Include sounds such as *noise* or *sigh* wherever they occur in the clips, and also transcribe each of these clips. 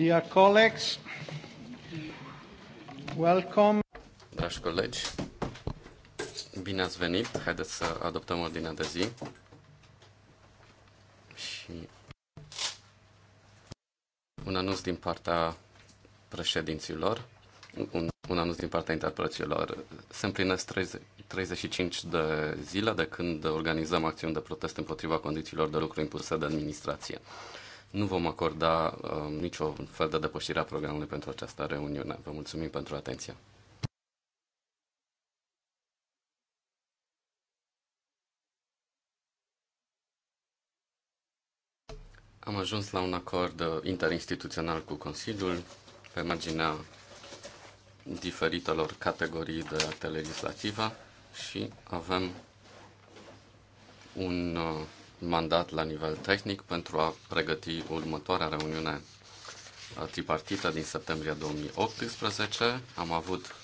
Dear colleagues, welcome. Dragi colegi, bine ați venit. Haideți să adoptăm ordinea de zi. Și un anunț din partea președinților, un, un anunț din partea interpreților. Se împlinesc 30, 35 de zile de când organizăm acțiuni de protest împotriva condițiilor de lucru impuse de administrație nu vom acorda uh, nicio fel de depășire a programului pentru această reuniune. Vă mulțumim pentru atenție. Am ajuns la un acord uh, interinstituțional cu Consiliul pe marginea diferitelor categorii de acte legislativă și avem un uh, mandat la nivel tehnic pentru a pregăti următoarea reuniune tripartită din septembrie 2018. Am avut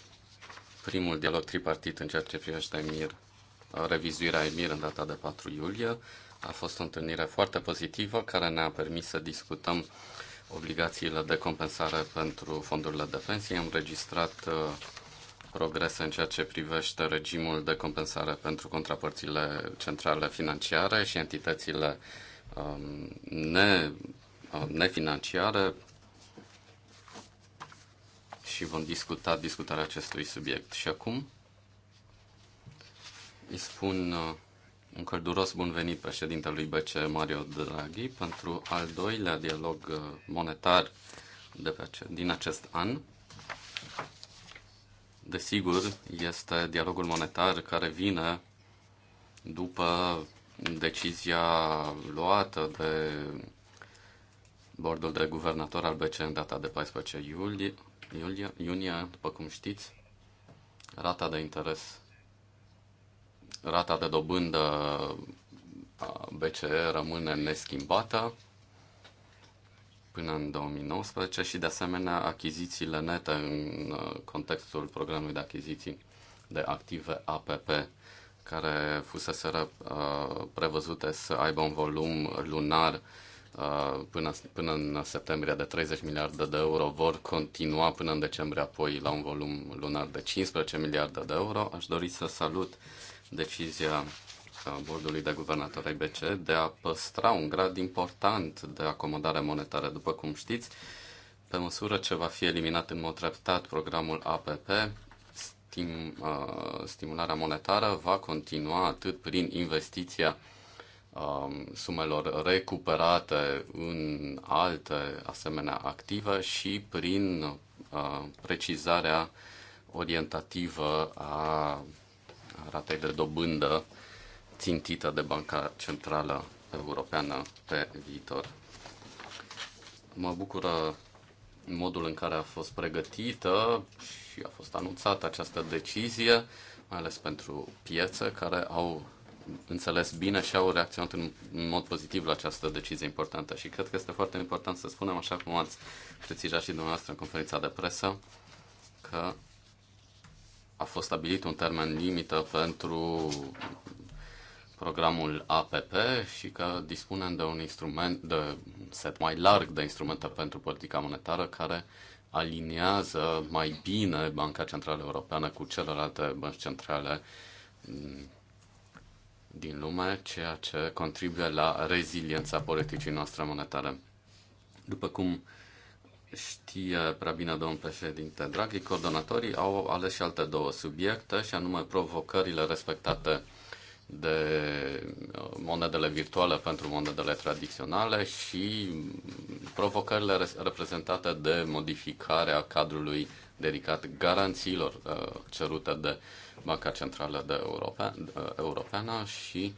primul dialog tripartit în ceea ce privește EMIR, revizuirea EMIR în data de 4 iulie. A fost o întâlnire foarte pozitivă care ne-a permis să discutăm obligațiile de compensare pentru fondurile de pensie. Am registrat uh, progrese în ceea ce privește regimul de compensare pentru contrapărțile centrale financiare și entitățile um, ne, um, nefinanciare și vom discuta discutarea acestui subiect. Și acum îi spun uh, un călduros bun venit președintelui BC Mario Draghi pentru al doilea dialog uh, monetar de pe ace- din acest an desigur, este dialogul monetar care vine după decizia luată de bordul de guvernator al BCE în data de 14 iulie, iulie, iunie, după cum știți, rata de interes, rata de dobândă a BCE rămâne neschimbată, până în 2019 și, de asemenea, achizițiile nete în uh, contextul programului de achiziții de active APP, care fusese uh, prevăzute să aibă un volum lunar uh, până, până în septembrie de 30 miliarde de euro, vor continua până în decembrie apoi la un volum lunar de 15 miliarde de euro. Aș dori să salut decizia și a bordului de guvernator ai BCE de a păstra un grad important de acomodare monetară. După cum știți, pe măsură ce va fi eliminat în mod treptat programul APP, stim, uh, stimularea monetară va continua atât prin investiția uh, sumelor recuperate în alte asemenea active și prin uh, precizarea orientativă a ratei de dobândă țintită de Banca Centrală Europeană pe viitor. Mă bucură modul în care a fost pregătită și a fost anunțată această decizie, mai ales pentru piețe care au înțeles bine și au reacționat în, în mod pozitiv la această decizie importantă. Și cred că este foarte important să spunem, așa cum ați precizat și dumneavoastră în conferința de presă, că a fost stabilit un termen limită pentru programul APP și că dispunem de un instrument, de set mai larg de instrumente pentru politica monetară care aliniază mai bine Banca Centrală Europeană cu celelalte bănci centrale din lume, ceea ce contribuie la reziliența politicii noastre monetare. După cum știe prea bine domnul președinte Draghi, coordonatorii au ales și alte două subiecte, și anume provocările respectate de uh, monedele virtuale pentru monedele tradiționale și provocările reprezentate de modificarea cadrului dedicat garanțiilor uh, cerute de Banca Centrală de Europe, uh, Europeană și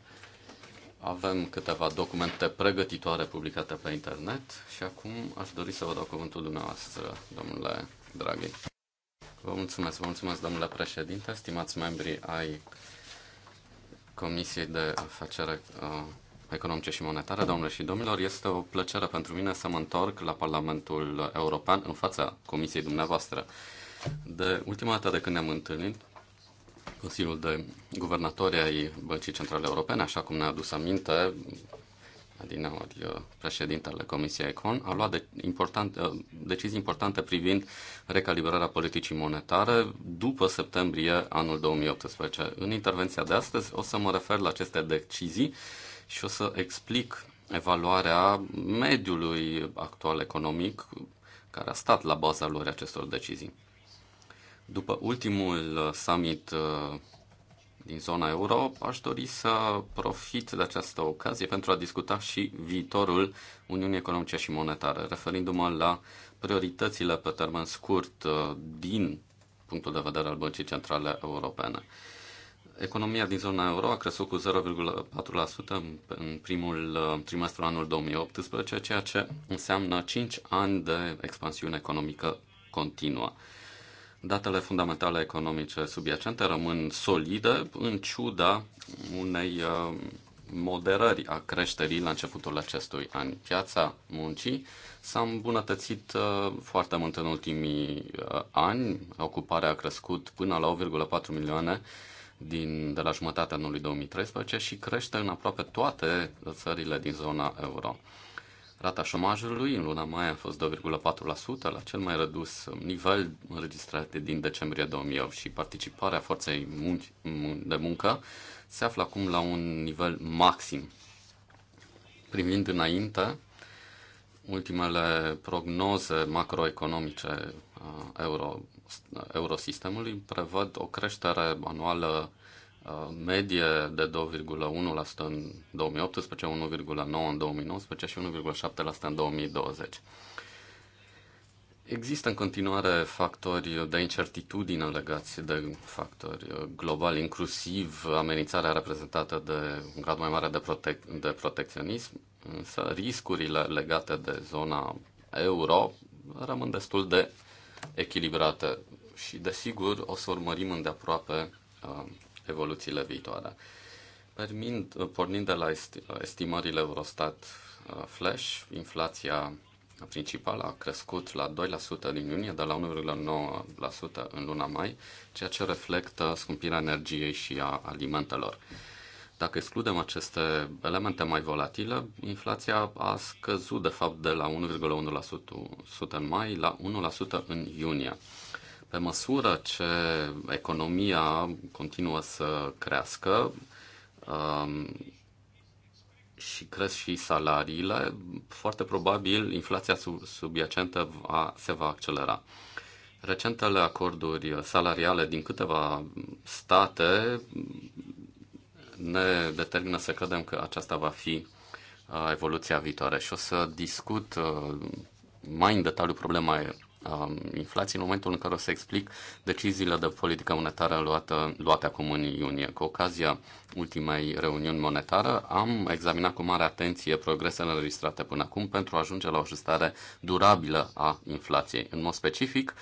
avem câteva documente pregătitoare publicate pe internet și acum aș dori să vă dau cuvântul dumneavoastră, domnule Draghi. Vă mulțumesc, vă mulțumesc, domnule președinte, stimați membri ai Comisiei de uh, Economice și Monetare, doamnelor și domnilor, este o plăcere pentru mine să mă întorc la Parlamentul European în fața Comisiei dumneavoastră. De ultima dată de când ne-am întâlnit, Consiliul de Guvernatori ai Băncii Centrale Europene, așa cum ne-a adus aminte, din nou, adică președintele Comisiei Econ, a luat de, important, uh, decizii importante privind recalibrarea politicii monetare după septembrie anul 2018. În intervenția de astăzi o să mă refer la aceste decizii și o să explic evaluarea mediului actual economic care a stat la baza lor acestor decizii. După ultimul summit uh, din zona euro, aș dori să profit de această ocazie pentru a discuta și viitorul Uniunii Economice și Monetare, referindu-mă la prioritățile pe termen scurt uh, din punctul de vedere al Băncii Centrale Europene. Economia din zona euro a crescut cu 0,4% în primul uh, trimestru anul 2018, ceea ce înseamnă 5 ani de expansiune economică continuă datele fundamentale economice subiacente rămân solide în ciuda unei uh, moderări a creșterii la începutul acestui an. Piața muncii s-a îmbunătățit uh, foarte mult în ultimii uh, ani. Ocuparea a crescut până la 1,4 milioane din, de la jumătatea anului 2013 și crește în aproape toate țările din zona euro. Rata șomajului în luna mai a fost 2,4%, la cel mai redus nivel înregistrat din decembrie 2008 și participarea forței de muncă se află acum la un nivel maxim. Privind înainte, ultimele prognoze macroeconomice a uh, euro, uh, eurosistemului prevăd o creștere anuală medie de 2,1% în 2018, 1,9% în 2019 și 1,7% în 2020. Există în continuare factori de incertitudine legați de factori globali, inclusiv amenințarea reprezentată de un grad mai mare de, protec- de protecționism, însă riscurile legate de zona euro rămân destul de echilibrate și, desigur, o să urmărim îndeaproape uh, evoluțiile viitoare. Permind, pornind de la estimările Eurostat uh, Flash, inflația principală a crescut la 2% din iunie, de la 1,9% în luna mai, ceea ce reflectă scumpirea energiei și a alimentelor. Dacă excludem aceste elemente mai volatile, inflația a scăzut de fapt de la 1,1% în mai la 1% în iunie. Pe măsură ce economia continuă să crească um, și cresc și salariile, foarte probabil inflația sub, subiacentă va, se va accelera. Recentele acorduri salariale din câteva state ne determină să credem că aceasta va fi uh, evoluția viitoare și o să discut uh, mai în detaliu problema Um, inflației în momentul în care o să explic deciziile de politică monetară luată, luate acum în iunie. Cu ocazia ultimei reuniuni monetară am examinat cu mare atenție progresele înregistrate până acum pentru a ajunge la o ajustare durabilă a inflației. În mod specific,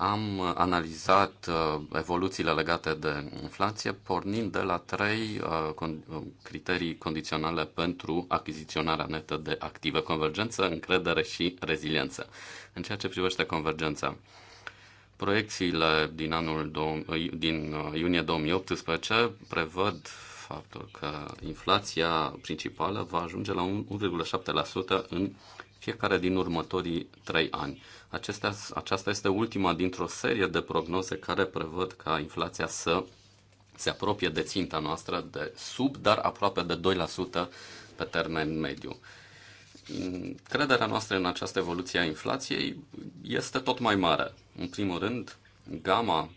am uh, analizat uh, evoluțiile legate de inflație pornind de la trei uh, criterii condiționale pentru achiziționarea netă de active, convergență, încredere și reziliență. În ceea ce privește convergența, proiecțiile din anul din iunie 2018 prevăd faptul că inflația principală va ajunge la 1,7% în fiecare din următorii trei ani. Acestea, aceasta este ultima dintr-o serie de prognoze care prevăd ca inflația să se apropie de ținta noastră de sub, dar aproape de 2% pe termen mediu. Crederea noastră în această evoluție a inflației este tot mai mare. În primul rând, gama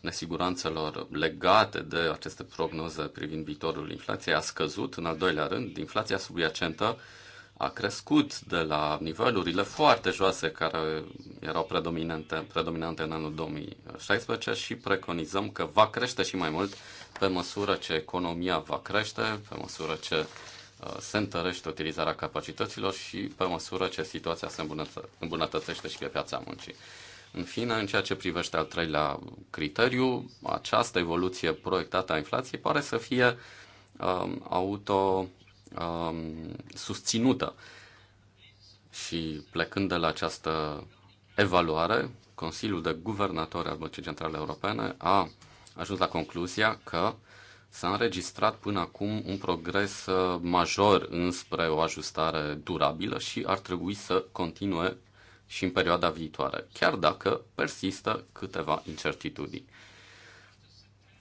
nesiguranțelor legate de aceste prognoze privind viitorul inflației a scăzut. În al doilea rând, inflația subiacentă a crescut de la nivelurile foarte joase care erau predominante, predominante în anul 2016 și preconizăm că va crește și mai mult pe măsură ce economia va crește, pe măsură ce uh, se întărește utilizarea capacităților și pe măsură ce situația se îmbunătă- îmbunătățește și pe piața muncii. În fine, în ceea ce privește al treilea criteriu, această evoluție proiectată a inflației pare să fie um, auto um, susținută. Și plecând de la această evaluare, Consiliul de Guvernatori al Băncii Centrale Europene a ajuns la concluzia că s-a înregistrat până acum un progres uh, major înspre o ajustare durabilă și ar trebui să continue și în perioada viitoare, chiar dacă persistă câteva incertitudini.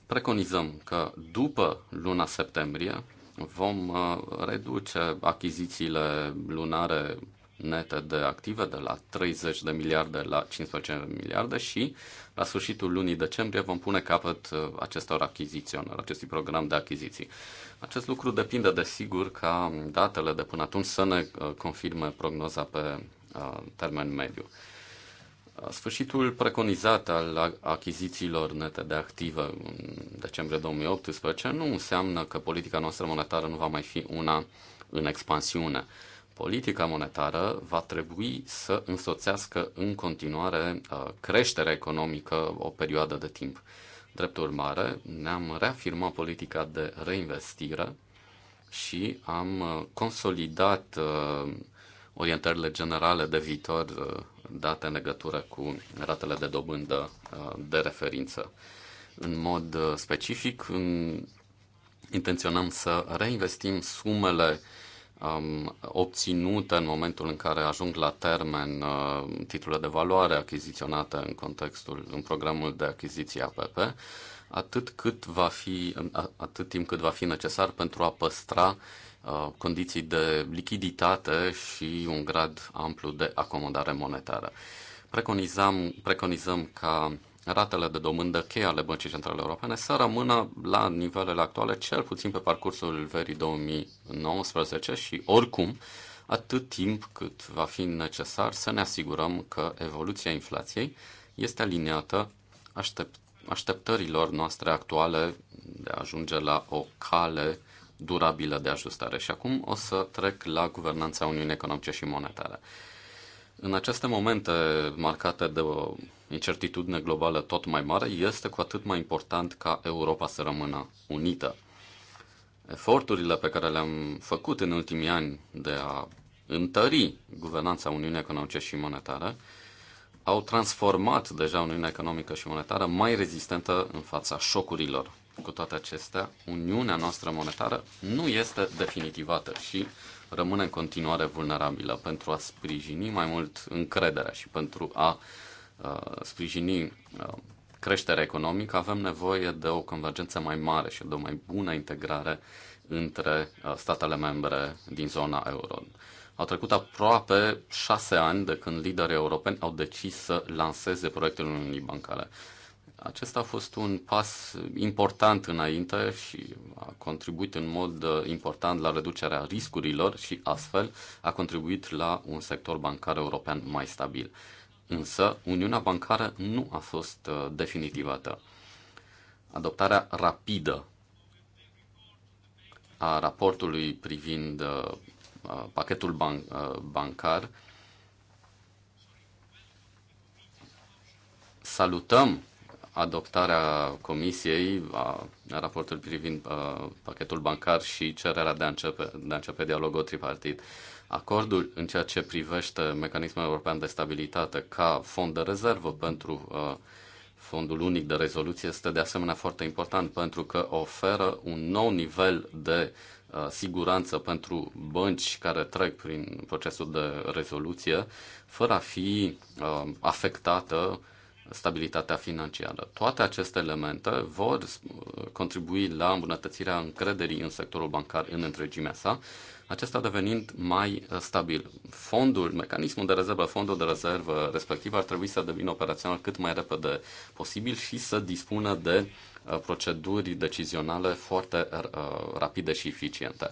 Preconizăm că după luna septembrie vom uh, reduce achizițiile lunare nete de active de la 30 de miliarde la 15 miliarde și la sfârșitul lunii decembrie vom pune capăt uh, acestor achiziționări, acestui program de achiziții. Acest lucru depinde, de sigur ca datele de până atunci să ne uh, confirme prognoza pe termen mediu. Sfârșitul preconizat al achizițiilor nete de active în decembrie 2018 nu înseamnă că politica noastră monetară nu va mai fi una în expansiune. Politica monetară va trebui să însoțească în continuare uh, creșterea economică o perioadă de timp. Drept urmare, ne-am reafirmat politica de reinvestire și am uh, consolidat uh, orientările generale de viitor uh, date în legătură cu ratele de dobândă uh, de referință. În mod uh, specific, intenționăm să reinvestim sumele um, obținute în momentul în care ajung la termen titlurile de valoare achiziționate în contextul, în programul de achiziție APP, atât, cât va fi, atât timp cât va fi necesar pentru a păstra uh, Uh, condiții de lichiditate și un grad amplu de acomodare monetară. Preconizam, preconizăm ca ratele de domândă cheie ale Băncii Centrale Europene să rămână la nivelele actuale, cel puțin pe parcursul verii 2019 și oricum, atât timp cât va fi necesar să ne asigurăm că evoluția inflației este aliniată aștept, așteptărilor noastre actuale de a ajunge la o cale durabilă de ajustare. Și acum o să trec la guvernanța Uniunii Economice și Monetare. În aceste momente marcate de o incertitudine globală tot mai mare, este cu atât mai important ca Europa să rămână unită. Eforturile pe care le-am făcut în ultimii ani de a întări guvernanța Uniunii Economice și Monetare au transformat deja Uniunea Economică și Monetară mai rezistentă în fața șocurilor cu toate acestea, Uniunea noastră monetară nu este definitivată și rămâne în continuare vulnerabilă pentru a sprijini mai mult încrederea și pentru a uh, sprijini uh, creșterea economică, avem nevoie de o convergență mai mare și de o mai bună integrare între uh, statele membre din zona euro. Au trecut aproape șase ani de când liderii europeni au decis să lanseze proiectul Uniunii Bancare. Acesta a fost un pas important înainte și a contribuit în mod uh, important la reducerea riscurilor și astfel a contribuit la un sector bancar european mai stabil. Însă, Uniunea Bancară nu a fost uh, definitivată. Adoptarea rapidă a raportului privind uh, pachetul ban- bancar salutăm adoptarea Comisiei a raportului privind uh, pachetul bancar și cererea de a începe, de a începe dialogul tripartit. Acordul în ceea ce privește mecanismul european de stabilitate ca fond de rezervă pentru uh, fondul unic de rezoluție este de asemenea foarte important pentru că oferă un nou nivel de uh, siguranță pentru bănci care trec prin procesul de rezoluție fără a fi uh, afectată stabilitatea financiară. Toate aceste elemente vor uh, contribui la îmbunătățirea încrederii în sectorul bancar în întregimea sa, acesta devenind mai uh, stabil. Fondul, mecanismul de rezervă, fondul de rezervă respectiv ar trebui să devină operațional cât mai repede posibil și să dispună de uh, proceduri decizionale foarte rapide și eficiente.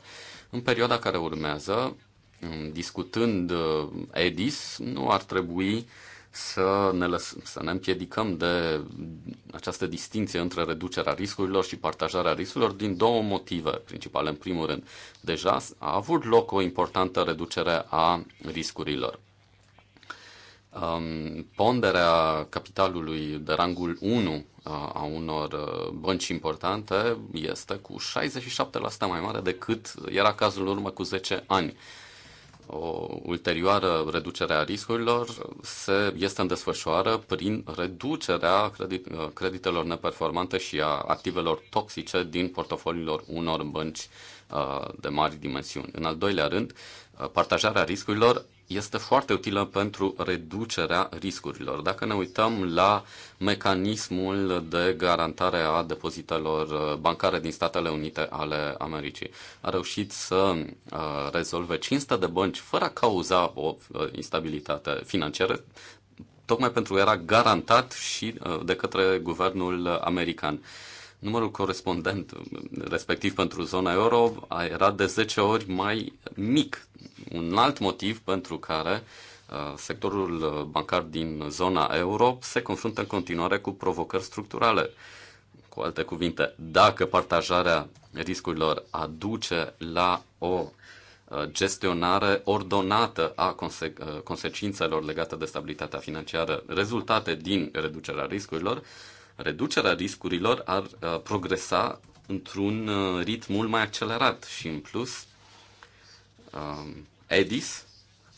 În perioada care urmează, um, discutând EDIS, nu ar trebui să ne, lăs- să ne împiedicăm de această distinție între reducerea riscurilor și partajarea riscurilor din două motive principale. În primul rând, deja a avut loc o importantă reducere a riscurilor. Um, ponderea capitalului de rangul 1 uh, a unor uh, bănci importante este cu 67% mai mare decât era cazul în urmă cu 10 ani o ulterioară reducere a riscurilor se, este în desfășoară prin reducerea credit, uh, creditelor neperformante și a activelor toxice din portofoliilor unor bănci uh, de mari dimensiuni. În al doilea rând, uh, partajarea riscurilor este foarte utilă pentru reducerea riscurilor. Dacă ne uităm la mecanismul de garantare a depozitelor bancare din Statele Unite ale Americii, a reușit să uh, rezolve 500 de bănci fără a cauza o uh, instabilitate financiară, tocmai pentru că era garantat și uh, de către guvernul american numărul corespondent, respectiv pentru zona euro, era de 10 ori mai mic. Un alt motiv pentru care uh, sectorul uh, bancar din zona euro se confruntă în continuare cu provocări structurale. Cu alte cuvinte, dacă partajarea riscurilor aduce la o uh, gestionare ordonată a conse- consecințelor legate de stabilitatea financiară rezultate din reducerea riscurilor, reducerea riscurilor ar uh, progresa într-un uh, ritm mult mai accelerat și în plus um, EDIS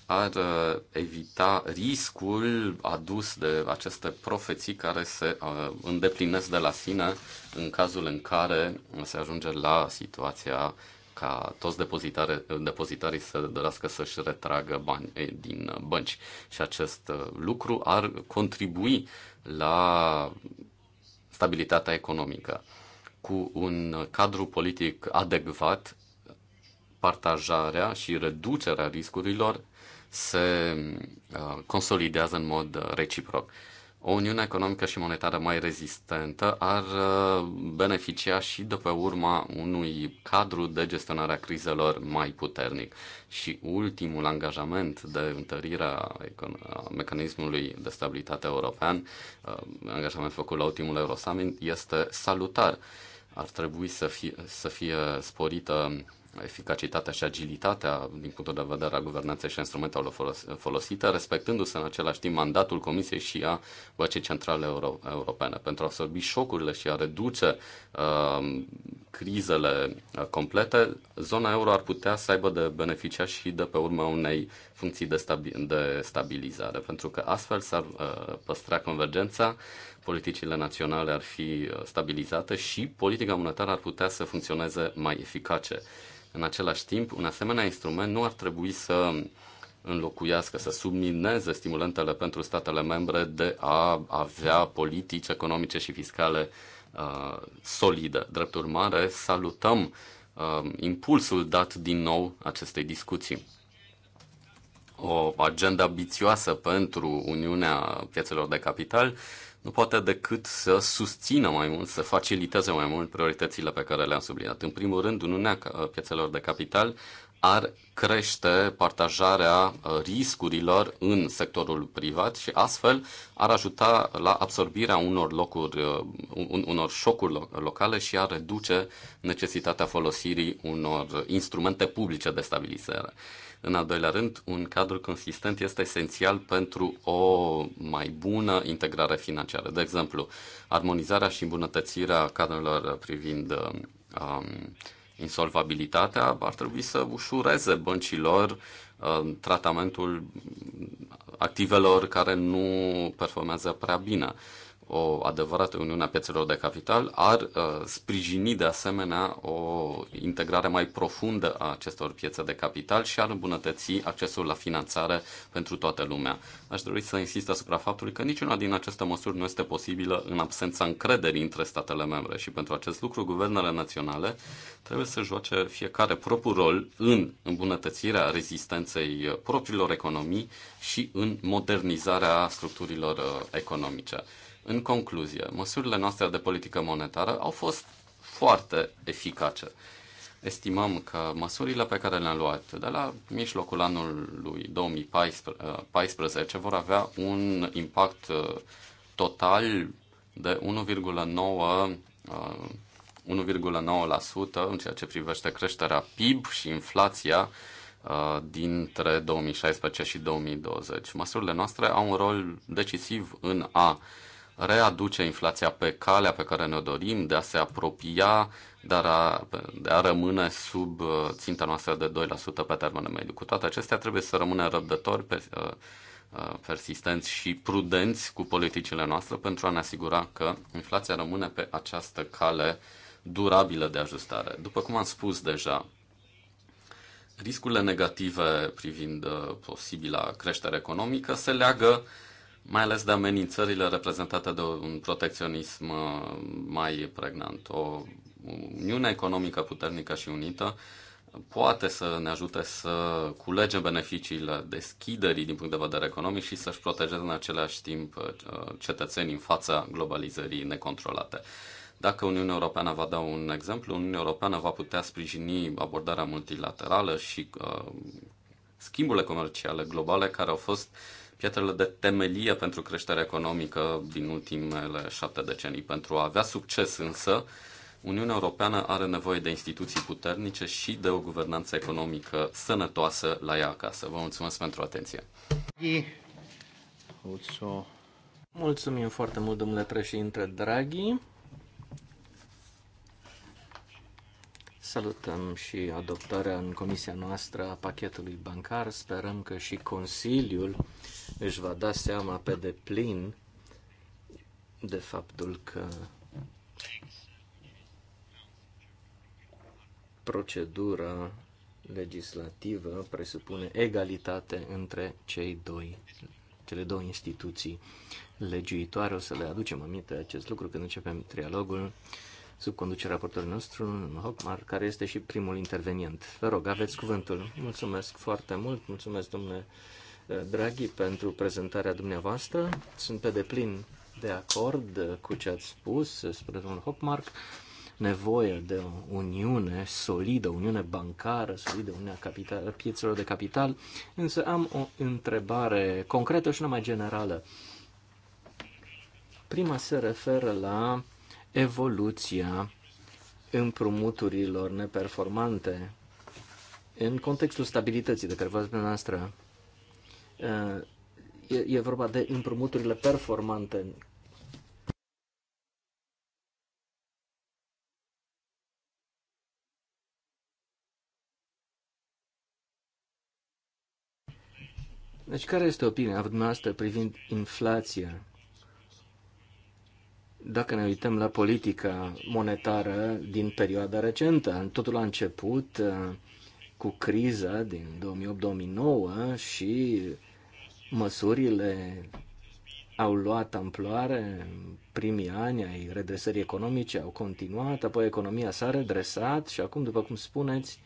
ar uh, evita riscul adus de aceste profeții care se îndeplinesc de la sine în cazul în care se ajunge la situația ca toți depozitarii să dorească să-și retragă bani eh, din bănci. Și acest lucru ar contribui la stabilitatea economică. Cu un cadru politic adecvat, partajarea și reducerea riscurilor se uh, consolidează în mod reciproc o uniune economică și monetară mai rezistentă ar uh, beneficia și de pe urma unui cadru de gestionare a crizelor mai puternic. Și ultimul angajament de întărire a mecanismului de stabilitate european, uh, angajament făcut la ultimul Eurosummit, este salutar. Ar trebui să fie, să fie sporită eficacitatea și agilitatea din punctul de vedere a guvernanței și a instrumentelor folosite, respectându-se în același timp mandatul Comisiei și a Băcii Centrale Euro- Europene pentru a absorbi șocurile și a reduce uh, crizele uh, complete, zona euro ar putea să aibă de beneficia și de pe urma unei funcții de, stabi- de stabilizare, pentru că astfel s-ar uh, păstra convergența politicile naționale ar fi uh, stabilizate și politica monetară ar putea să funcționeze mai eficace. În același timp, un asemenea instrument nu ar trebui să înlocuiască, să submineze stimulentele pentru statele membre de a avea politici economice și fiscale uh, solide. Drept urmare, salutăm uh, impulsul dat din nou acestei discuții. O agenda ambițioasă pentru Uniunea Piețelor de Capital uh, nu poate decât să susțină mai mult, să faciliteze mai mult prioritățile pe care le-am subliniat. În primul rând, Uniunea uh, Piețelor de Capital ar crește partajarea uh, riscurilor în sectorul privat și astfel ar ajuta la absorbirea unor locuri, uh, unor șocuri locale și ar reduce necesitatea folosirii unor instrumente publice de stabilizare. În al doilea rând, un cadru consistent este esențial pentru o mai bună integrare financiară. De exemplu, armonizarea și îmbunătățirea cadrelor privind um, insolvabilitatea ar trebui să ușureze băncilor um, tratamentul activelor care nu performează prea bine o adevărată uniune a piețelor de capital ar uh, sprijini de asemenea o integrare mai profundă a acestor piețe de capital și ar îmbunătăți accesul la finanțare pentru toată lumea. Aș dori să insist asupra faptului că niciuna din aceste măsuri nu este posibilă în absența încrederii între statele membre și pentru acest lucru guvernele naționale trebuie să joace fiecare propriul rol în îmbunătățirea rezistenței propriilor economii și în modernizarea structurilor uh, economice. În concluzie, măsurile noastre de politică monetară au fost foarte eficace. Estimăm că măsurile pe care le-am luat de la mijlocul anului 2014 eh, vor avea un impact eh, total de 1,9 1,9% eh, în ceea ce privește creșterea PIB și inflația dintre 2016 și 2020. Măsurile noastre au un rol decisiv în a readuce inflația pe calea pe care ne-o dorim, de a se apropia, dar a, de a rămâne sub uh, ținta noastră de 2% pe termen mediu. Cu toate acestea, trebuie să rămânem răbdători, uh, uh, persistenți și prudenți cu politicile noastre pentru a ne asigura că inflația rămâne pe această cale durabilă de ajustare. După cum am spus deja, riscurile negative privind posibila creștere economică se leagă mai ales de amenințările reprezentate de un protecționism uh, mai pregnant. O uniune economică puternică și unită poate să ne ajute să culegem beneficiile deschiderii din punct de vedere economic și să-și protejeze în același timp uh, cetățenii în fața globalizării necontrolate. Dacă Uniunea Europeană va da un exemplu, Uniunea Europeană va putea sprijini abordarea multilaterală și uh, schimburile comerciale globale care au fost uh, pietrele de temelie pentru creșterea economică din ultimele șapte decenii. Pentru a avea succes însă, Uniunea Europeană are nevoie de instituții puternice și de o guvernanță economică sănătoasă la ea acasă. Vă mulțumesc pentru atenție. Mulțumim foarte mult, domnule președinte Draghi. Salutăm și adoptarea în comisia noastră a pachetului bancar. Sperăm că și Consiliul își va da seama pe deplin de faptul că procedura legislativă presupune egalitate între cei doi, cele două instituții legiuitoare. O să le aducem aminte acest lucru când începem trialogul sub conducerea raportorului nostru, Hockmar, care este și primul intervenient. Vă rog, aveți cuvântul. Mulțumesc foarte mult, mulțumesc domnule Draghi, pentru prezentarea dumneavoastră. Sunt pe deplin de acord cu ce ați spus, despre domnul Hopmark, nevoie de o uniune solidă, uniune bancară solidă, uniunea capital, piețelor de capital, însă am o întrebare concretă și una mai generală. Prima se referă la evoluția împrumuturilor neperformante în contextul stabilității de care v-ați dumneavoastră Uh, e, e vorba de împrumuturile performante Deci, care este opinia dumneavoastră privind inflația? Dacă ne uităm la politica monetară din perioada recentă, totul a început uh, cu criza din 2008-2009 și măsurile au luat amploare în primii ani ai redresării economice, au continuat, apoi economia s-a redresat și acum, după cum spuneți,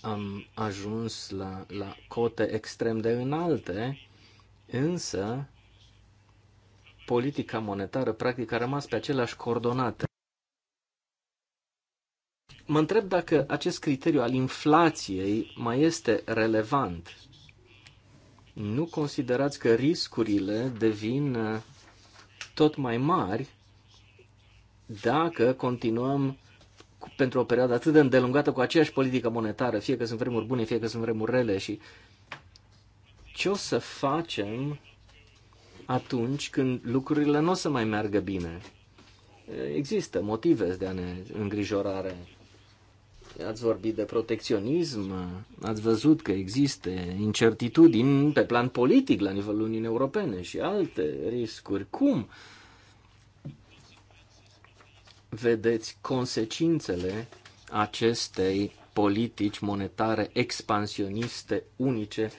am ajuns la, la cote extrem de înalte, însă politica monetară practic a rămas pe aceleași coordonate. Mă întreb dacă acest criteriu al inflației mai este relevant nu considerați că riscurile devin uh, tot mai mari dacă continuăm pentru o perioadă atât de îndelungată cu aceeași politică monetară, fie că sunt vremuri bune, fie că sunt vremuri rele și ce o să facem atunci când lucrurile nu o să mai meargă bine? Există motive de a ne îngrijorare ați vorbit de protecționism, ați văzut că există incertitudini pe plan politic la nivelul Uniunii Europene și alte riscuri. Cum vedeți consecințele acestei politici monetare expansioniste unice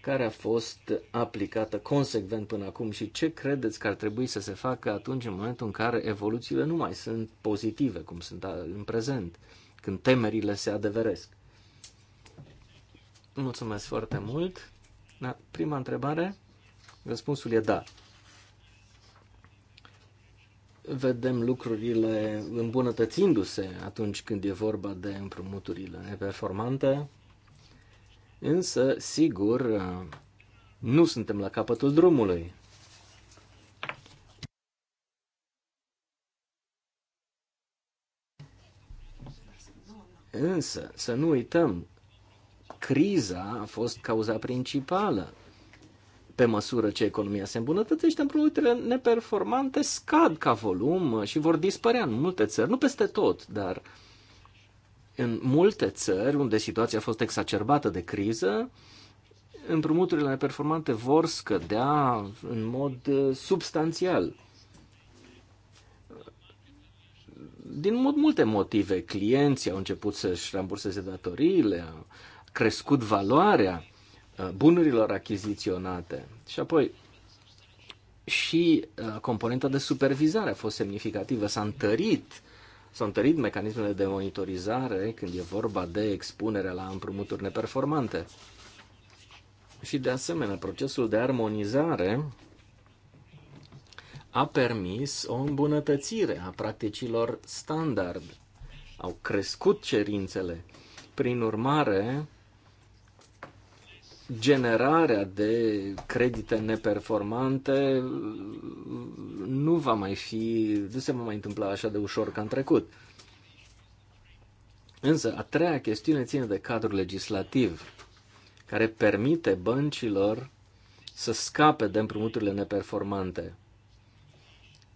care a fost aplicată consecvent până acum și ce credeți că ar trebui să se facă atunci în momentul în care evoluțiile nu mai sunt pozitive, cum sunt în prezent? când temerile se adeveresc. Mulțumesc foarte mult. Da, prima întrebare, răspunsul e da. Vedem lucrurile îmbunătățindu-se atunci când e vorba de împrumuturile neperformante, însă, sigur, nu suntem la capătul drumului. Însă, să nu uităm, criza a fost cauza principală. Pe măsură ce economia se îmbunătățește, produsele neperformante scad ca volum și vor dispărea în multe țări, nu peste tot, dar în multe țări unde situația a fost exacerbată de criză, împrumuturile neperformante vor scădea în mod eh, substanțial. din multe motive. Clienții au început să-și ramburseze datoriile, a crescut valoarea bunurilor achiziționate. Și apoi și componenta de supervizare a fost semnificativă, s-a întărit S-au întărit mecanismele de monitorizare când e vorba de expunerea la împrumuturi neperformante. Și de asemenea, procesul de armonizare a permis o îmbunătățire a practicilor standard. Au crescut cerințele. Prin urmare, generarea de credite neperformante nu va mai fi, nu se va mai întâmpla așa de ușor ca în trecut. Însă, a treia chestiune ține de cadrul legislativ, care permite băncilor să scape de împrumuturile neperformante.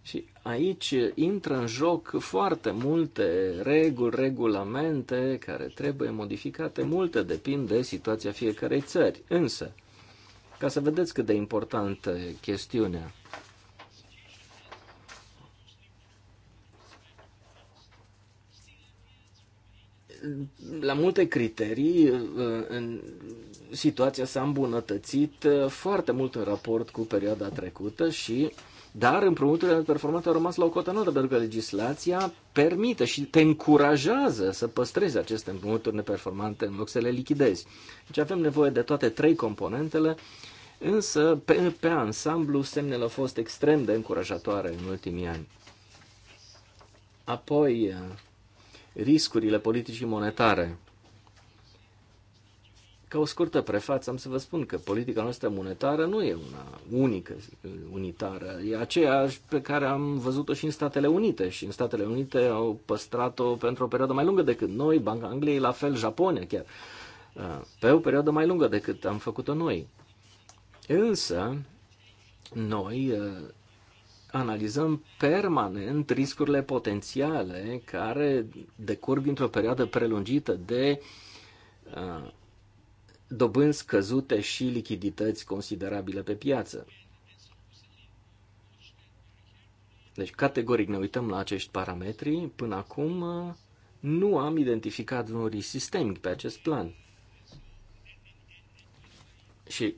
Și aici intră în joc foarte multe reguli, regulamente care trebuie modificate. Multe depind de situația fiecarei țări. Însă, ca să vedeți cât de importantă e chestiunea, la multe criterii în situația s-a îmbunătățit foarte mult în raport cu perioada trecută și dar împrumuturile performante au rămas la o cotă înaltă, pentru că legislația permite și te încurajează să păstrezi aceste împrumuturi neperformante în loc să le lichidezi. Deci avem nevoie de toate trei componentele, însă pe, pe ansamblu semnele au fost extrem de încurajatoare în ultimii ani. Apoi, riscurile politicii monetare. Ca o scurtă prefață am să vă spun că politica noastră monetară nu e una unică, unitară. E aceeași pe care am văzut-o și în Statele Unite. Și în Statele Unite au păstrat-o pentru o perioadă mai lungă decât noi, Banca Angliei, la fel Japonia chiar. Uh, pe o perioadă mai lungă decât am făcut-o noi. Însă, noi uh, analizăm permanent riscurile potențiale care decurg dintr-o perioadă prelungită de uh, dobânzi scăzute și lichidități considerabile pe piață. Deci, categoric ne uităm la acești parametri. Până acum nu am identificat un risc sistemic pe acest plan. Și,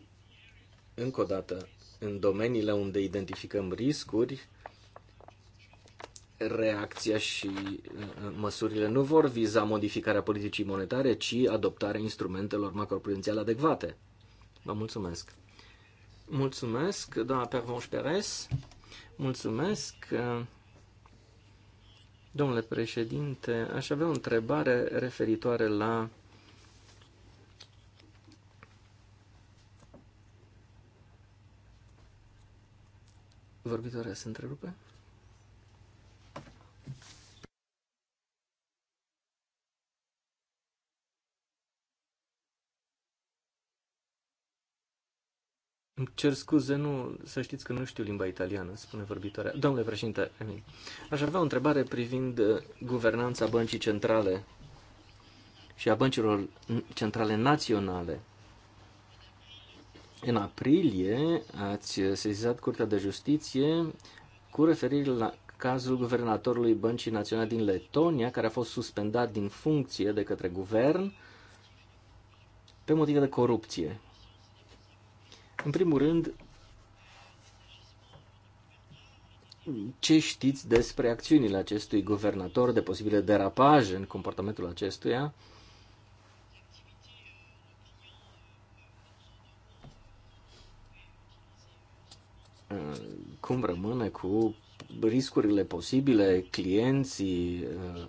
încă o dată, în domeniile unde identificăm riscuri, reacția și uh, uh, măsurile nu vor viza modificarea politicii monetare, ci adoptarea instrumentelor macroprudențiale adecvate. Vă mulțumesc. Mulțumesc, doamna Pervonș Perez. Mulțumesc. Uh, domnule președinte, aș avea o întrebare referitoare la Vorbitoarea se întrerupe? Îmi cer scuze, nu, să știți că nu știu limba italiană, spune vorbitoarea. Domnule președinte, Emin, aș avea o întrebare privind uh, guvernanța băncii centrale și a băncilor centrale naționale. În aprilie ați sesizat Curtea de Justiție cu referire la cazul guvernatorului Băncii Naționale din Letonia, care a fost suspendat din funcție de către guvern pe motive de corupție. În primul rând, ce știți despre acțiunile acestui guvernator, de posibile derapaje în comportamentul acestuia? Uh, cum rămâne cu riscurile posibile, clienții uh,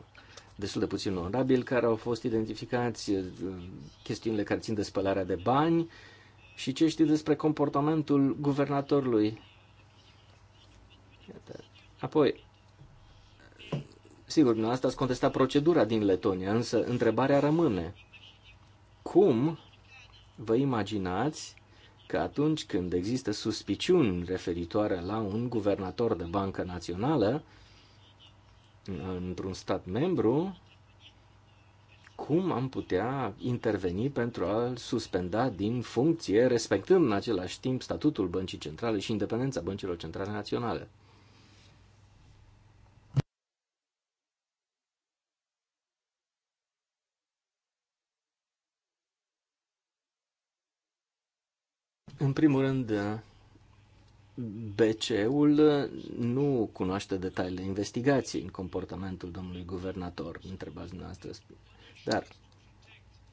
destul de puțin onorabili care au fost identificați, uh, chestiunile care țin de spălarea de bani, și ce știu despre comportamentul guvernatorului. Apoi, sigur, dumneavoastră ați contestat procedura din Letonia, însă întrebarea rămâne. Cum vă imaginați că atunci când există suspiciuni referitoare la un guvernator de bancă națională într-un stat membru, cum am putea interveni pentru a-l suspenda din funcție, respectând în același timp statutul băncii centrale și independența băncilor centrale naționale. În primul rând, BCE-ul nu cunoaște detaliile investigației în comportamentul domnului guvernator, întrebați dumneavoastră. Dar,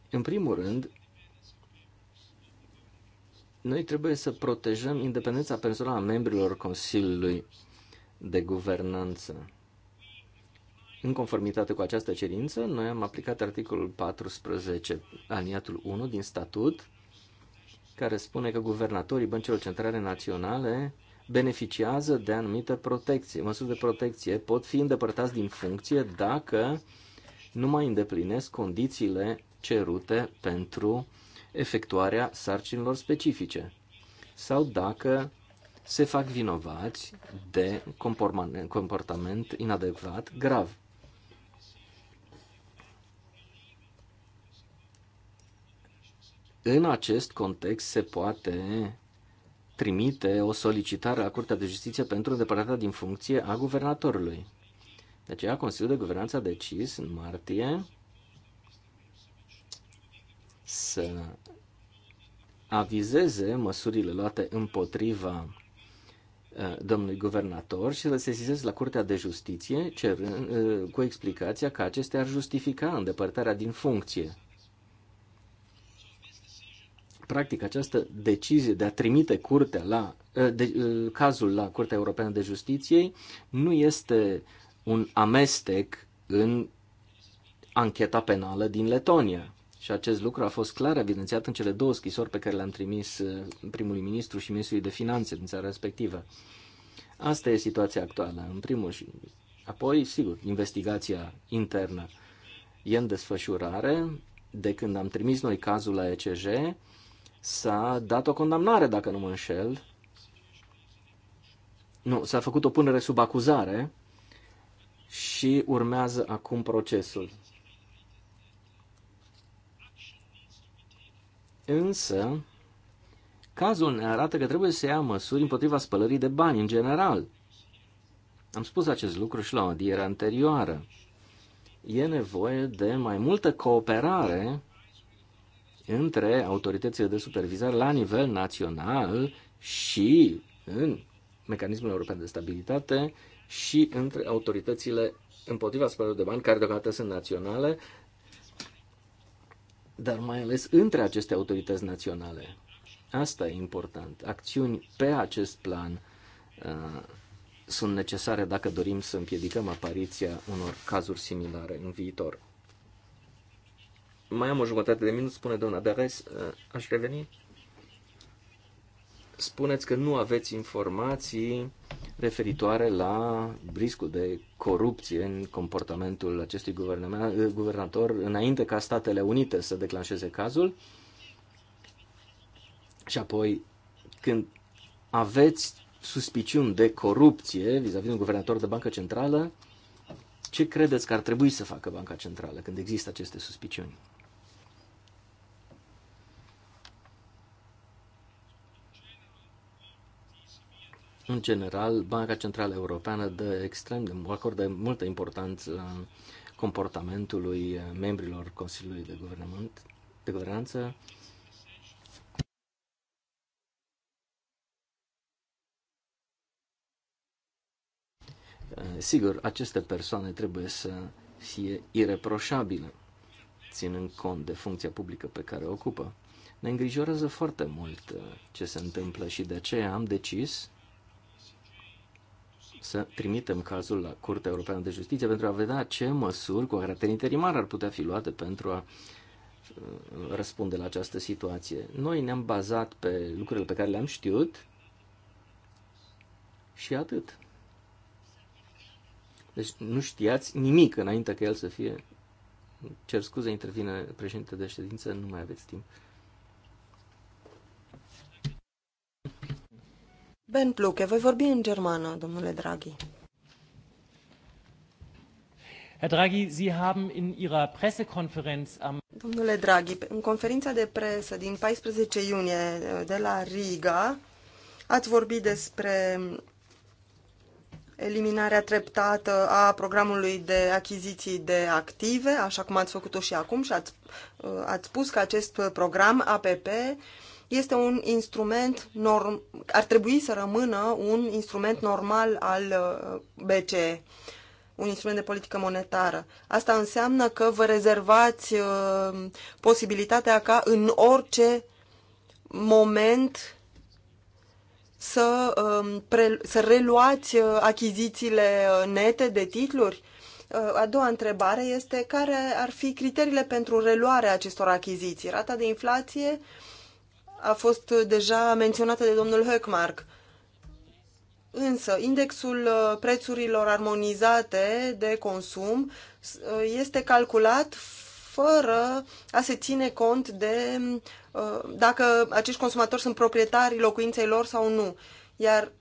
în primul rând, noi trebuie să protejăm independența personală a membrilor Consiliului de Guvernanță. În conformitate cu această cerință, noi am aplicat articolul 14, aliniatul 1 din statut, care spune că guvernatorii băncilor centrale naționale beneficiază de anumită protecție. Măsuri de protecție pot fi îndepărtați din funcție dacă uh, nu mai îndeplinesc condițiile cerute pentru efectuarea sarcinilor specifice sau dacă se fac vinovați de comportament inadecvat grav. În acest context se poate trimite o solicitare la Curtea de Justiție pentru îndepărtarea din funcție a guvernatorului. De aceea Consiliul de Guvernanță a decis în martie să avizeze măsurile luate împotriva uh, domnului guvernator și să se sizeze la Curtea de Justiție cerând, uh, cu explicația că acestea ar justifica îndepărtarea din funcție. Practic, această decizie de a trimite curtea la, uh, de, cazul la Curtea Europeană de Justiție nu este un amestec în ancheta penală din Letonia. Și acest lucru a fost clar evidențiat în cele două scrisori pe care le-am trimis uh, primului ministru și ministrului de finanțe din țara respectivă. Asta e situația actuală, în primul și apoi, sigur, investigația internă e în desfășurare. De când am trimis noi cazul la ECJ, s-a dat o condamnare, dacă nu mă înșel. Nu, s-a făcut o punere sub acuzare și urmează acum procesul. Însă, cazul ne arată că trebuie să ia măsuri împotriva spălării de bani în general. Am spus acest lucru și la o adiere anterioară. E nevoie de mai multă cooperare între autoritățile de supervizare la nivel național și în mecanismul european de stabilitate și între autoritățile împotriva spălării de bani, care deocamdată sunt naționale, dar mai ales între aceste autorități naționale. Asta e important. Acțiuni pe acest plan uh, sunt necesare dacă dorim să împiedicăm apariția unor cazuri similare în viitor. Mai am o jumătate de minut, spune doamna Beres, uh, aș reveni spuneți că nu aveți informații referitoare la riscul de corupție în comportamentul acestui guvernator înainte ca Statele Unite să declanșeze cazul și apoi când aveți suspiciuni de corupție vis-a-vis de un guvernator de bancă centrală, ce credeți că ar trebui să facă Banca Centrală când există aceste suspiciuni? În general, Banca Centrală Europeană dă extrem de, acordă multă importanță comportamentului membrilor Consiliului de, Guvernământ, de Guvernanță, Sigur, aceste persoane trebuie să fie ireproșabile, ținând cont de funcția publică pe care o ocupă. Ne îngrijorează foarte mult uh, ce se întâmplă și de aceea am decis să trimitem cazul la Curtea Europeană de Justiție pentru a vedea ce măsuri cu caracter interimar ar putea fi luate pentru a uh, răspunde la această situație. Noi ne-am bazat pe lucrurile pe care le-am știut și atât. Deci nu știați nimic înainte că el să fie. Cer scuze, intervine președinte de ședință, nu mai aveți timp. Ben Pluke, voi vorbi în germană, domnule Draghi. Herr Draghi, Sie haben in Ihrer Pressekonferenz am Domnule Draghi, în conferința de presă din 14 iunie eh, de la Riga, ați vorbit despre eliminarea treptată a programului de achiziții de active, așa cum ați făcut-o și acum și ați, eh, ați spus că acest program APP este un instrument norm, ar trebui să rămână un instrument normal al uh, BCE, un instrument de politică monetară. Asta înseamnă că vă rezervați uh, posibilitatea ca în orice moment să, um, pre, să reluați uh, achizițiile nete de titluri? A doua întrebare este care ar fi criteriile pentru reluarea acestor achiziții? Rata de inflație, uh, a fost deja menționată de domnul Höckmark. Însă, indexul uh, prețurilor armonizate de consum uh, este calculat fără a se ține cont de uh, dacă acești consumatori sunt proprietarii locuinței lor sau nu. Iar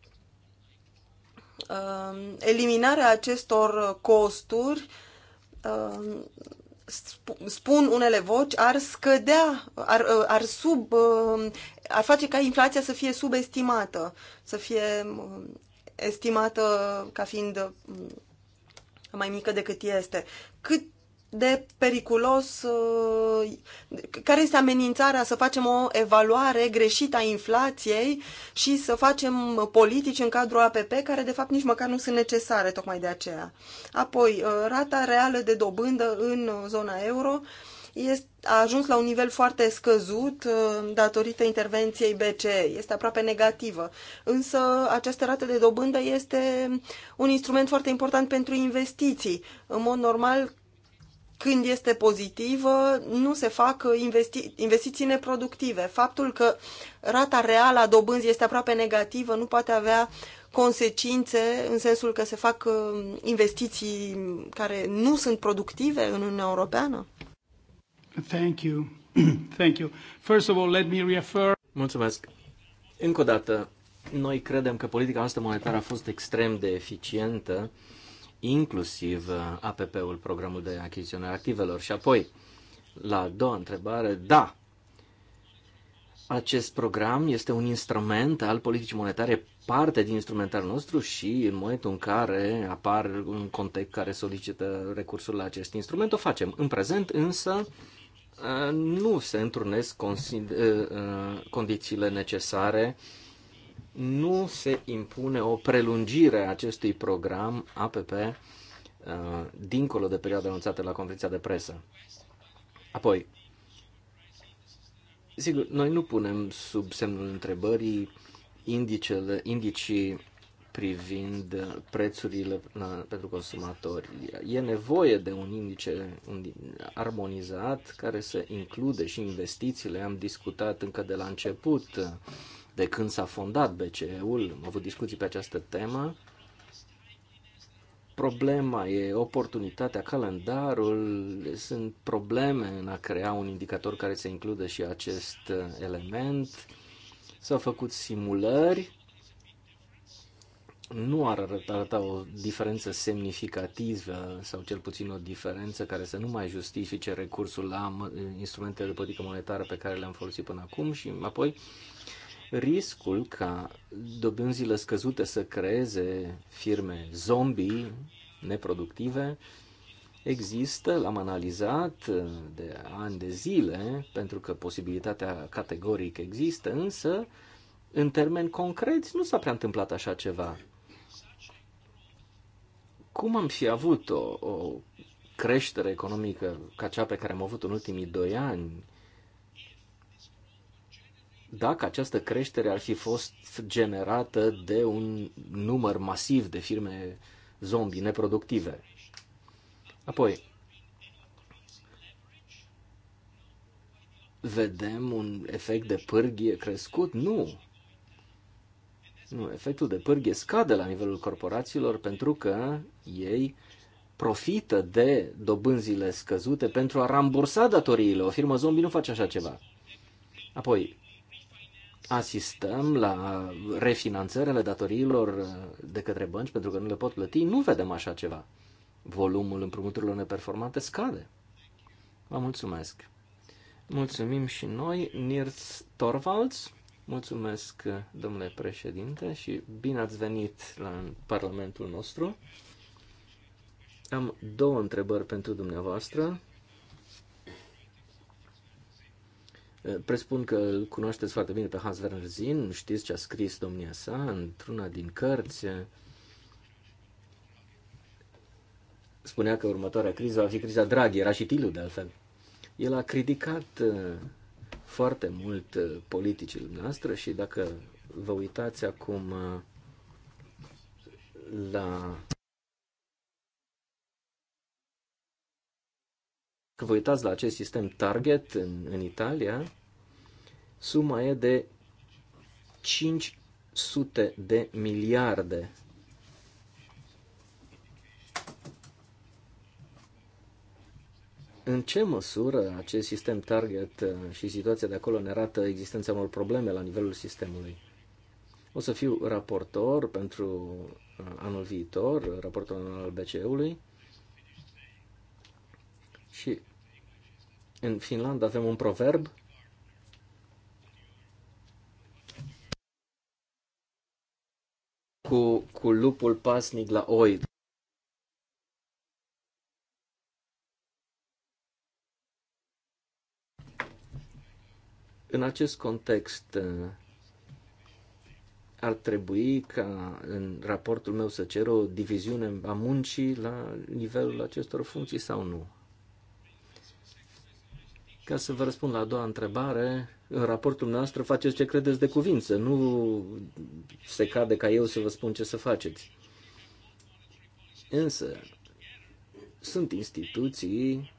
eliminarea acestor costuri spun unele voci, ar scădea, ar, ar, sub, uh, ar face ca inflația să fie subestimată, să fie uh, estimată ca fiind mm, mai mică decât este. Cât de periculos, uh, care este amenințarea să facem o evaluare greșită a inflației și să facem politici în cadrul APP care de fapt nici măcar nu sunt necesare tocmai de aceea. Apoi, uh, rata reală de dobândă în zona euro este, a ajuns la un nivel foarte scăzut uh, datorită intervenției BCE. Este aproape negativă. Însă această rată de dobândă este un instrument foarte important pentru investiții. În mod normal, când este pozitivă, nu se fac investi- investiții neproductive. Faptul că rata reală a dobânzii este aproape negativă nu poate avea consecințe în sensul că se fac uh, investiții care nu sunt productive în Uniunea Europeană? Thank you. *clears throat* Thank you. First of all, let me refer... Mulțumesc. Încă o dată, noi credem că politica noastră monetară a fost extrem de eficientă inclusiv uh, APP-ul, programul de achiziționare activelor. Și apoi, la a doua întrebare, da, acest program este un instrument al politicii monetare, parte din instrumentarul nostru și în momentul în care apar un context care solicită recursul la acest instrument, o facem. În prezent însă uh, nu se întrunesc uh, condițiile necesare nu se impune o prelungire a acestui program APP uh, dincolo de perioada anunțată la conferința de presă. Apoi, sigur, noi nu punem sub semnul întrebării indicele, indicii privind prețurile pentru consumatori. E nevoie de un indice armonizat care să include și investițiile. Am discutat încă de la început de când s-a fondat BCE-ul, am avut discuții pe această temă. Problema e oportunitatea, calendarul, sunt probleme în a crea un indicator care să includă și acest element. S-au făcut simulări, nu ar arăta o diferență semnificativă sau cel puțin o diferență care să nu mai justifice recursul la instrumentele de politică monetară pe care le-am folosit până acum și apoi riscul ca dobânzile scăzute să creeze firme zombie, neproductive, există, l-am analizat de ani de zile, pentru că posibilitatea categorică există, însă, în termeni concreți, nu s-a prea întâmplat așa ceva. Cum am fi avut o, o creștere economică ca cea pe care am avut în ultimii doi ani, dacă această creștere ar fi fost generată de un număr masiv de firme zombie neproductive. Apoi, vedem un efect de pârghie crescut? Nu. Nu, efectul de pârghie scade la nivelul corporațiilor pentru că ei profită de dobânzile scăzute pentru a rambursa datoriile. O firmă zombie nu face așa ceva. Apoi, asistăm la refinanțările datoriilor de către bănci pentru că nu le pot plăti, nu vedem așa ceva. Volumul împrumuturilor neperformante scade. Vă mulțumesc. Mulțumim și noi, Nirz Torvalds. Mulțumesc, domnule președinte, și bine ați venit la Parlamentul nostru. Am două întrebări pentru dumneavoastră. Presupun că îl cunoașteți foarte bine pe Hans Werner Zin. știți ce a scris domnia sa într-una din cărți. Spunea că următoarea criză va fi criza Draghi, era și Tilu de altfel. El a criticat uh, foarte mult uh, politicile noastre și dacă vă uitați acum uh, la vă uitați la acest sistem target în, în Italia, suma e de 500 de miliarde. În ce măsură acest sistem target uh, și situația de acolo ne arată existența unor probleme la nivelul sistemului? O să fiu raportor pentru uh, anul viitor, raportul anual al BCE-ului și în Finlanda avem un proverb cu, cu lupul pasnic la oi. În acest context, ar trebui ca în raportul meu să cer o diviziune a muncii la nivelul acestor funcții sau nu? Ca să vă răspund la a doua întrebare, în raportul noastră faceți ce credeți de cuvință, nu se cade ca eu să vă spun ce să faceți. Însă, sunt instituții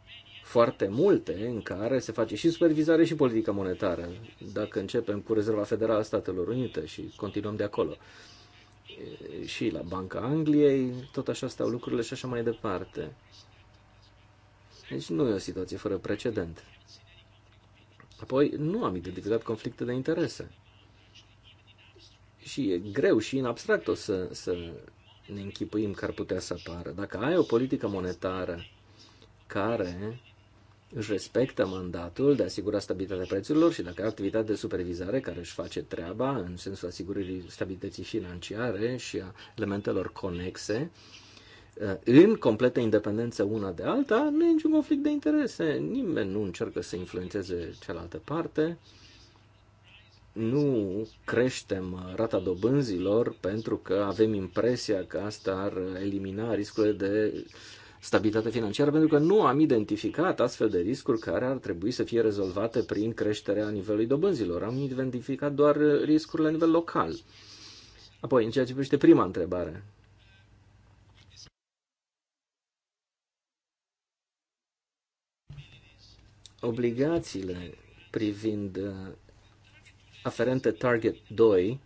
foarte multe în care se face și supervizare și politică monetară, dacă începem cu Rezerva Federală a Statelor Unite și continuăm de acolo. Și la Banca Angliei, tot așa stau lucrurile și așa mai departe. Deci nu e o situație fără precedent. Apoi, nu am identificat conflicte de interese. Și e greu și în abstract o să, să ne închipuim că ar putea să apară. Dacă ai o politică monetară care își respectă mandatul de a asigura stabilitatea prețurilor și dacă ai activitate de supervizare care își face treaba în sensul asigurării stabilității financiare și a elementelor conexe, uh, Eh, în completă independență una de alta, nu e niciun conflict de interese. Nimeni nu încearcă să influențeze cealaltă parte. Nu creștem eh, rata dobânzilor pentru că avem impresia că asta ar elimina riscurile de stabilitate financiară, pentru că nu am identificat astfel de riscuri care ar trebui să fie rezolvate prin creșterea nivelului dobânzilor. Am identificat doar eh, riscuri la nivel local. Apoi, în ceea ce privește prima întrebare, obligațiile privind uh, aferente Target 2,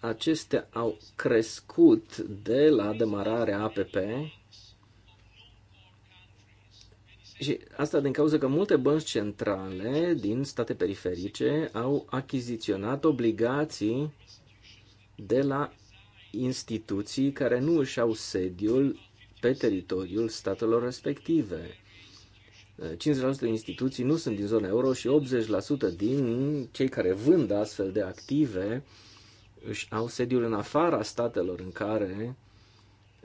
acestea au crescut de la demararea APP și asta din cauza că multe bănci centrale din state periferice au achiziționat obligații de la instituții care nu își au sediul pe teritoriul statelor respective. 50% din instituții nu sunt din zona euro și 80% din cei care vând astfel de active își au sediul în afara statelor în care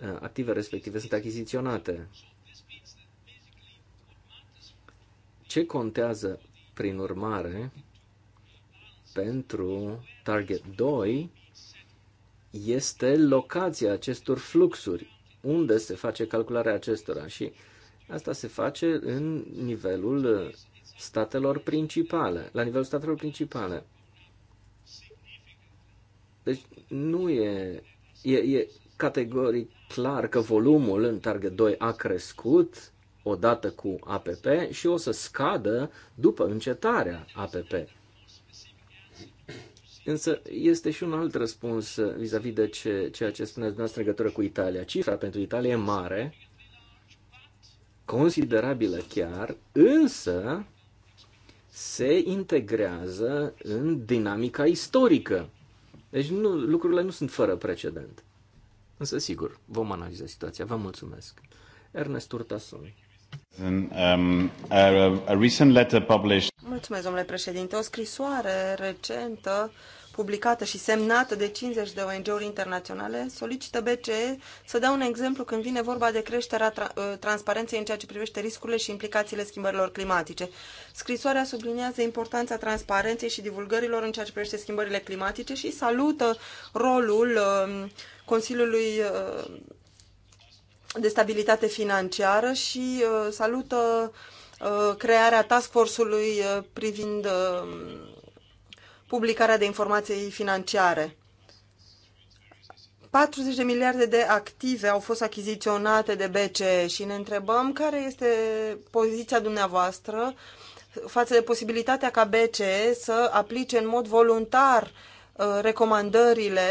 uh, active respective sunt achiziționate. Ce contează, prin urmare, pentru Target 2 este locația acestor fluxuri, unde se face calcularea acestora și uh, Asta se face în nivelul uh, statelor principale, la nivelul statelor principale. Deci nu e, e, e categoric clar că volumul în Target 2 a crescut odată cu APP și o să scadă după încetarea APP. Însă este și un alt răspuns uh, vis-a-vis -vis de ce, ceea ce spuneți dumneavoastră în legătură cu Italia. Cifra pentru Italia e mare, considerabilă chiar, însă se integrează în dinamica istorică. Deci nu, lucrurile nu sunt fără precedent. Însă, sigur, vom analiza situația. Vă mulțumesc. Ernest Urtason. Um, mulțumesc, domnule președinte. O scrisoare recentă publicată și semnată de 50 de ONG-uri internaționale, solicită BCE să dea un exemplu când vine vorba de creșterea tra- uh, transparenței în ceea ce privește riscurile și implicațiile schimbărilor climatice. Scrisoarea subliniază importanța transparenței și divulgărilor în ceea ce privește schimbările climatice și salută rolul um, Consiliului uh, de Stabilitate Financiară și uh, salută crearea task force-ului privind um, publicarea de informații financiare. 40 de miliarde de active au fost achiziționate de BCE și ne întrebăm care este poziția dumneavoastră față de posibilitatea ca BCE să aplice în mod voluntar uh, recomandările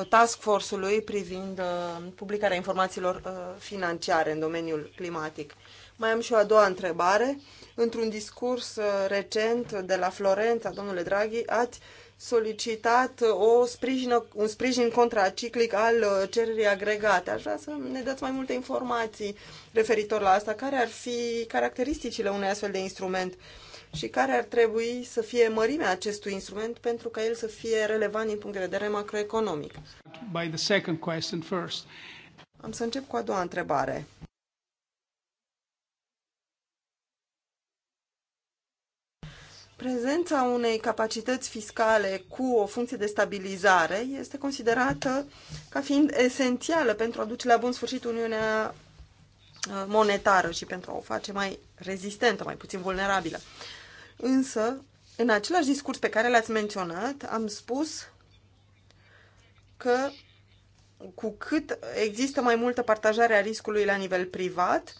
uh, task force-ului privind uh, publicarea informațiilor financiare în domeniul climatic. Mai am și o a doua întrebare Într-un discurs uh, recent de la Florența, domnule Draghi, ați solicitat uh, o sprijină, un sprijin contraciclic al uh, cererii agregate. Aș vrea să ne dați mai multe informații referitor la asta. Care ar fi caracteristicile unui astfel de instrument și care ar trebui să fie mărimea acestui instrument pentru ca el să fie relevant din punct de vedere macroeconomic? By the second question first. Am să încep cu a doua întrebare. prezența unei capacități fiscale cu o funcție de stabilizare este considerată ca fiind esențială pentru a duce la bun sfârșit Uniunea uh, monetară și pentru a o face mai rezistentă, mai puțin vulnerabilă. Însă, în același discurs pe care l-ați menționat, am spus că cu cât există mai multă partajare a riscului la nivel privat,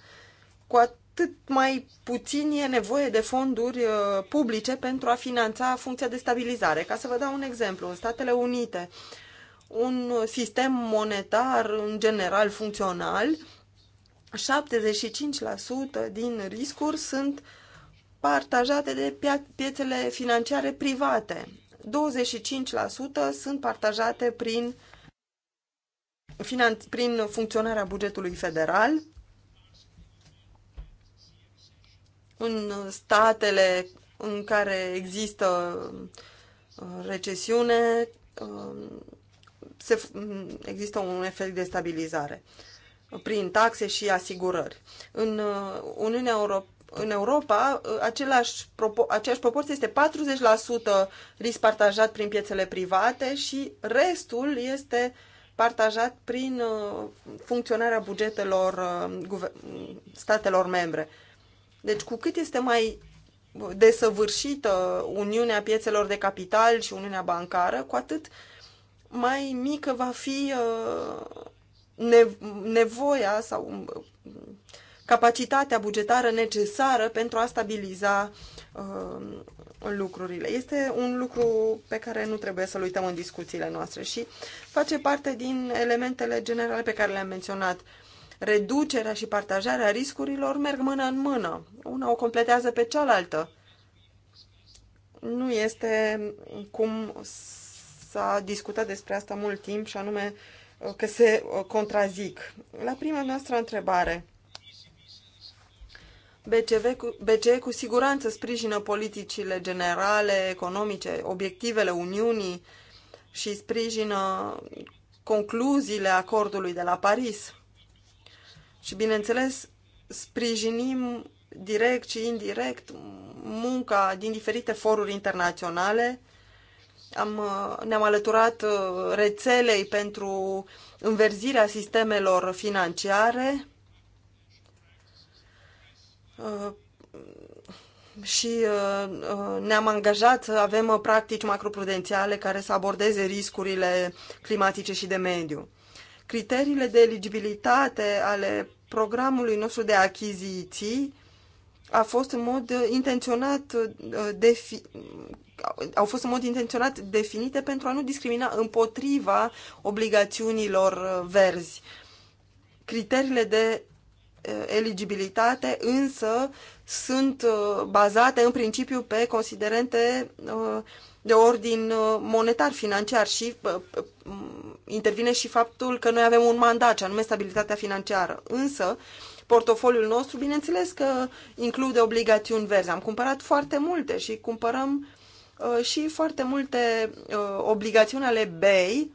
cu atât atât mai puțin e nevoie de fonduri uh, publice pentru a finanța funcția de stabilizare. Ca să vă dau un exemplu, în Statele Unite, un sistem monetar în general funcțional, 75% din riscuri sunt partajate de piețele financiare private. 25% sunt partajate prin, prin funcționarea bugetului federal, în statele în care există uh, recesiune, um, se, există un efect de stabilizare prin taxe și asigurări. În uh, Uniunea Europeană în Europa, uh, același, aceeași proporție este 40% risc partajat prin piețele private și restul este partajat prin funcționarea bugetelor statelor membre. Deci cu cât este mai desăvârșită Uniunea Piețelor de Capital și Uniunea Bancară, cu atât mai mică va fi uh, nevoia sau um, capacitatea bugetară necesară pentru a stabiliza uh, lucrurile. Este un lucru pe care nu trebuie să-l uităm în discuțiile noastre și face parte din elementele generale pe care le-am menționat. Uh, reducerea și partajarea riscurilor merg mână în mână. Una o completează pe cealaltă. Nu este cum s-a discutat despre asta mult timp și anume uh, că se uh, contrazic. La prima noastră întrebare, BCV cu, BCE cu siguranță sprijină politicile generale, economice, obiectivele Uniunii și sprijină concluziile acordului de la Paris. Și, bineînțeles, sprijinim direct și indirect munca din diferite foruri internaționale. Am, uh, ne-am alăturat uh, rețelei pentru înverzirea sistemelor financiare uh, și ne-am angajat să avem practici macroprudențiale care să abordeze riscurile climatice și de mediu criteriile de eligibilitate ale programului nostru de achiziții a fost în mod intenționat uh, defi- au fost în mod intenționat definite pentru a nu discrimina împotriva obligațiunilor uh, verzi. Criteriile de uh, eligibilitate însă sunt bazate în principiu pe considerente de ordin uh, monetar, financiar și uh, uh, intervine și faptul că noi avem un mandat, ce anume stabilitatea financiară. Însă, portofoliul nostru, bineînțeles că include obligațiuni verzi. Am cumpărat foarte multe și cumpărăm și foarte multe obligațiuni ale BEI,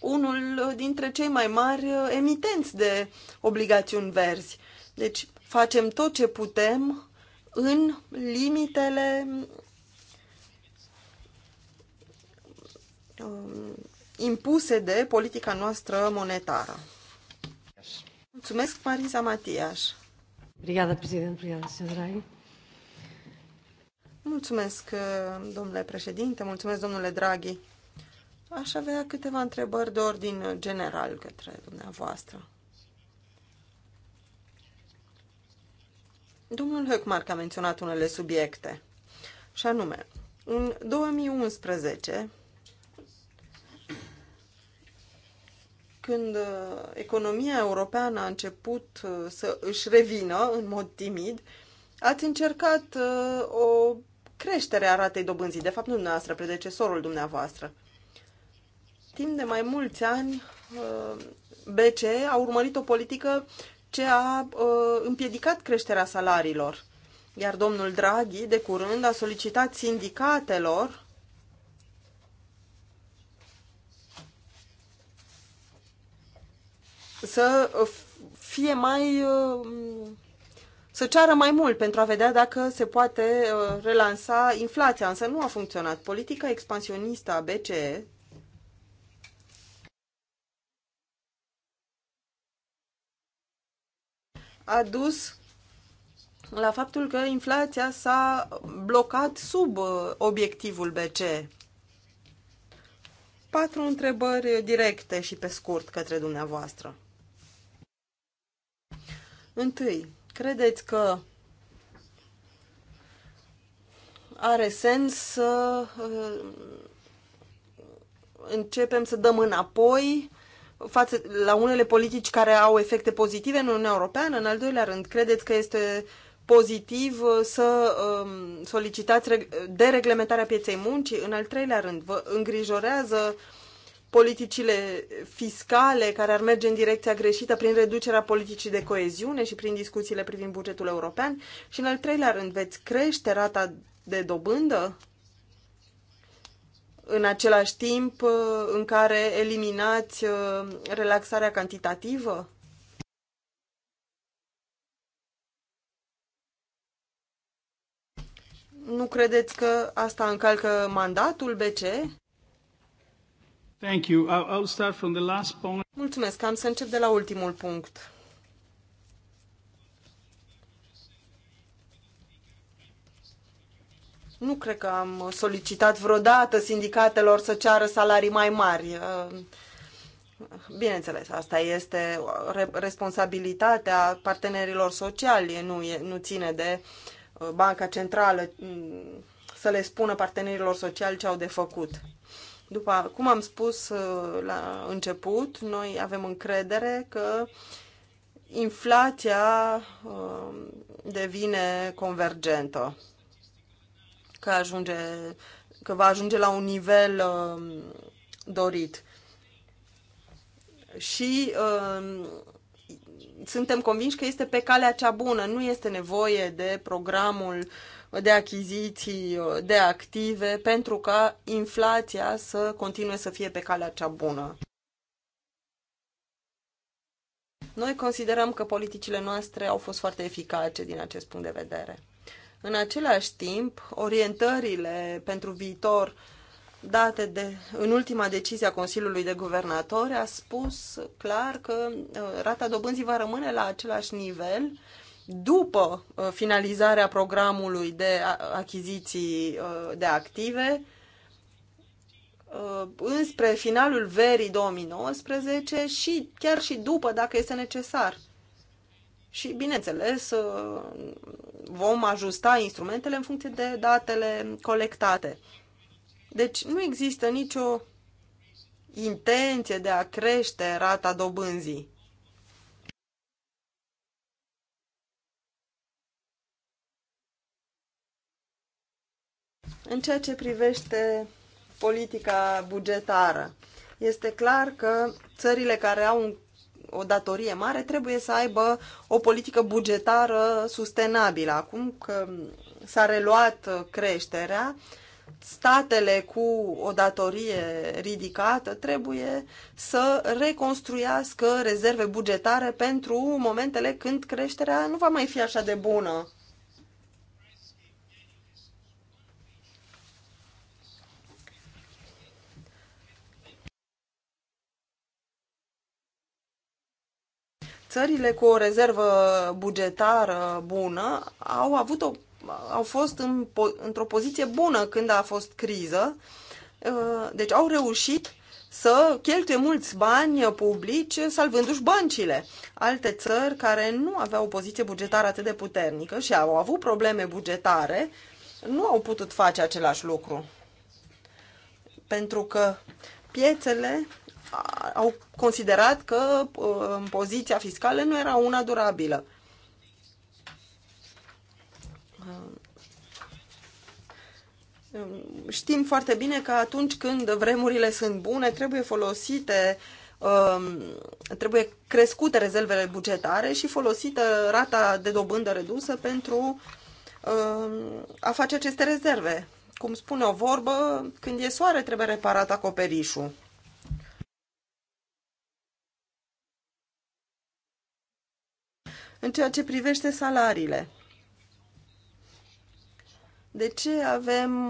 unul dintre cei mai mari emitenți de obligațiuni verzi. Deci facem tot ce putem în limitele Um, impuse de politica noastră monetară. Mulțumesc, Marisa Matias. Obrigada, președinte. Obrigada, senhor Mulțumesc, uh, domnule președinte, mulțumesc, domnule Draghi. Aș avea câteva întrebări de ordin general către dumneavoastră. Domnul Höckmark a menționat unele subiecte, și anume, în 2011, când uh, economia europeană a început uh, să își revină în mod timid, ați încercat uh, o creștere a ratei dobânzii, de fapt nu dumneavoastră, predecesorul dumneavoastră. Timp de mai mulți ani, BCE a urmărit o politică ce a împiedicat creșterea salariilor. Iar domnul Draghi, de curând, a solicitat sindicatelor să uh, fie mai uh, să ceară mai mult pentru a vedea dacă se poate uh, relansa inflația, însă nu a funcționat. Politica expansionistă a BCE a dus la faptul că inflația s-a blocat sub obiectivul BCE. Patru întrebări directe și pe scurt către dumneavoastră. Întâi, credeți că are sens să uh, începem să dăm înapoi față la unele politici care au efecte pozitive în Uniunea Europeană? În al doilea rând, credeți că este pozitiv uh, să um, solicitați dereglementarea pieței muncii? În al treilea rând, vă îngrijorează uh, politicile fiscale care ar merge în direcția greșită prin reducerea politicii de coeziune și prin discuțiile privind bugetul european? Și în al treilea rând, veți crește rata de dobândă în același timp uh, în care eliminați uh, relaxarea cantitativă? Nu credeți că asta încalcă mandatul BCE? Thank you. I'll start from the last point. Mulțumesc. Am să încep de la ultimul punct. Nu cred că am solicitat vreodată sindicatelor să ceară salarii mai mari. Uh, bineînțeles, asta este responsabilitatea partenerilor sociali, nu, e, nu ține de uh, Banca Centrală mm, să le spună partenerilor sociali ce au de făcut. După cum am spus uh, la început, noi avem încredere că inflația uh, devine convergentă, că, ajunge, că va ajunge la un nivel uh, dorit. Și suntem convinși că este pe calea cea bună, nu este nevoie de programul de achiziții de active pentru ca inflația să continue să fie pe calea cea bună. Noi considerăm că politicile noastre au fost foarte eficace din acest punct de vedere. În același timp, orientările pentru viitor date de, în ultima decizie a Consiliului de Guvernatori a spus clar că uh, rata dobânzii va rămâne la același nivel după uh, finalizarea programului de achiziții uh, de active, uh, înspre finalul verii 2019 și chiar și după, dacă este necesar. Și, bineînțeles, vom ajusta instrumentele în funcție de datele colectate. Deci nu există nicio intenție de a crește rata dobânzii. În ceea ce privește politica bugetară, este clar că țările care au un o datorie mare, trebuie să aibă o politică bugetară sustenabilă. Acum că s-a reluat creșterea, statele cu o datorie ridicată trebuie să reconstruiască rezerve bugetare pentru momentele când creșterea nu va mai fi așa de bună. Țările cu o rezervă bugetară bună au, avut o, au fost în, într-o poziție bună când a fost criză, uh, deci au reușit să cheltuie mulți bani publici salvându-și băncile. Alte țări care nu aveau o poziție bugetară atât de puternică și au avut probleme bugetare, nu au putut face același lucru. Pentru că piețele au considerat că uh, poziția fiscală nu era una durabilă. Uh, știm foarte bine că atunci când vremurile sunt bune, trebuie folosite, uh, trebuie crescute rezervele bugetare și folosită rata de dobândă redusă pentru a face aceste rezerve. Cum spune o vorbă, când e soare trebuie reparat acoperișul. În ceea ce privește salariile, de ce avem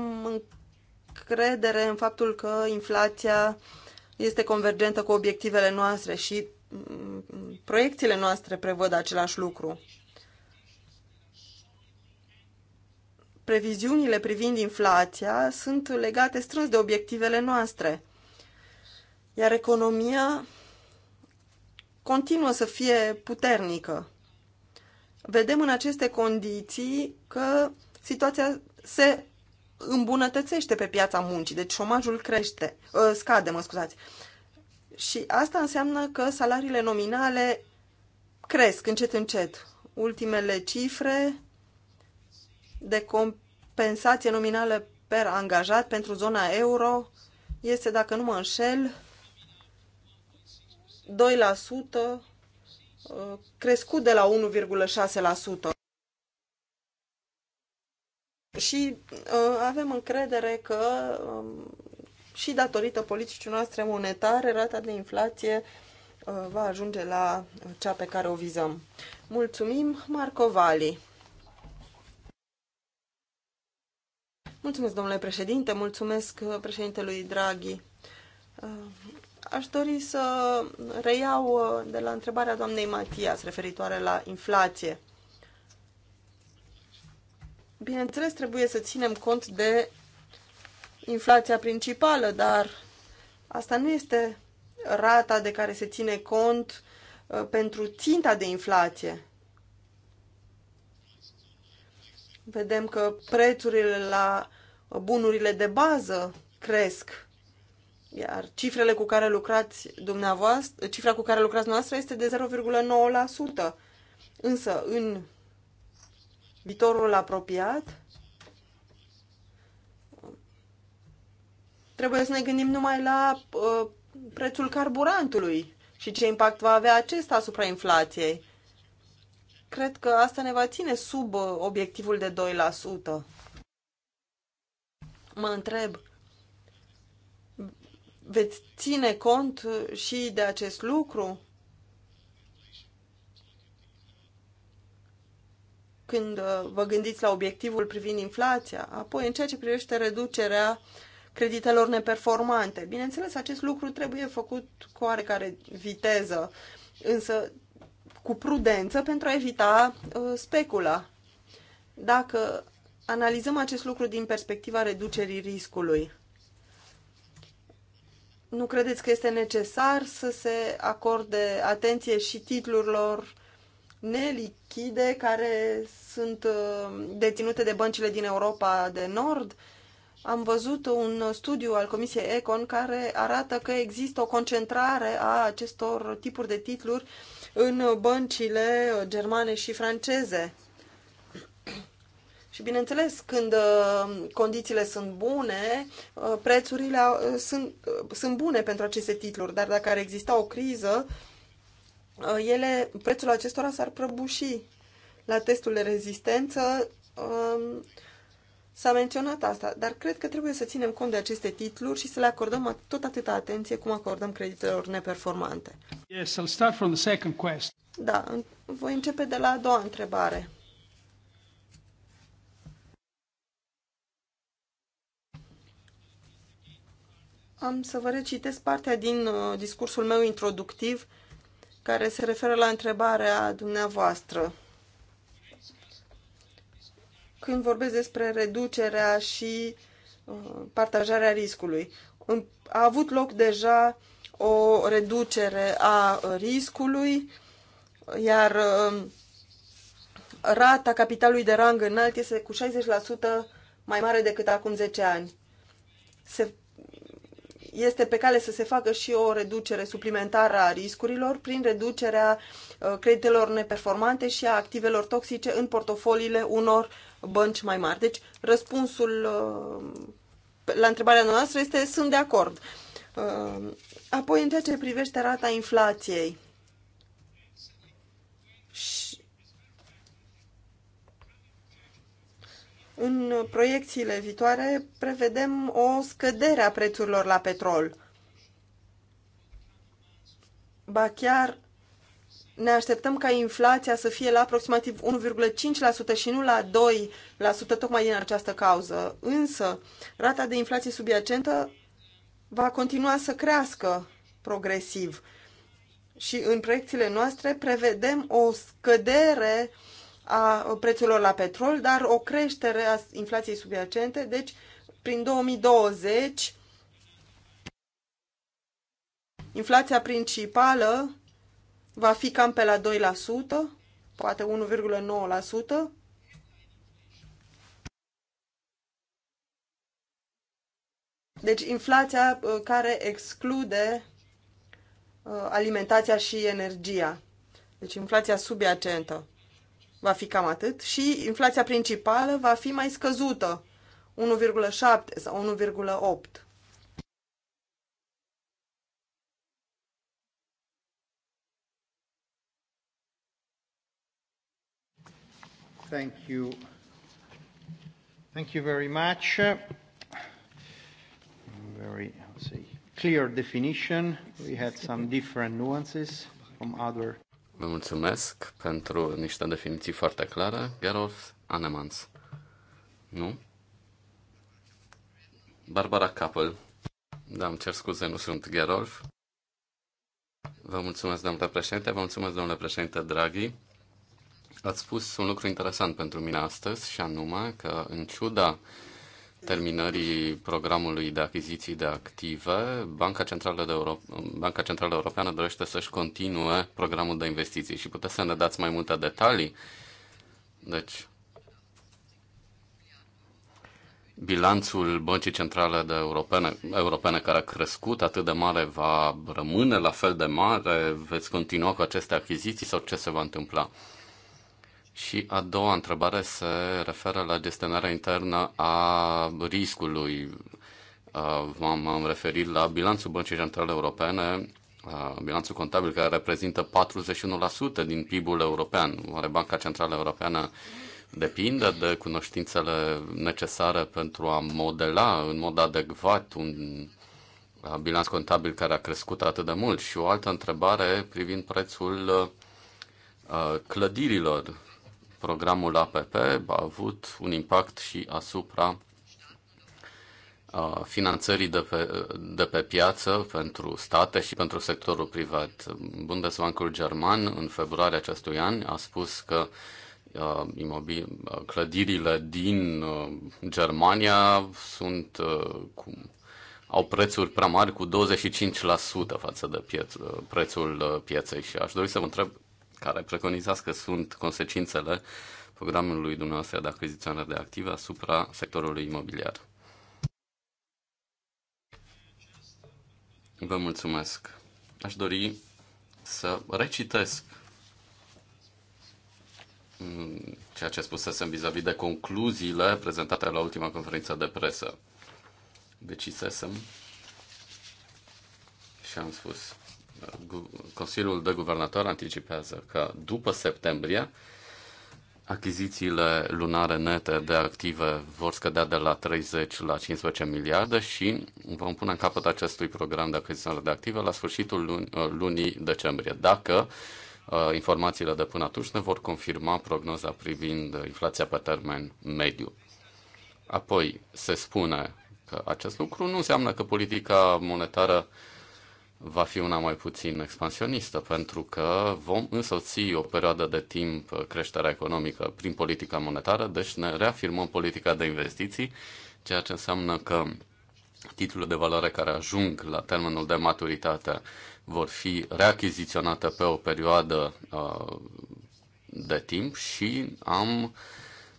încredere în faptul că inflația este convergentă cu obiectivele noastre și mm, proiecțiile noastre prevăd același lucru? Previziunile privind inflația sunt legate strâns de obiectivele noastre, iar economia continuă să fie puternică vedem în aceste condiții că situația se îmbunătățește pe piața muncii, deci șomajul crește, uh, scade, mă scuzați. Și asta înseamnă că salariile nominale cresc încet, încet. Ultimele cifre de compensație nominală per angajat pentru zona euro este, dacă nu mă înșel, 2% crescut de la 1,6%. Și uh, avem încredere că um, și datorită politicii noastre monetare, rata de inflație uh, va ajunge la cea pe care o vizăm. Mulțumim, Marco Vali. Mulțumesc, domnule președinte, mulțumesc uh, președintelui Draghi. Uh, Aș dori să reiau uh, de la întrebarea doamnei Matias referitoare la inflație. Bineînțeles, trebuie să ținem cont de inflația principală, dar asta nu este rata de care se ține cont uh, pentru ținta de inflație. Vedem că prețurile la bunurile de bază cresc iar cifrele cu care lucrați dumneavoastră, cifra cu care lucrați noastră este de 0,9%. Însă, în viitorul apropiat, trebuie să ne gândim numai la uh, prețul carburantului și ce impact va avea acesta asupra inflației. Cred că asta ne va ține sub uh, obiectivul de 2%. Mă întreb, veți ține cont și de acest lucru? când uh, vă gândiți la obiectivul privind inflația, apoi în ceea ce privește reducerea creditelor neperformante. Bineînțeles, acest lucru trebuie făcut cu oarecare viteză, însă cu prudență pentru a evita uh, specula. Dacă analizăm acest lucru din perspectiva reducerii riscului, nu credeți că este necesar să se acorde atenție și titlurilor nelichide care sunt uh, deținute de băncile din Europa de Nord? Am văzut un studiu al Comisiei Econ care arată că există o concentrare a acestor tipuri de titluri în băncile germane și franceze. Și bineînțeles, când uh, condițiile sunt bune, uh, prețurile uh, sunt, sunt bune pentru aceste titluri, dar dacă ar exista o criză, ele, prețul acestora s-ar prăbuși. La testul de rezistență um, s-a menționat asta, dar cred că trebuie să ținem cont de aceste titluri și să le acordăm tot atâta atenție cum acordăm creditelor neperformante. Yes, I'll start from the second quest. Da, voi începe de la a doua întrebare. Am să vă recitesc partea din uh, discursul meu introductiv care se referă la întrebarea dumneavoastră. Când vorbesc despre reducerea și uh, partajarea riscului, a avut loc deja o reducere a riscului, iar uh, rata capitalului de rang înalt este cu 60% mai mare decât acum 10 ani. Se este pe cale să se facă și o reducere suplimentară a riscurilor prin reducerea uh, creditelor neperformante și a activelor toxice în portofoliile unor bănci mai mari. Deci, răspunsul uh, la întrebarea noastră este sunt de acord. Uh, apoi, în ceea ce privește rata inflației, În proiecțiile viitoare prevedem o scădere a prețurilor la petrol. Ba chiar ne așteptăm ca inflația să fie la aproximativ 1,5% și nu la 2%, tocmai din această cauză. Însă, rata de inflație subiacentă va continua să crească progresiv. Și în proiecțiile noastre prevedem o scădere uh, a prețurilor la petrol, dar o creștere a inflației subiacente. Deci, prin 2020, inflația principală va fi cam pe la 2%, poate 1,9%. Deci inflația uh, care exclude uh, alimentația și energia. Deci inflația subiacentă va fi cam atât și inflația principală va fi mai scăzută, 1,7 sau 1,8. Thank you. Thank you very much. Very, let's see, clear definition. We had some different nuances from other Vă mulțumesc pentru niște definiții foarte clare. Gerolf Anemans. Nu? Barbara Capel. Da, îmi cer scuze, nu sunt Gerolf. Vă mulțumesc, domnule președinte. Vă mulțumesc, domnule președinte Draghi. Ați spus un lucru interesant pentru mine astăzi, și anume că, în ciuda terminării programului de achiziții de active, Banca Centrală, de Euro- Banca Centrală Europeană dorește să-și continue programul de investiții și puteți să ne dați mai multe detalii. Deci, bilanțul Băncii Centrale de Europene, Europene care a crescut atât de mare va rămâne la fel de mare? Veți continua cu aceste achiziții sau ce se va întâmpla? Și a doua întrebare se referă la gestionarea internă a riscului. Uh, m-am referit la bilanțul Băncii Centrale Europene, uh, bilanțul contabil care reprezintă 41% din PIB-ul european. Oare Banca Centrală Europeană depinde de cunoștințele necesare pentru a modela în mod adecvat un uh, bilanț contabil care a crescut atât de mult? Și o altă întrebare privind prețul clădirilor programul APP a avut un impact și asupra uh, finanțării de pe, de pe piață pentru state și pentru sectorul privat. Bundesbankul German, în februarie acestui an, a spus că uh, imobil, uh, clădirile din uh, Germania sunt uh, cu, au prețuri prea mari cu 25% față de pieț, uh, prețul pieței și aș dori să vă întreb care preconizați că sunt consecințele programului dumneavoastră de achiziționare de active asupra sectorului imobiliar. Vă mulțumesc. Aș dori să recitesc mm, ceea ce spusesem vis-a-vis de concluziile prezentate la ultima conferință de presă. Decisesem și am spus Consiliul de Guvernator anticipează că după septembrie achizițiile lunare nete de active vor scădea de la 30 la 15 miliarde și vom pune în capăt acestui program de achiziționare de active la sfârșitul uh, lunii decembrie. Dacă uh, informațiile de până atunci ne vor confirma prognoza privind inflația pe termen mediu. Apoi se spune că acest lucru nu înseamnă că politica monetară uh, va fi una mai puțin expansionistă, pentru că vom însoți o perioadă de timp creșterea economică prin politica monetară, deci ne reafirmăm politica de investiții, ceea ce înseamnă că titlurile de valoare care ajung la termenul de maturitate vor fi reachiziționate pe o perioadă uh, de timp și am uh,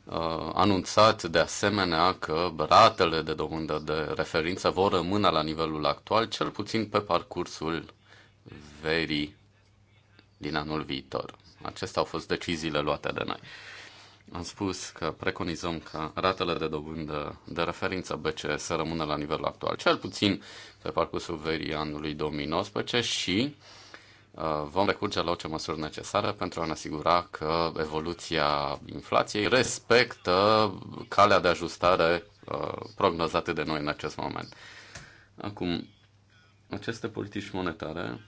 Uh, anunțat de asemenea că ratele de dobândă de referință vor rămâne la nivelul actual, cel puțin pe parcursul verii din anul viitor. Acestea au fost deciziile luate de noi. Am spus că preconizăm ca ratele de dobândă de referință BCE să rămână la nivelul actual, cel puțin pe parcursul verii anului 2019 și Uh, vom recurge la orice măsură necesară pentru a ne asigura că evoluția inflației respectă calea de ajustare uh, prognozată de noi în acest moment. Acum, aceste politici monetare,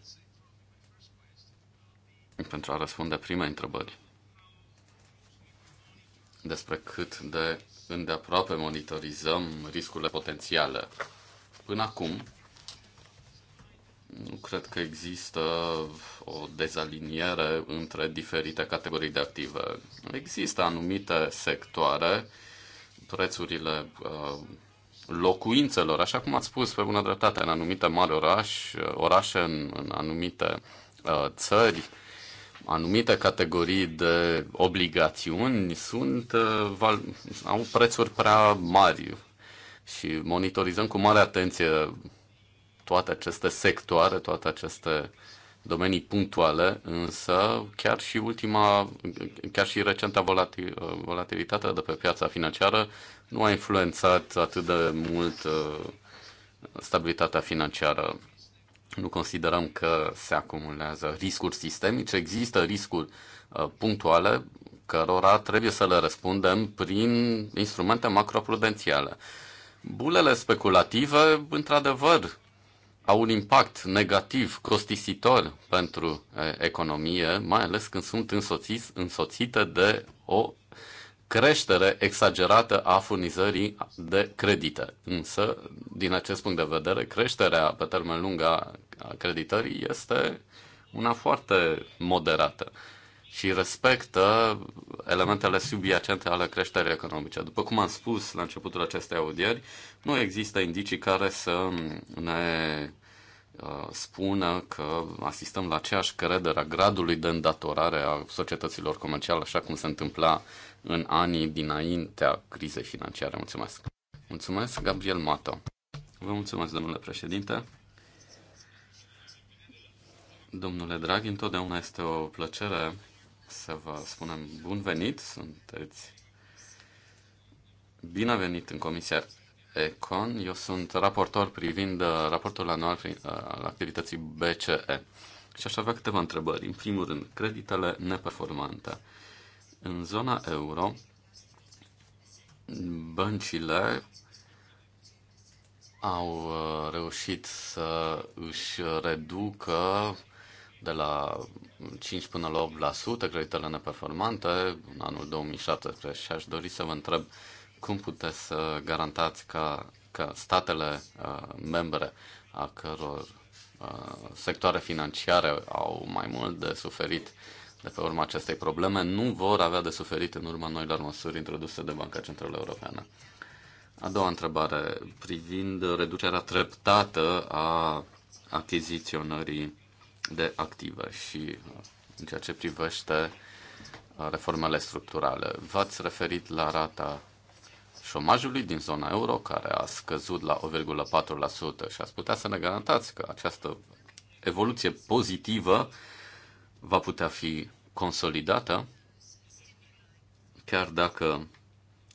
pentru a răspunde primei întrebări, despre cât de îndeaproape monitorizăm riscurile potențiale. Până acum, nu cred că există o dezaliniere între diferite categorii de active. Există anumite sectoare, prețurile uh, locuințelor, așa cum ați spus pe bună dreptate, în anumite mari oraș, uh, orașe, în, în anumite uh, țări, anumite categorii de obligațiuni sunt, au prețuri prea mari și monitorizăm cu mare atenție toate aceste sectoare, toate aceste domenii punctuale, însă chiar și ultima, chiar și recenta volatilitate de pe piața financiară nu a influențat atât de mult uh, stabilitatea financiară. Nu considerăm că se acumulează riscuri sistemice, există riscuri uh, punctuale cărora trebuie să le răspundem prin instrumente macroprudențiale. Bulele speculative, într-adevăr, au un impact negativ, costisitor pentru economie, mai ales când sunt însoțiți, însoțite de o creștere exagerată a furnizării de credite. Însă, din acest punct de vedere, creșterea pe termen lung a creditării este una foarte moderată și respectă elementele subiacente ale creșterii economice. După cum am spus la începutul acestei audieri, nu există indicii care să ne uh, spună că asistăm la aceeași credere a gradului de îndatorare a societăților comerciale, așa cum se întâmpla în anii dinaintea crizei financiare. Mulțumesc! Mulțumesc, Gabriel Mato. Vă mulțumesc, domnule președinte. Domnule Draghi, întotdeauna este o plăcere să vă spunem bun venit, sunteți binevenit în Comisia Econ. Eu sunt raportor privind uh, raportul anual uh, al activității BCE și aș avea câteva întrebări. În primul rând, creditele neperformante. În zona euro, băncile au uh, reușit să își reducă de la 5 până la 8% creditele neperformante în anul 2017 și aș dori să vă întreb cum puteți să garantați ca, că statele uh, membre a căror uh, sectoare financiare au mai mult de suferit de pe urma acestei probleme nu vor avea de suferit în urma noilor măsuri introduse de Banca Centrală Europeană. A doua întrebare, privind reducerea treptată a achiziționării de activă și în ceea ce privește uh, reformele structurale. V-ați referit la rata șomajului din zona euro, care a scăzut la 1,4% și ați putea să ne garantați că această evoluție pozitivă va putea fi consolidată, chiar dacă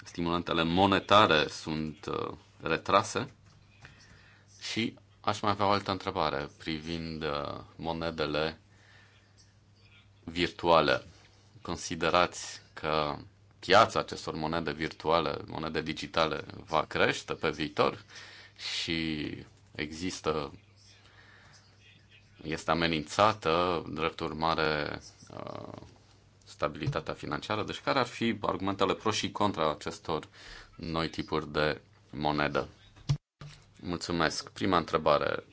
stimulantele monetare sunt uh, retrase și Aș mai avea o altă întrebare privind uh, monedele virtuale. Considerați că piața acestor monede virtuale, monede digitale, va crește pe viitor și există, este amenințată, drept urmare, uh, stabilitatea financiară. Deci care ar fi argumentele pro și contra acestor noi tipuri de monedă? Mulțumesc. Prima întrebare.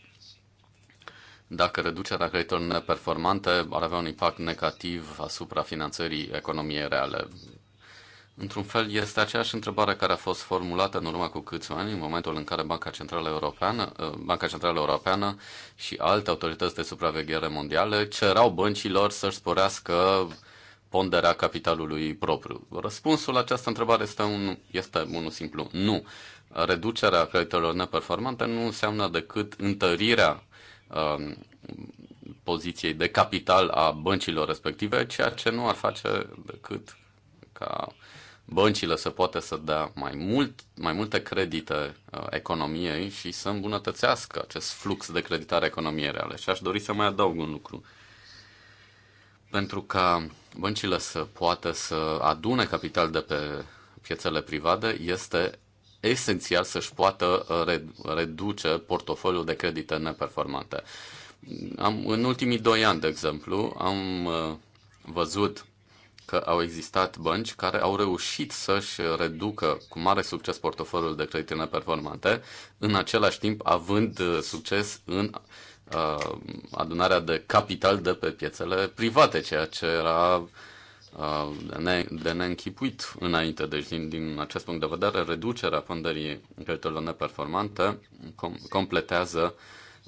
Dacă reducerea creditelor neperformante ar avea un impact negativ asupra finanțării economiei reale, Într-un fel, este aceeași întrebare care a fost formulată în urmă cu câțiva ani, în momentul în care Banca Centrală Europeană, uh, Banca Centrală Europeană și alte autorități de supraveghere mondiale cerau băncilor să-și sporească ponderea capitalului propriu? Răspunsul la această întrebare este, un, este unul simplu. Nu. Reducerea creditelor neperformante nu înseamnă decât întărirea um, poziției de capital a băncilor respective, ceea ce nu ar face decât ca băncile să poată să dea mai, mult, mai multe credite uh, economiei și să îmbunătățească acest flux de creditare economiei reale. Și aș dori să mai adaug un lucru. Pentru ca băncile să poată să adune capital de pe piețele private, este esențial să-și poată uh, reduce portofoliul de credite neperformante. Am, în ultimii doi ani, de exemplu, am uh, văzut că au existat bănci care au reușit să-și reducă cu mare succes portofoliul de credite neperformante, în același timp având uh, succes în Uh, adunarea de capital de pe piețele private, ceea ce era uh, de, neînchipuit înainte. Deci, din, din acest punct de vedere, reducerea ponderii creditelor neperformante com, completează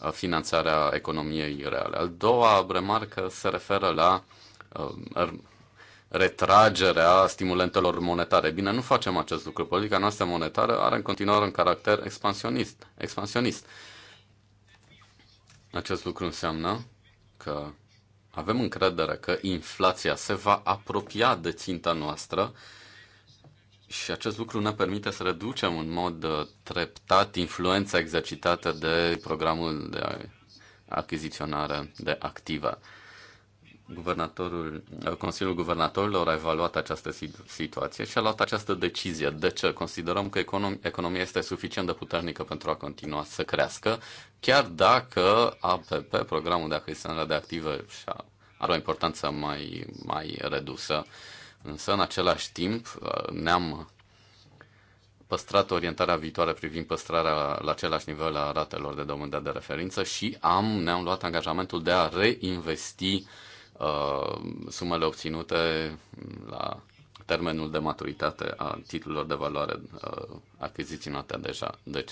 uh, finanțarea economiei reale. Al doua remarcă se referă la er, retragerea stimulentelor monetare. Bine, nu facem acest lucru. Politica noastră monetară are în continuare un caracter expansionist. expansionist. Uh, acest lucru înseamnă că avem încredere că inflația se va apropia de ținta noastră și acest lucru ne permite să reducem în mod uh, treptat influența exercitată de programul de achiziționare de active guvernatorul, uh, Consiliul Guvernatorilor a evaluat această situație și a luat această decizie. De ce? Considerăm că econom- economia este suficient de puternică pentru a continua să crească, chiar dacă APP, programul de achiziționare de active, are o importanță mai, mai redusă. Însă, în același timp, uh, ne-am păstrat orientarea viitoare privind păstrarea la același nivel a ratelor de dobândă de referință și am, ne-am luat angajamentul de a reinvesti uh, Uh, sumele obținute la termenul de maturitate a titlurilor de valoare uh, achiziționate deja. Deci,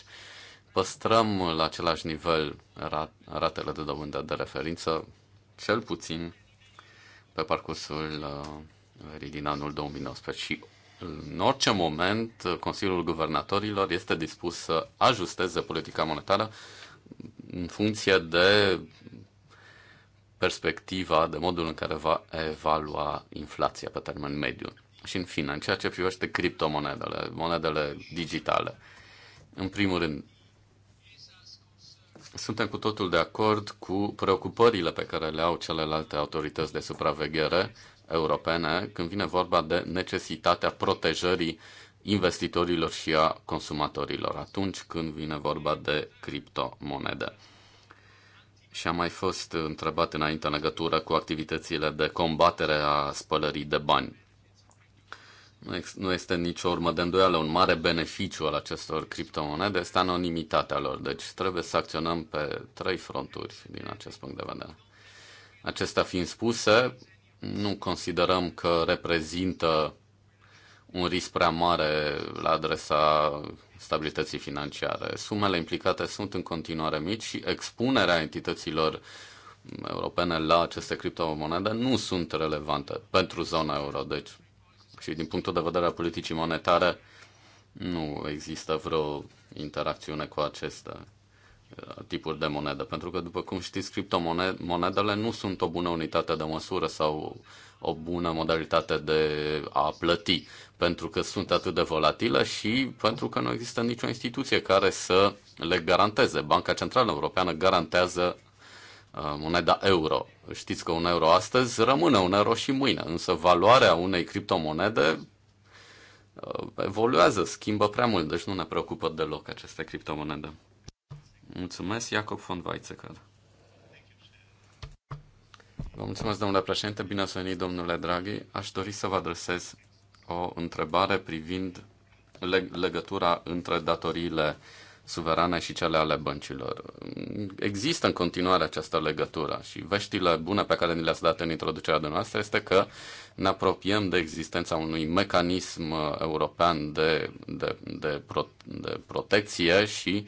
păstrăm la același nivel ratele de dobândă de referință, cel puțin pe parcursul uh, din anul 2019 și în orice moment Consiliul Guvernatorilor este dispus să ajusteze politica monetară în funcție de perspectiva de modul în care va evalua inflația pe termen mediu. Și în fine, în ceea ce privește criptomonedele, monedele digitale, în primul rând, suntem cu totul de acord cu preocupările pe care le au celelalte autorități de supraveghere europene când vine vorba de necesitatea protejării investitorilor și a consumatorilor atunci când vine vorba de criptomonede și a mai fost întrebat înainte în legătură cu activitățile de combatere a spălării de bani. Nu este nicio urmă de îndoială. Un mare beneficiu al acestor criptomonede este anonimitatea lor, deci trebuie să acționăm pe trei fronturi din acest punct de vedere. Acestea fiind spuse, nu considerăm că reprezintă un risc prea mare la adresa stabilității financiare. Sumele implicate sunt în continuare mici și expunerea entităților europene la aceste criptomonede nu sunt relevante pentru zona euro. Deci, și din punctul de vedere al politicii monetare, nu există vreo interacțiune cu aceste uh, tipuri de monedă. Pentru că, după cum știți, criptomonedele nu sunt o bună unitate de măsură sau o bună modalitate de a plăti, pentru că sunt atât de volatile și pentru că nu există nicio instituție care să le garanteze. Banca Centrală Europeană garantează uh, moneda euro. Știți că un euro astăzi rămâne un euro și mâine, însă valoarea unei criptomonede uh, evoluează, schimbă prea mult, deci nu ne preocupă deloc aceste criptomonede. Mulțumesc, Iacob von Weizsäcker. Vă mulțumesc, domnule președinte. Bine ați venit, domnule Draghi. Aș dori să vă adresez o întrebare privind leg- legătura între datoriile suverane și cele ale băncilor. Există în continuare această legătură și veștile bune pe care ni le-ați dat în introducerea de noastră este că ne apropiem de existența unui mecanism european de, de, de, pro, de protecție și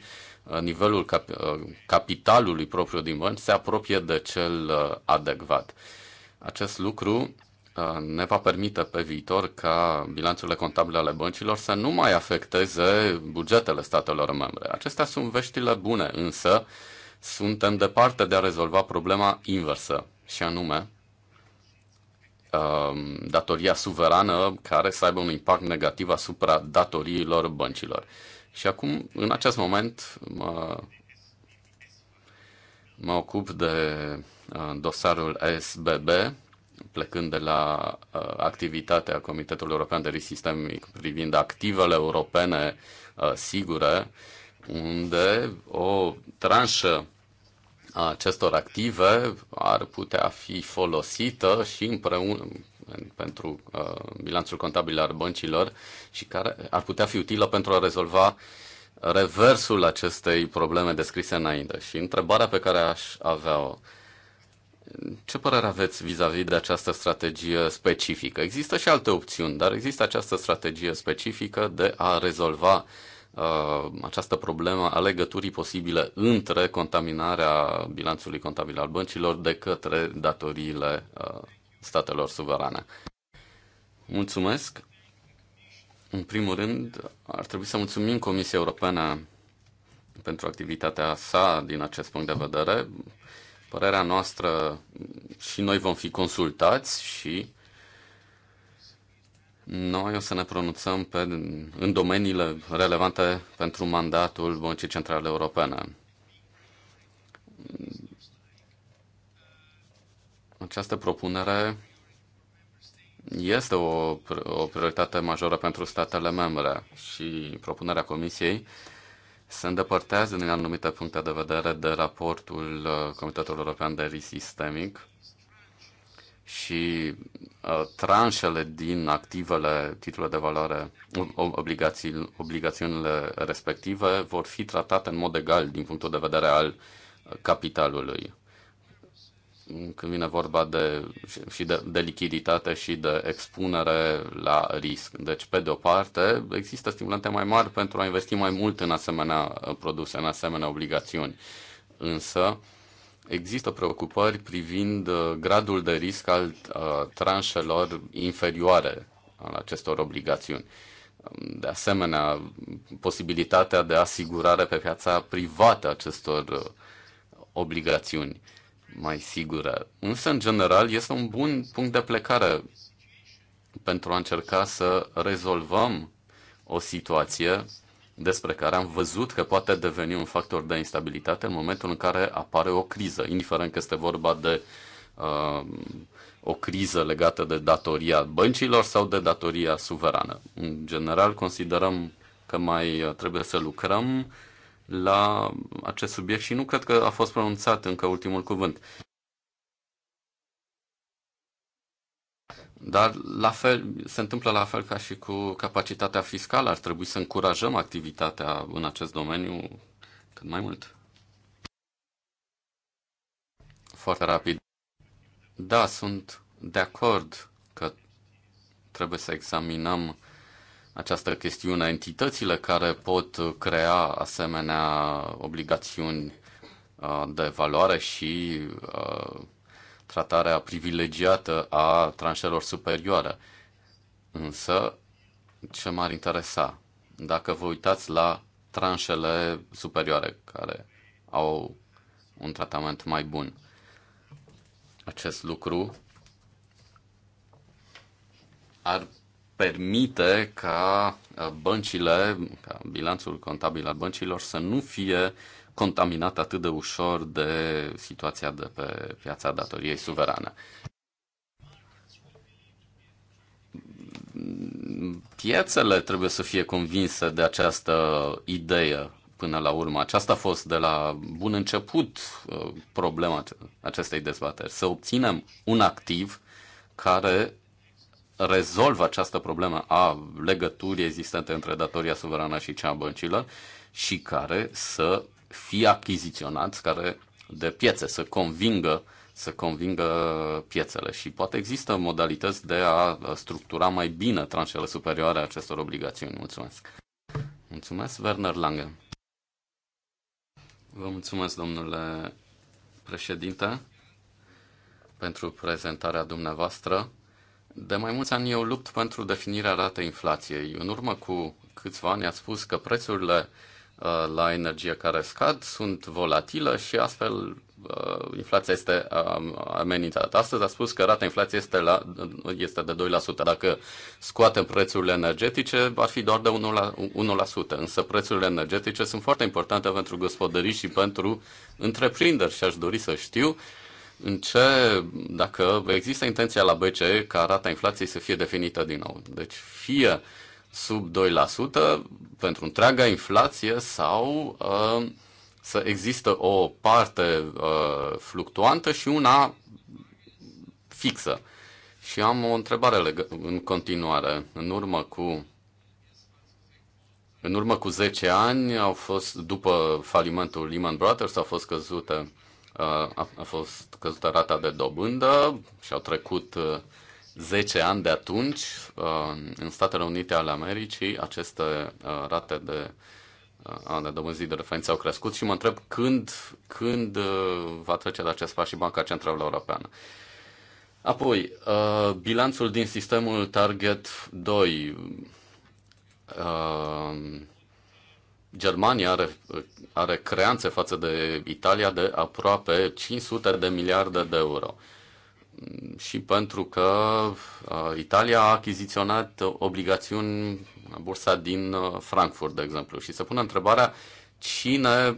Uh, nivelul cap- uh, capitalului propriu din bănci se apropie de cel uh, adecvat. Acest lucru ne va permite pe viitor ca bilanțurile contabile ale băncilor să nu mai afecteze bugetele statelor membre. Acestea sunt veștile bune, însă suntem departe de a rezolva problema inversă, și anume datoria suverană care să aibă un impact negativ asupra datoriilor băncilor. Și acum, în acest moment, mă, mă ocup de uh, dosarul SBB, plecând de la uh, activitatea Comitetului European de Risc Sistemic privind activele europene uh, sigure, unde o tranșă a acestor active ar putea fi folosită și împreună pentru uh, bilanțul contabil al băncilor și care ar putea fi utilă pentru a rezolva reversul acestei probleme descrise înainte. Și întrebarea pe care aș avea-o, ce părere aveți vis-a-vis -vis de această strategie specifică? Există și alte opțiuni, dar există această strategie specifică de a rezolva uh, această problemă a legăturii posibile între contaminarea bilanțului contabil al băncilor de către datoriile uh, statelor suverane. Mulțumesc! În primul rând, ar trebui să mulțumim Comisiei Europene pentru activitatea sa din acest punct de vedere. Părerea noastră și noi vom fi consultați și noi o să ne pronunțăm pe, în domeniile relevante pentru mandatul Băncii Centrale Europene. Această propunere este o, o prioritate majoră pentru statele membre și propunerea Comisiei se îndepărtează din anumite puncte de vedere de raportul uh, Comitetului European de Risc Sistemic și uh, tranșele din activele, titlurile de valoare, obligații, obligațiunile respective vor fi tratate în mod egal din punctul de vedere al capitalului când vine vorba de, și de, de lichiditate și de expunere la risc. Deci, pe de o parte, există stimulante mai mari pentru a investi mai mult în asemenea produse, în asemenea obligațiuni. Însă, există preocupări privind uh, gradul de risc al uh, tranșelor inferioare al acestor obligațiuni. De asemenea, posibilitatea de asigurare pe piața privată acestor uh, obligațiuni mai sigură. Însă, în general, este un bun punct de plecare pentru a încerca să rezolvăm o situație despre care am văzut că poate deveni un factor de instabilitate în momentul în care apare o criză, indiferent că este vorba de uh, o criză legată de datoria băncilor sau de datoria suverană. În general, considerăm că mai trebuie să lucrăm la acest subiect și nu cred că a fost pronunțat încă ultimul cuvânt. Dar la fel, se întâmplă la fel ca și cu capacitatea fiscală. Ar trebui să încurajăm activitatea în acest domeniu cât mai mult. Foarte rapid. Da, sunt de acord că trebuie să examinăm această chestiune, entitățile care pot crea asemenea obligațiuni uh, de valoare și uh, tratarea privilegiată a tranșelor superioare. Însă, ce m-ar interesa? Dacă vă uitați la tranșele superioare care au un tratament mai bun. Acest lucru ar permite ca uh, băncile, ca bilanțul contabil al băncilor să nu fie contaminat atât de ușor de situația de pe piața datoriei suverane. Piețele trebuie să fie convinse de această idee până la urmă. Aceasta a fost de la bun început uh, problema acestei dezbateri. Să obținem un activ care rezolvă această problemă a legăturii existente între datoria suverană și cea a băncilor și care să fie achiziționați, care de piețe, să convingă să convingă piețele și poate există modalități de a structura mai bine tranșele superioare a acestor obligațiuni. Mulțumesc! Mulțumesc, Werner Lange! Vă mulțumesc, domnule președinte, pentru prezentarea dumneavoastră. De mai mulți ani eu lupt pentru definirea ratei inflației. În urmă cu câțiva ani a spus că prețurile uh, la energie care scad sunt volatile și astfel uh, inflația este um, amenințată. Astăzi a spus că rata inflației este, la, este de 2%. Dacă scoatem prețurile energetice, ar fi doar de 1%, la, 1%. Însă prețurile energetice sunt foarte importante pentru gospodării și pentru întreprinderi și aș dori să știu uh, în ce, dacă există intenția la BCE ca rata inflației să fie definită din nou. Deci fie sub 2% pentru întreaga inflație sau uh, să există o parte uh, fluctuantă și una fixă. Și am o întrebare în continuare. În urmă cu în urmă cu 10 ani au fost, după falimentul Lehman Brothers, au fost căzute a, a fost căzută rata de dobândă și au trecut 10 uh, ani de atunci. Uh, în Statele Unite ale Americii aceste uh, rate de de dobânzii de referință au crescut și mă întreb când, când va trece de acest pas și Banca Centrală Europeană. Apoi, bilanțul din sistemul Target 2. Germania are, are creanțe față de Italia de aproape 500 de miliarde de euro. Și pentru că uh, Italia a achiziționat obligațiuni la bursa din Frankfurt, de exemplu. Și se pune întrebarea cine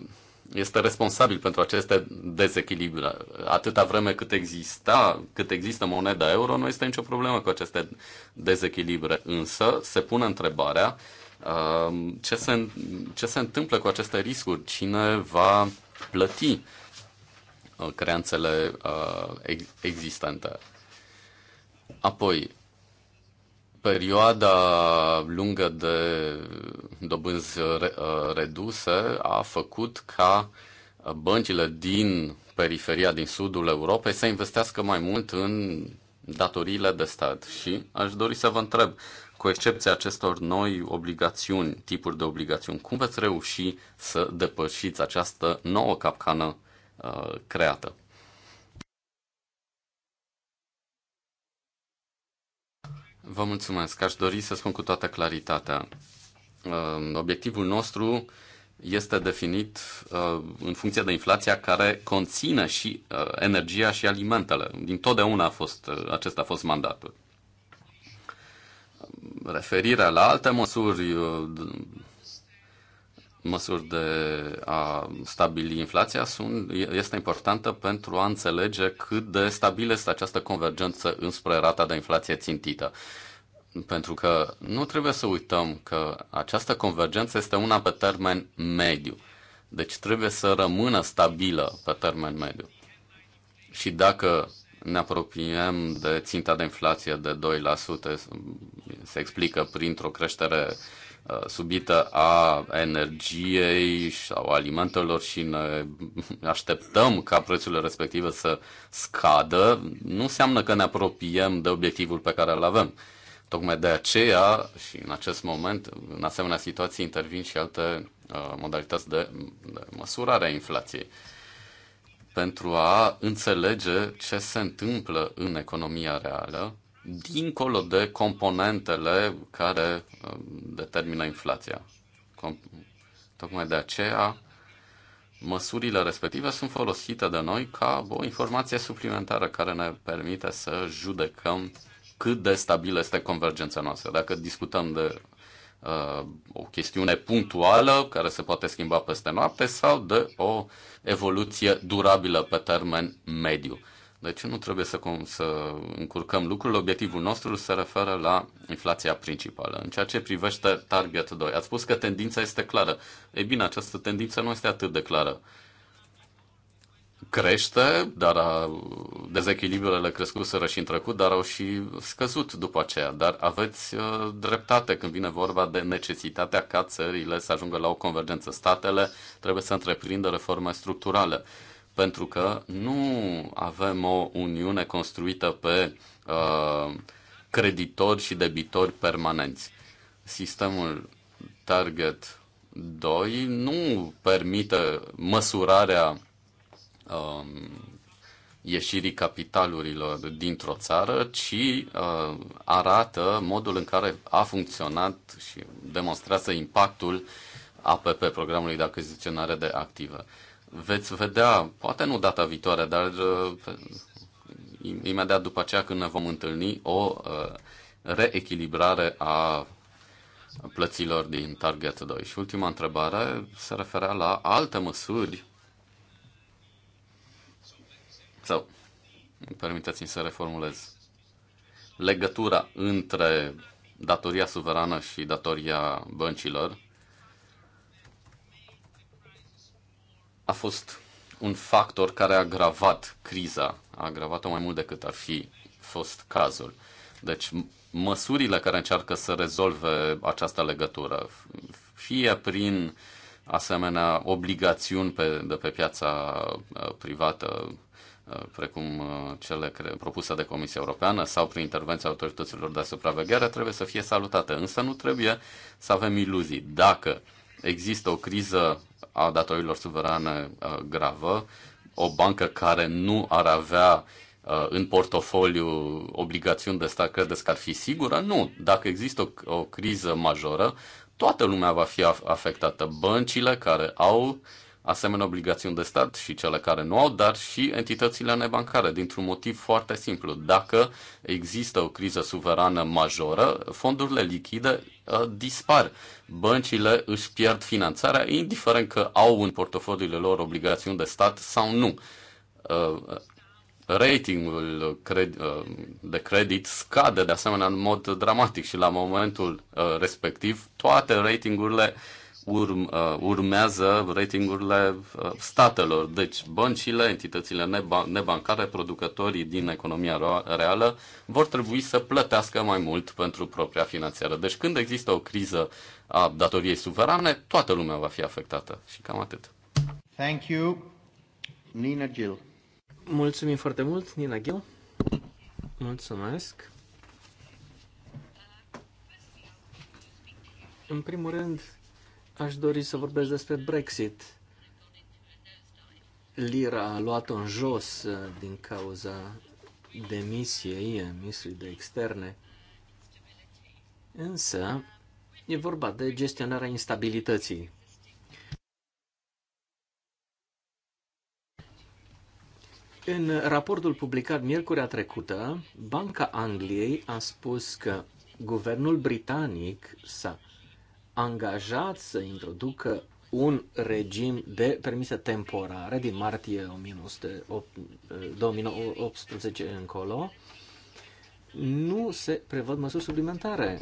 este responsabil pentru aceste dezechilibre. Atâta vreme cât, exista, cât există moneda euro, nu este nicio problemă cu aceste dezechilibre. Însă se pune întrebarea uh, Um, ce se, ce se întâmplă cu aceste riscuri, cine va plăti uh, creanțele uh, existente. Apoi, perioada lungă de dobânzi uh, reduse a făcut ca băncile din periferia, din sudul Europei, să investească mai mult în datoriile de stat. Și aș dori să vă întreb, cu excepția acestor noi obligațiuni, tipuri de obligațiuni, cum veți reuși să depășiți această nouă capcană uh, creată? Vă mulțumesc. Aș dori să spun cu toată claritatea. Uh, obiectivul nostru este definit uh, în funcție de inflația care conține și uh, energia și alimentele. Din totdeauna a fost, uh, acesta a fost mandatul referirea la alte măsuri, uh, măsuri de a stabili inflația sunt, este importantă pentru a înțelege cât de stabilă este această convergență înspre rata de inflație țintită. Pentru că nu trebuie să uităm că această convergență este una pe termen mediu. Deci trebuie să rămână stabilă pe termen mediu. Și dacă ne apropiem de ținta de inflație de 2%. Se explică printr-o creștere uh, subită a energiei sau alimentelor și ne așteptăm ca prețurile respective să scadă, nu înseamnă că ne apropiem de obiectivul pe care îl avem. Tocmai de aceea și în acest moment, în asemenea situații, intervin și alte uh, modalități de, de măsurare a inflației. Uh, pentru a înțelege ce se întâmplă în economia reală, dincolo de componentele care um, determină inflația. tocmai de aceea, măsurile respective sunt folosite de noi ca o informație suplimentară care ne permite să judecăm cât de stabilă este convergența noastră. Dacă discutăm de Uh, o chestiune punctuală care se poate schimba peste noapte sau de o evoluție durabilă pe termen mediu. Deci nu trebuie să, cum, să încurcăm lucrurile. Obiectivul nostru se referă la inflația principală. În ceea ce privește Target 2, ați spus că tendința este clară. Ei bine, această tendință nu este atât de clară crește, dar a, dezechilibrele crescuseră și în trecut, dar au și scăzut după aceea. Dar aveți uh, dreptate când vine vorba de necesitatea ca țările să ajungă la o convergență. Statele trebuie să întreprindă reforme structurale, pentru că nu avem o uniune construită pe uh, creditori și debitori permanenți. Sistemul target 2 nu permite măsurarea um, ieșirii capitalurilor dintr-o țară, ci uh, arată modul în care a funcționat și demonstrează impactul APP, programului de achiziționare de activă Veți vedea, poate nu data viitoare, dar uh, imediat după aceea când ne vom întâlni, o uh, reechilibrare a plăților din Target 2. Și ultima întrebare se referea la alte măsuri sau permiteți-mi să reformulez, legătura între datoria suverană și datoria băncilor a fost un factor care a agravat criza, a agravat-o mai mult decât ar fi fost cazul. Deci, măsurile care încearcă să rezolve această legătură, fie prin asemenea obligațiuni pe, de pe piața uh, privată, Uh, precum uh, cele propuse de Comisia Europeană sau prin intervenția autorităților de supraveghere, trebuie să fie salutate. Însă nu trebuie să avem iluzii. Dacă există o criză a datorilor suverane uh, gravă, o bancă care nu ar avea în portofoliu obligațiuni de stat, credeți că ar fi sigură? Nu. Dacă există o, o criză majoră, toată lumea va fi afectată. Băncile care au uh, asemenea obligațiuni de stat și cele care nu au, dar și entitățile nebancare, dintr-un motiv foarte simplu. Dacă există o criză suverană majoră, fondurile lichide uh, dispar. Băncile își pierd finanțarea, indiferent că au în portofoliile lor obligațiuni de stat sau nu. Uh, ratingul uh, de credit scade de asemenea în mod dramatic și la momentul respectiv toate ratingurile urm, uh, urmează ratingurile uh, statelor. Deci băncile, entitățile neban- nebancare, producătorii din economia reală vor trebui să plătească mai mult pentru propria finanțare. Deci când există o criză a datoriei suverane, toată lumea va fi afectată. Și cam atât. Thank you, Nina Gill. Mulțumim foarte mult, Nina Gill. Mulțumesc. În primul rând, Aș dori să vorbesc despre Brexit. Lira a luat-o în jos uh, din cauza demisiei ministrului de externe. Însă, e vorba de gestionarea instabilității. În raportul publicat miercurea trecută, Banca Angliei a spus că guvernul britanic s-a angajat să introducă un regim de permise temporare din martie 2018 încolo, nu se prevăd măsuri suplimentare.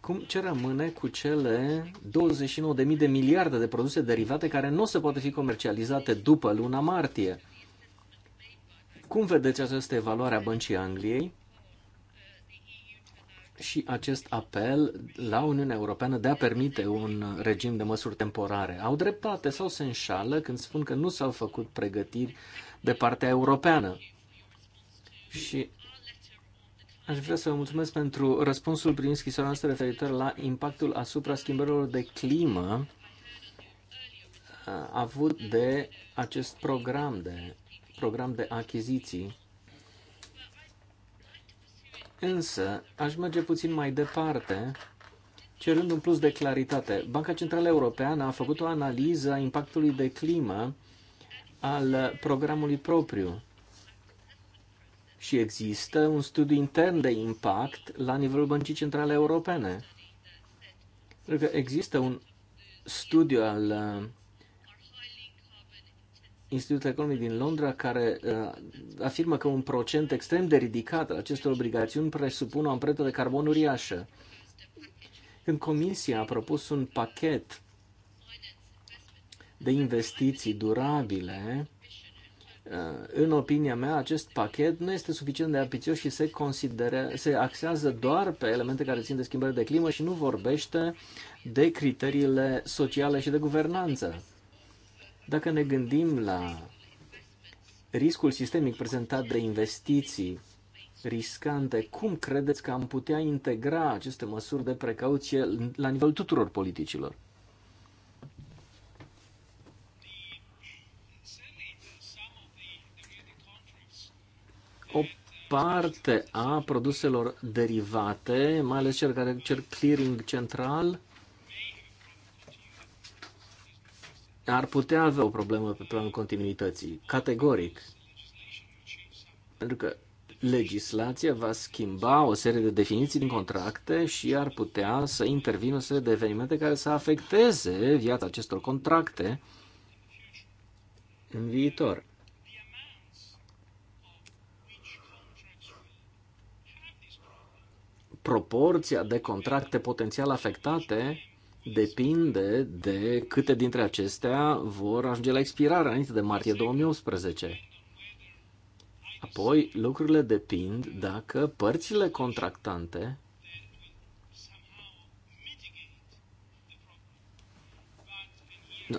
Cum ce rămâne cu cele 29.000 de miliarde de produse derivate care nu se poate fi comercializate după luna martie? Cum vedeți această evaluare a băncii Angliei? și acest apel la Uniunea Europeană de a permite un regim de măsuri temporare. Au dreptate sau se înșală când spun că nu s-au făcut pregătiri de partea europeană. Și aș vrea să vă mulțumesc pentru răspunsul prin scrisoarea noastră referitor la impactul asupra schimbărilor de climă uh, avut de acest program de, program de achiziții Însă, aș merge puțin mai departe, cerând un plus de claritate. Banca Centrală Europeană a făcut o analiză a impactului de climă al programului propriu și există un studiu intern de impact la nivelul Băncii Centrale Europene. Pentru că există un studiu al Institutul Economic din Londra, care uh, afirmă că un procent extrem de ridicat al acestor obligațiuni presupune o amprentă de carbon uriașă. Când Comisia a propus un pachet de investiții durabile, uh, în opinia mea, acest pachet nu este suficient de ambițios și se, considere, se axează doar pe elemente care țin de schimbări de climă și nu vorbește de criteriile sociale și de guvernanță. Dacă ne gândim la riscul sistemic prezentat de investiții riscante, cum credeți că am putea integra aceste măsuri de precauție la nivelul tuturor politicilor? O parte a produselor derivate, mai ales cel care clearing central, ar putea avea o problemă pe planul continuității, categoric. Pentru că legislația va schimba o serie de definiții din contracte și ar putea să intervină o serie de evenimente care să afecteze viața acestor contracte în viitor. Proporția de contracte potențial afectate depinde de câte dintre acestea vor ajunge la expirare înainte de martie 2018. Apoi, lucrurile depind dacă părțile contractante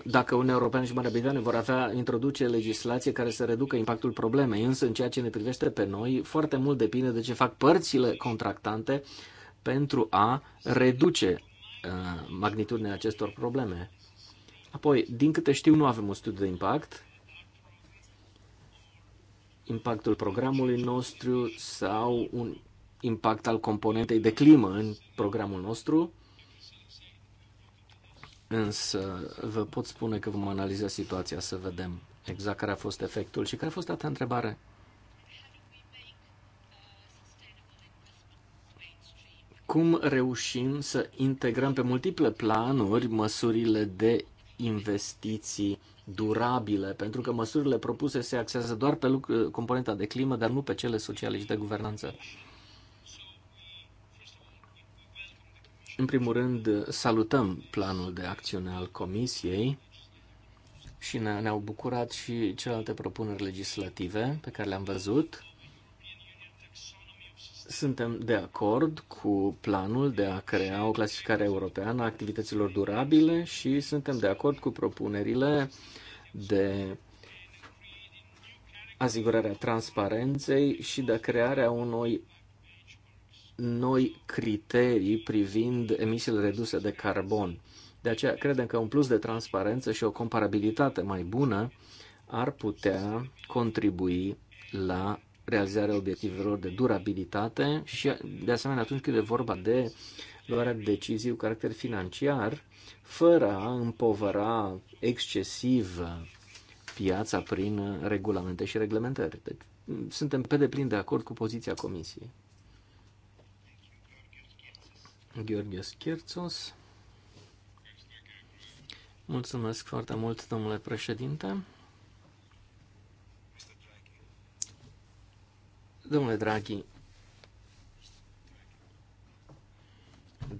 Dacă Uniunea Europeană și Marea Britanie vor avea introduce legislație care să reducă impactul problemei, însă în ceea ce ne privește pe noi, foarte mult depinde de ce fac părțile contractante pentru a reduce Uh, magnitudinea acestor probleme. Apoi, din câte știu, nu avem un studiu de impact. Impactul programului nostru sau un impact al componentei de climă în programul nostru. Însă vă pot spune că vom analiza situația să vedem exact care a fost efectul și care a fost altă întrebare. cum reușim să integrăm pe multiple planuri măsurile de investiții durabile, pentru că măsurile propuse se axează doar pe lucru, componenta de climă, dar nu pe cele sociale și de guvernanță. În primul rând, salutăm planul de acțiune al Comisiei și ne-au bucurat și celelalte propuneri legislative pe care le-am văzut. Suntem de acord cu planul de a crea o clasificare europeană a activităților durabile și suntem de acord cu propunerile de asigurarea transparenței și de crearea unui noi criterii privind emisiile reduse de carbon. De aceea credem că un plus de transparență și o comparabilitate mai bună ar putea contribui la realizarea obiectivelor de durabilitate și, de asemenea, atunci când e vorba de luarea de decizii cu caracter financiar, fără a împovăra excesiv piața prin regulamente și reglementări. Deci, suntem pe deplin de acord cu poziția Comisiei. Gheorghe Schirțos. Mulțumesc foarte mult, domnule președinte. Domnule Draghi,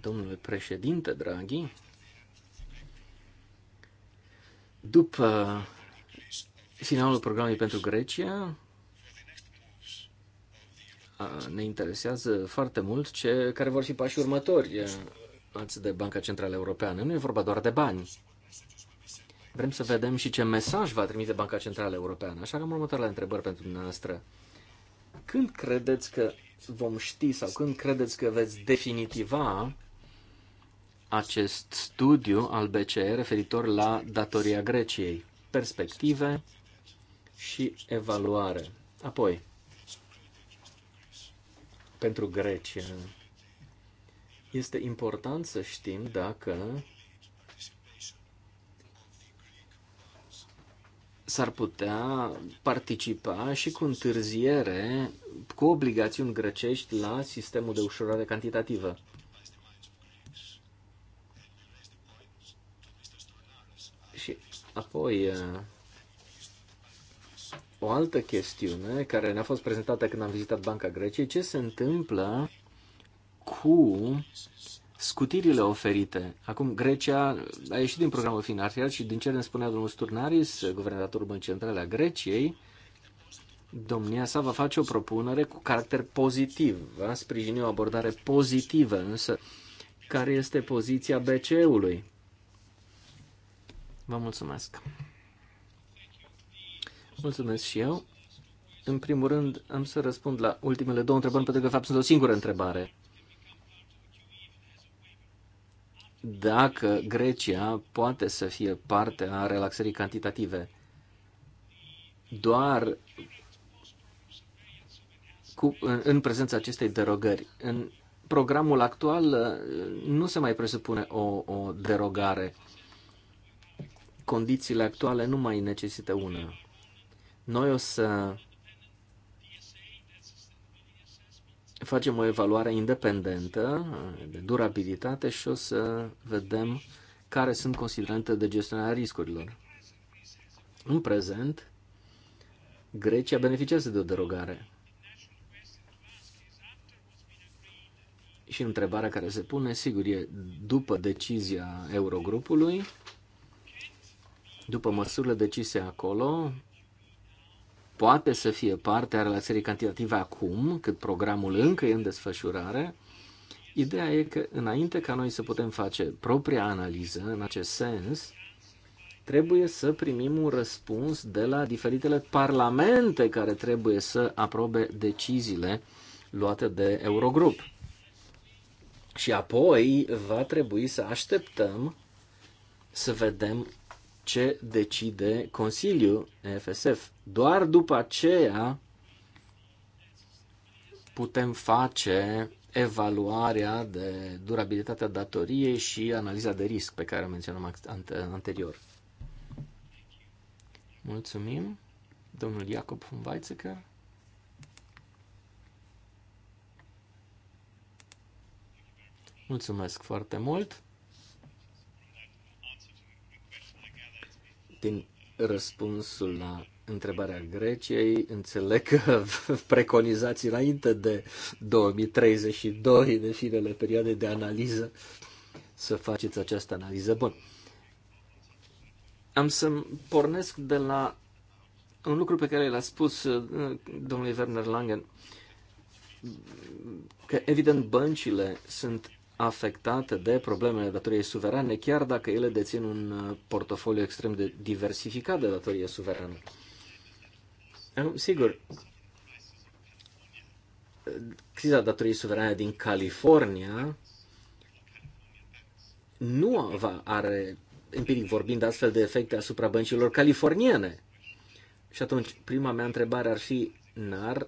domnule președinte Draghi, după finalul programului pentru Grecia, ne interesează foarte mult ce, care vor fi pașii următori față de Banca Centrală Europeană. Nu e vorba doar de bani. Vrem să vedem și ce mesaj va trimite Banca Centrală Europeană. Așa că am următoarele întrebări pentru dumneavoastră. Când credeți că vom ști sau când credeți că veți definitiva acest studiu al BCE referitor la datoria Greciei, perspective și evaluare. Apoi, pentru Grecia, este important să știm dacă s-ar putea participa și cu întârziere, cu obligațiuni grecești la sistemul de ușurare cantitativă. Și apoi uh, o altă chestiune care ne-a fost prezentată când am vizitat Banca Greciei, ce se întâmplă cu scutirile oferite. Acum, Grecia a ieșit din programul financiar și din ce ne spunea domnul Sturnaris, guvernatorul Băncii Centrale a Greciei, domnia sa va face o propunere cu caracter pozitiv, va sprijini o abordare pozitivă, însă care este poziția BCE-ului? Vă mulțumesc. Mulțumesc și eu. În primul rând, am să răspund la ultimele două întrebări, pentru că, de fapt, sunt o singură întrebare. dacă Grecia poate să fie parte a relaxării cantitative. Doar cu, în, în prezența acestei derogări. În programul actual uh, nu se mai presupune o, o derogare. Condițiile actuale nu mai necesită una. Noi o să facem o evaluare independentă de durabilitate și o să vedem care sunt considerente de gestionarea riscurilor. În prezent, Grecia beneficiază de o derogare. Și întrebarea care se pune, sigur, e după decizia Eurogrupului, după măsurile decise acolo, poate să fie parte a relaxării cantitative acum, cât programul încă e în desfășurare. Ideea e că înainte ca noi să putem face propria analiză în acest sens, trebuie să primim un răspuns de la diferitele parlamente care trebuie să aprobe deciziile luate de Eurogrup. Și apoi va trebui să așteptăm să vedem ce decide Consiliul EFSF. Doar după aceea putem face evaluarea de durabilitatea datoriei și analiza de risc pe care o menționam anterior. Mulțumim, domnul Iacob von Weizsäcker. Mulțumesc foarte mult. Din răspunsul la întrebarea Greciei, înțeleg că *laughs* preconizați înainte de 2032, de finele perioade de analiză, să faceți această analiză. Bun. Am să pornesc de la un lucru pe care l-a spus uh, domnul Werner Langen, că evident băncile sunt afectate de problemele datoriei suverane, chiar dacă ele dețin un uh, portofoliu extrem de diversificat de datorie suverană. Sigur, criza datoriei suverane din California nu are, empiric vorbind, astfel de efecte asupra băncilor californiene. Și atunci, prima mea întrebare ar fi, n-ar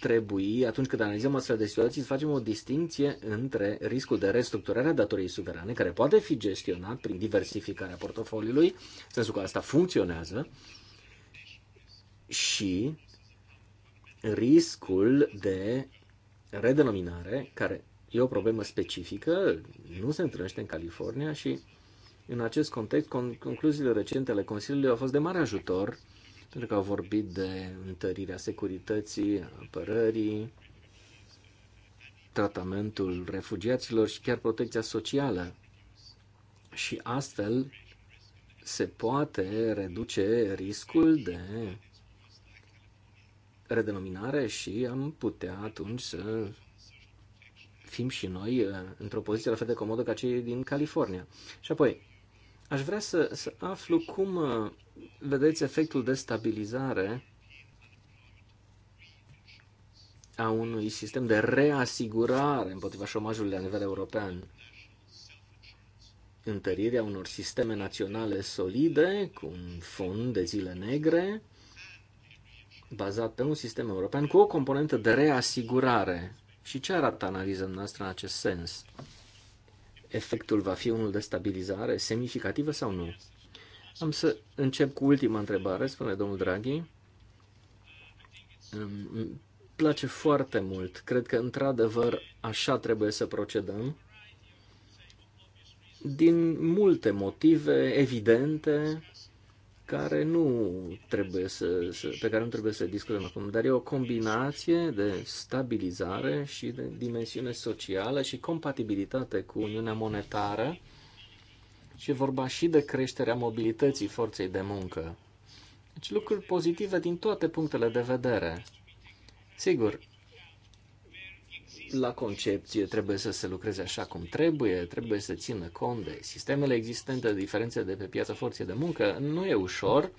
trebui, atunci când analizăm astfel de situații, să facem o distinție între riscul de restructurare a datoriei suverane, care poate fi gestionat prin diversificarea portofoliului, în sensul că asta funcționează, și riscul de redenominare, care e o problemă specifică, nu se întâlnește în California și în acest context, concluziile recente ale Consiliului au fost de mare ajutor pentru că au vorbit de întărirea securității, apărării, tratamentul refugiaților și chiar protecția socială. Și astfel se poate reduce riscul de redenominare și am putea atunci să fim și noi uh, într-o poziție la fel de comodă ca cei din California. Și apoi, aș vrea să, să aflu cum uh, vedeți efectul de stabilizare a unui sistem de reasigurare împotriva șomajului la nivel european. Întărirea unor sisteme naționale solide, cu un fond de zile negre, bazat pe un sistem european cu o componentă de reasigurare. Și ce arată analiza noastră în acest sens? Efectul va fi unul de stabilizare semnificativă sau nu? Am să încep cu ultima întrebare, spune domnul Draghi. Îmi place foarte mult. Cred că, într-adevăr, așa trebuie să procedăm. Din multe motive evidente care nu trebuie să, să, pe care nu trebuie să discutăm acum, dar e o combinație de stabilizare și de dimensiune socială și compatibilitate cu Uniunea Monetară și e vorba și de creșterea mobilității forței de muncă. Deci lucruri pozitive din toate punctele de vedere. Sigur, la concepție trebuie să se lucreze așa cum trebuie, trebuie să țină cont de sistemele existente, de diferențe de pe piața forței de muncă. Nu e ușor,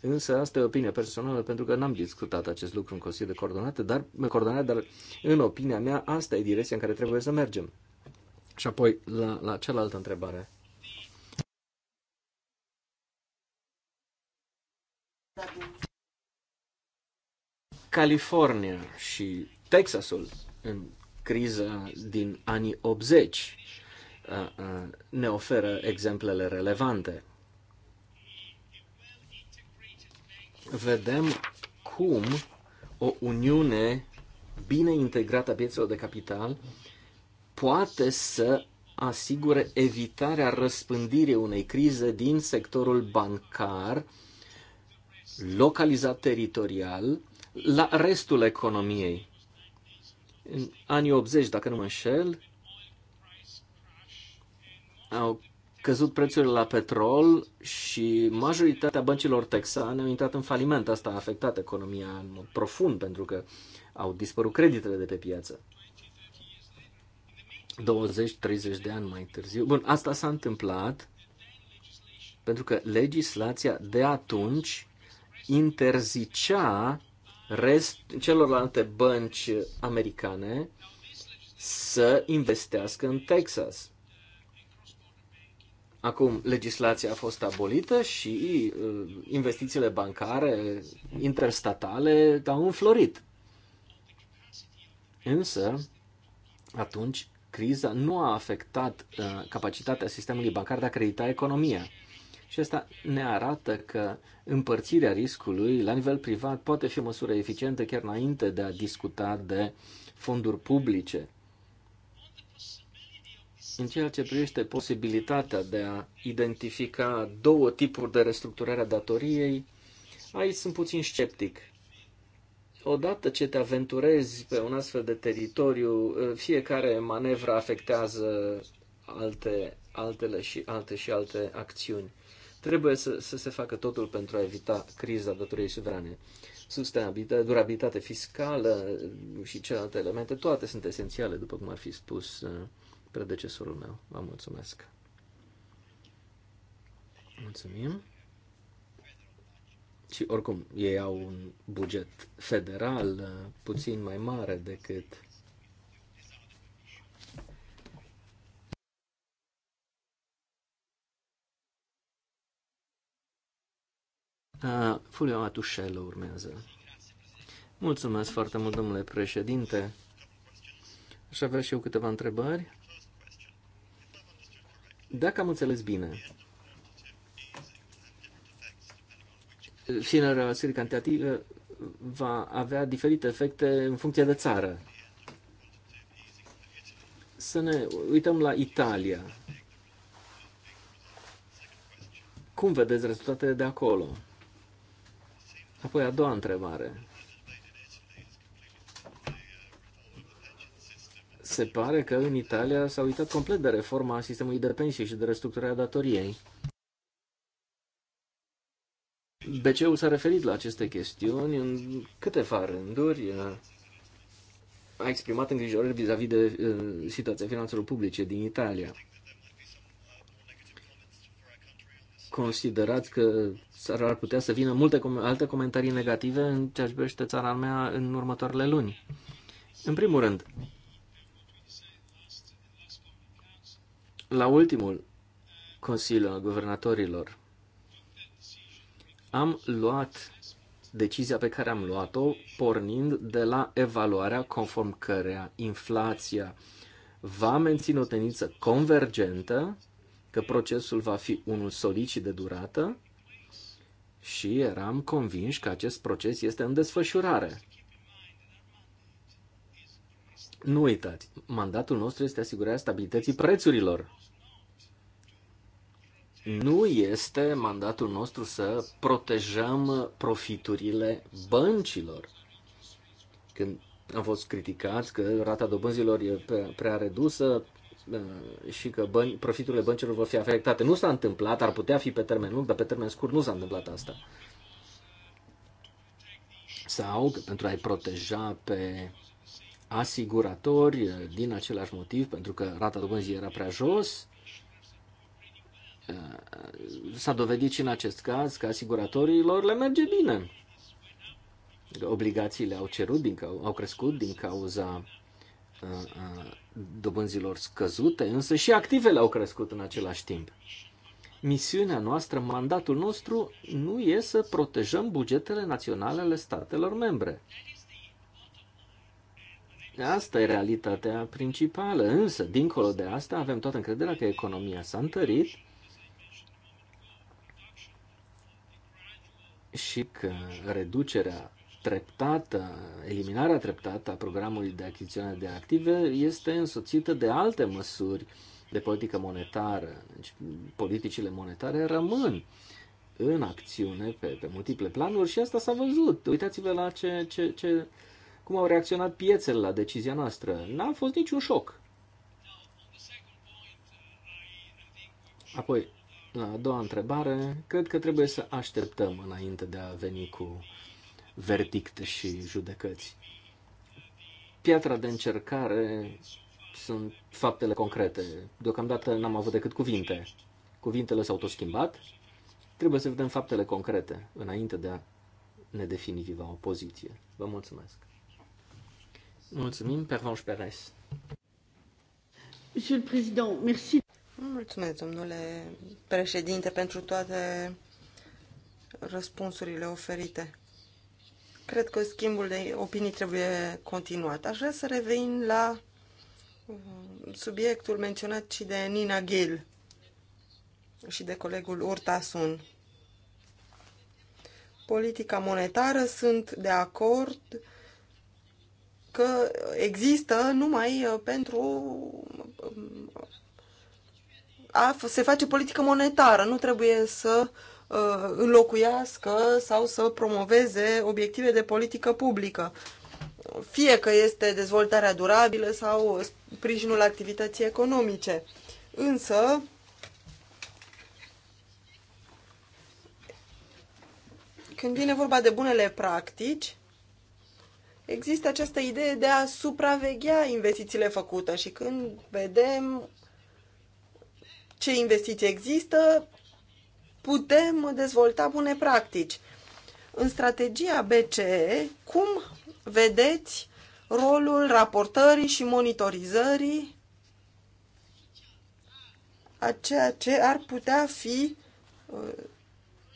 însă asta e opinia personală pentru că n-am discutat acest lucru în Consiliul de Coordonate, dar, coordonate, dar în opinia mea asta e direcția în care trebuie să mergem. Și apoi la, la cealaltă întrebare. California și Texasul în criza din anii 80 uh, uh, ne oferă exemplele relevante. Vedem cum o uniune bine integrată a piețelor de capital uh, poate să asigure evitarea răspândirii unei crize din sectorul bancar localizat teritorial la restul economiei. În anii 80, dacă nu mă înșel, au căzut prețurile la petrol și majoritatea băncilor texane au intrat în faliment. Asta a afectat economia în mod profund pentru că au dispărut creditele de pe piață. 20-30 de ani mai târziu. Bun, asta s-a întâmplat pentru că legislația de atunci interzicea rest, celorlalte bănci americane să investească în Texas. Acum, legislația a fost abolită și uh, investițiile bancare interstatale au înflorit. Însă, atunci criza nu a afectat uh, capacitatea sistemului bancar de a credita economia. Și asta ne arată că împărțirea riscului la nivel privat poate fi o măsură eficientă chiar înainte de a discuta de fonduri publice. În ceea ce privește posibilitatea de a identifica două tipuri de restructurare a datoriei, aici sunt puțin sceptic odată ce te aventurezi pe un astfel de teritoriu, eh, fiecare manevră afectează alte, altele și alte și alte acțiuni. Trebuie să, să se facă totul pentru a evita criza datoriei suverane. Sustenabilitate, durabilitate fiscală și celelalte elemente, toate sunt esențiale, după cum ar fi spus eh, predecesorul meu. Vă mulțumesc! Mulțumim! Și oricum, ei au un buget federal uh, puțin mai mare decât Uh, Fulio Atușelă urmează. Mulțumesc foarte mult, domnule președinte. Aș avea și eu câteva întrebări. Dacă am înțeles bine, și în relațiile cantitative va avea diferite efecte în funcție de țară. Să ne uităm la Italia. Cum vedeți rezultatele de acolo? Apoi a doua întrebare. Se pare că în Italia s-a uitat complet de reforma sistemului de pensii și de restructurarea datoriei. BC-ul s-a referit la aceste chestiuni în câteva rânduri. A exprimat îngrijorări vis-a-vis de situația finanțelor publice din Italia. Considerați că ar putea să vină multe alte comentarii negative în ceea ce privește țara mea în următoarele luni. În primul rând, la ultimul Consiliu al Guvernatorilor am luat decizia pe care am luat-o pornind de la evaluarea conform cărea inflația va menține o tendință convergentă, că procesul va fi unul solid și de durată și eram convinși că acest proces este în desfășurare. Nu uitați, mandatul nostru este asigurarea stabilității prețurilor nu este mandatul nostru să protejăm profiturile băncilor. Când am fost criticați că rata dobânzilor e prea redusă uh, și că profiturile băncilor vor fi afectate. Nu s-a întâmplat, ar putea fi pe termen lung, dar pe termen scurt nu s-a întâmplat asta. Sau că pentru a-i proteja pe asiguratori uh, din același motiv, pentru că rata dobânzii era prea jos, Eh, s-a dovedit și în acest caz că asiguratorilor le merge bine. Obligațiile au cerut, din cau- au crescut din cauza eh, eh, dobânzilor scăzute, însă și activele au crescut în același timp. Misiunea noastră, mandatul nostru, nu e să protejăm bugetele naționale ale statelor membre. Asta e realitatea principală, însă, dincolo de asta, avem toată încrederea că economia s-a întărit și că reducerea treptată, eliminarea treptată a programului de achiziționare de active este însoțită de alte măsuri de politică monetară. Deci, politicile monetare rămân în acțiune pe, pe multiple planuri și asta s-a văzut. Uitați-vă la ce, ce, ce, cum au reacționat piețele la decizia noastră. N-a fost niciun șoc. Apoi, la a doua întrebare, cred că trebuie să așteptăm înainte de a veni cu verdicte și judecăți. Piatra de încercare sunt faptele concrete. Deocamdată n-am avut decât cuvinte. Cuvintele s-au tot schimbat. Trebuie să vedem faptele concrete înainte de a ne definitiva o poziție. Vă mulțumesc. Mulțumim, Pervanș Perez. Monsieur le Président, merci. Mulțumesc, domnule președinte, pentru toate răspunsurile oferite. Cred că schimbul de opinii trebuie continuat. Aș vrea să revin la uh, subiectul menționat și de Nina Gill și de colegul Urtasun. Politica monetară sunt de acord că există numai uh, pentru uh, a, se face politică monetară, nu trebuie să uh, înlocuiască sau să promoveze obiective de politică publică. Fie că este dezvoltarea durabilă sau sprijinul activității economice. Însă, când vine vorba de bunele practici, există această idee de a supraveghea investițiile făcute și când vedem ce investiții există, putem dezvolta bune practici. În strategia BCE, cum vedeți rolul raportării și monitorizării a ceea ce ar putea fi uh,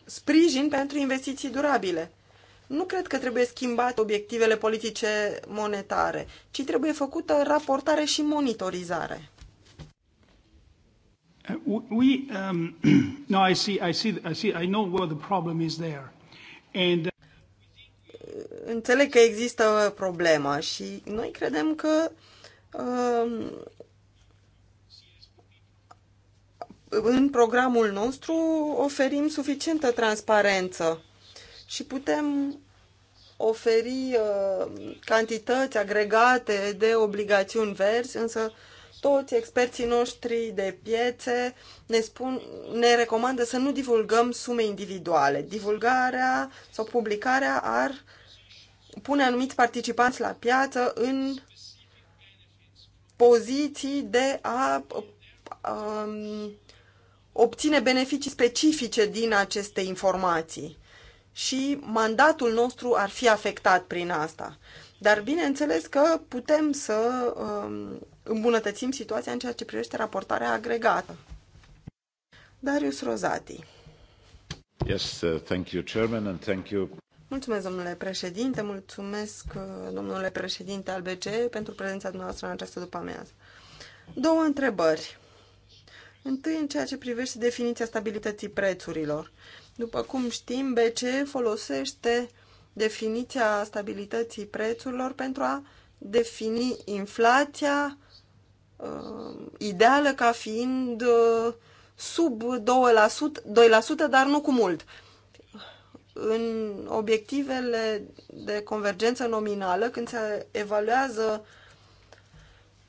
sprijin pentru investiții durabile. Nu cred că trebuie schimbate obiectivele politice monetare, ci trebuie făcută raportare și monitorizare. Uh, we, um, *clears throat* no, I see, I see, I see, I know the problem is there. And, uh, Înțeleg că există uh, problema și noi credem că um, în programul nostru oferim suficientă transparență și putem oferi uh, cantități agregate de obligațiuni verzi, însă uh, toți experții noștri de piețe ne, spun, ne recomandă să nu divulgăm sume individuale. Divulgarea sau publicarea ar pune anumiți participanți la piață în poziții de a um, obține beneficii specifice din aceste informații. Și mandatul nostru ar fi afectat prin asta. Dar bineînțeles că putem să um, îmbunătățim situația în ceea ce privește raportarea agregată. Darius Rozati. Yes, uh, thank you, Chairman, and thank you. Mulțumesc, domnule președinte, mulțumesc, uh, domnule președinte al BCE, pentru prezența dumneavoastră în această după-amiază. Două întrebări. Întâi, în ceea ce privește definiția stabilității prețurilor. După cum știm, BCE folosește definiția stabilității prețurilor pentru a defini inflația uh, ideală ca fiind uh, sub 2%, 2%, dar nu cu mult. În obiectivele de convergență nominală, când se evaluează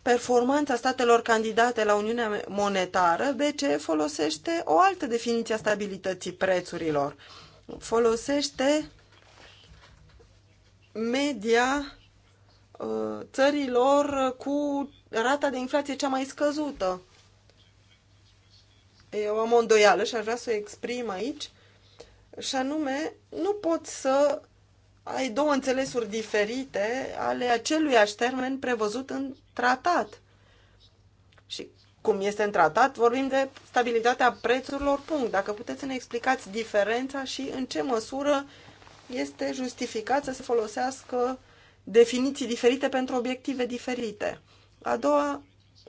performanța statelor candidate la Uniunea Monetară, BCE folosește o altă definiție a stabilității prețurilor. Folosește media uh, țărilor cu rata de inflație cea mai scăzută. Eu am o îndoială și aș vrea să o exprim aici, și anume, nu poți să ai două înțelesuri diferite ale aceluiași termen prevăzut în tratat. Și cum este în tratat, vorbim de stabilitatea prețurilor, punct. Dacă puteți să ne explicați diferența și în ce măsură este justificat să se folosească definiții diferite pentru obiective diferite. A doua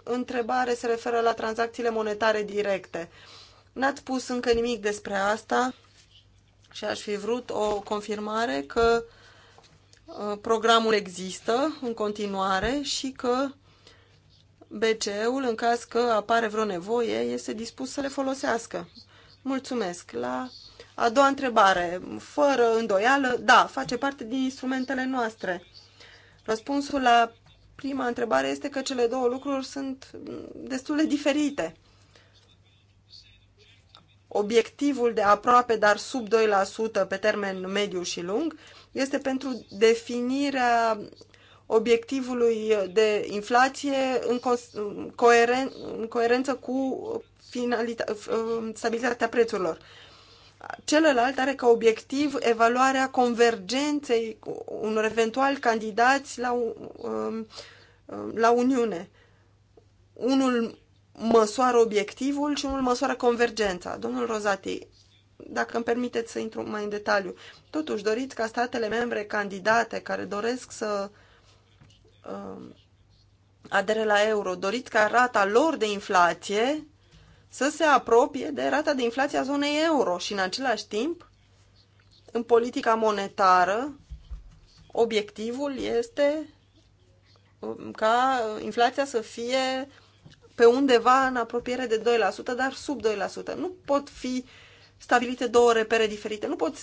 întrebare se referă la tranzacțiile monetare directe. N-ați spus încă nimic despre asta și aș fi vrut o confirmare că uh, programul există în continuare și că BCE-ul, în caz că apare vreo nevoie, este dispus să le folosească. Mulțumesc. La a doua întrebare, fără îndoială, da, face parte din instrumentele noastre. Răspunsul la prima întrebare este că cele două lucruri sunt destul de diferite. Obiectivul de aproape, dar sub 2% pe termen mediu și lung este pentru definirea obiectivului de inflație în, co- coeren- în coerență cu finalita- stabilitatea prețurilor celălalt are ca obiectiv evaluarea convergenței unor eventual candidați la, um, um, la Uniune. Unul măsoară obiectivul și unul măsoară convergența. Domnul Rozati, dacă îmi permiteți să intru mai în detaliu, totuși doriți ca statele membre candidate care doresc să uh, adere la euro, doriți ca rata lor de inflație să se apropie de rata de inflație a zonei euro și în același timp, în politica monetară, obiectivul este um, ca inflația să fie pe undeva în apropiere de 2%, dar sub 2%. Nu pot fi stabilite două repere diferite. Nu pot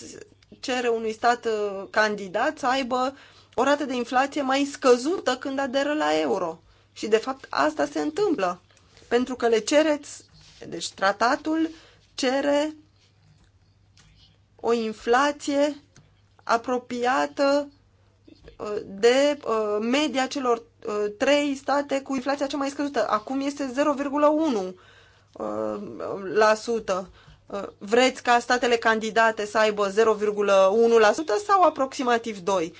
cere unui stat uh, candidat să aibă o rată de inflație mai scăzută când aderă la euro. Și de fapt asta se întâmplă, pentru că le cereți deci tratatul cere o inflație apropiată uh, de uh, media celor uh, trei state cu inflația cea mai scăzută. Acum este 0,1 la sută. Vreți ca statele candidate să aibă 0,1% sau aproximativ 2%?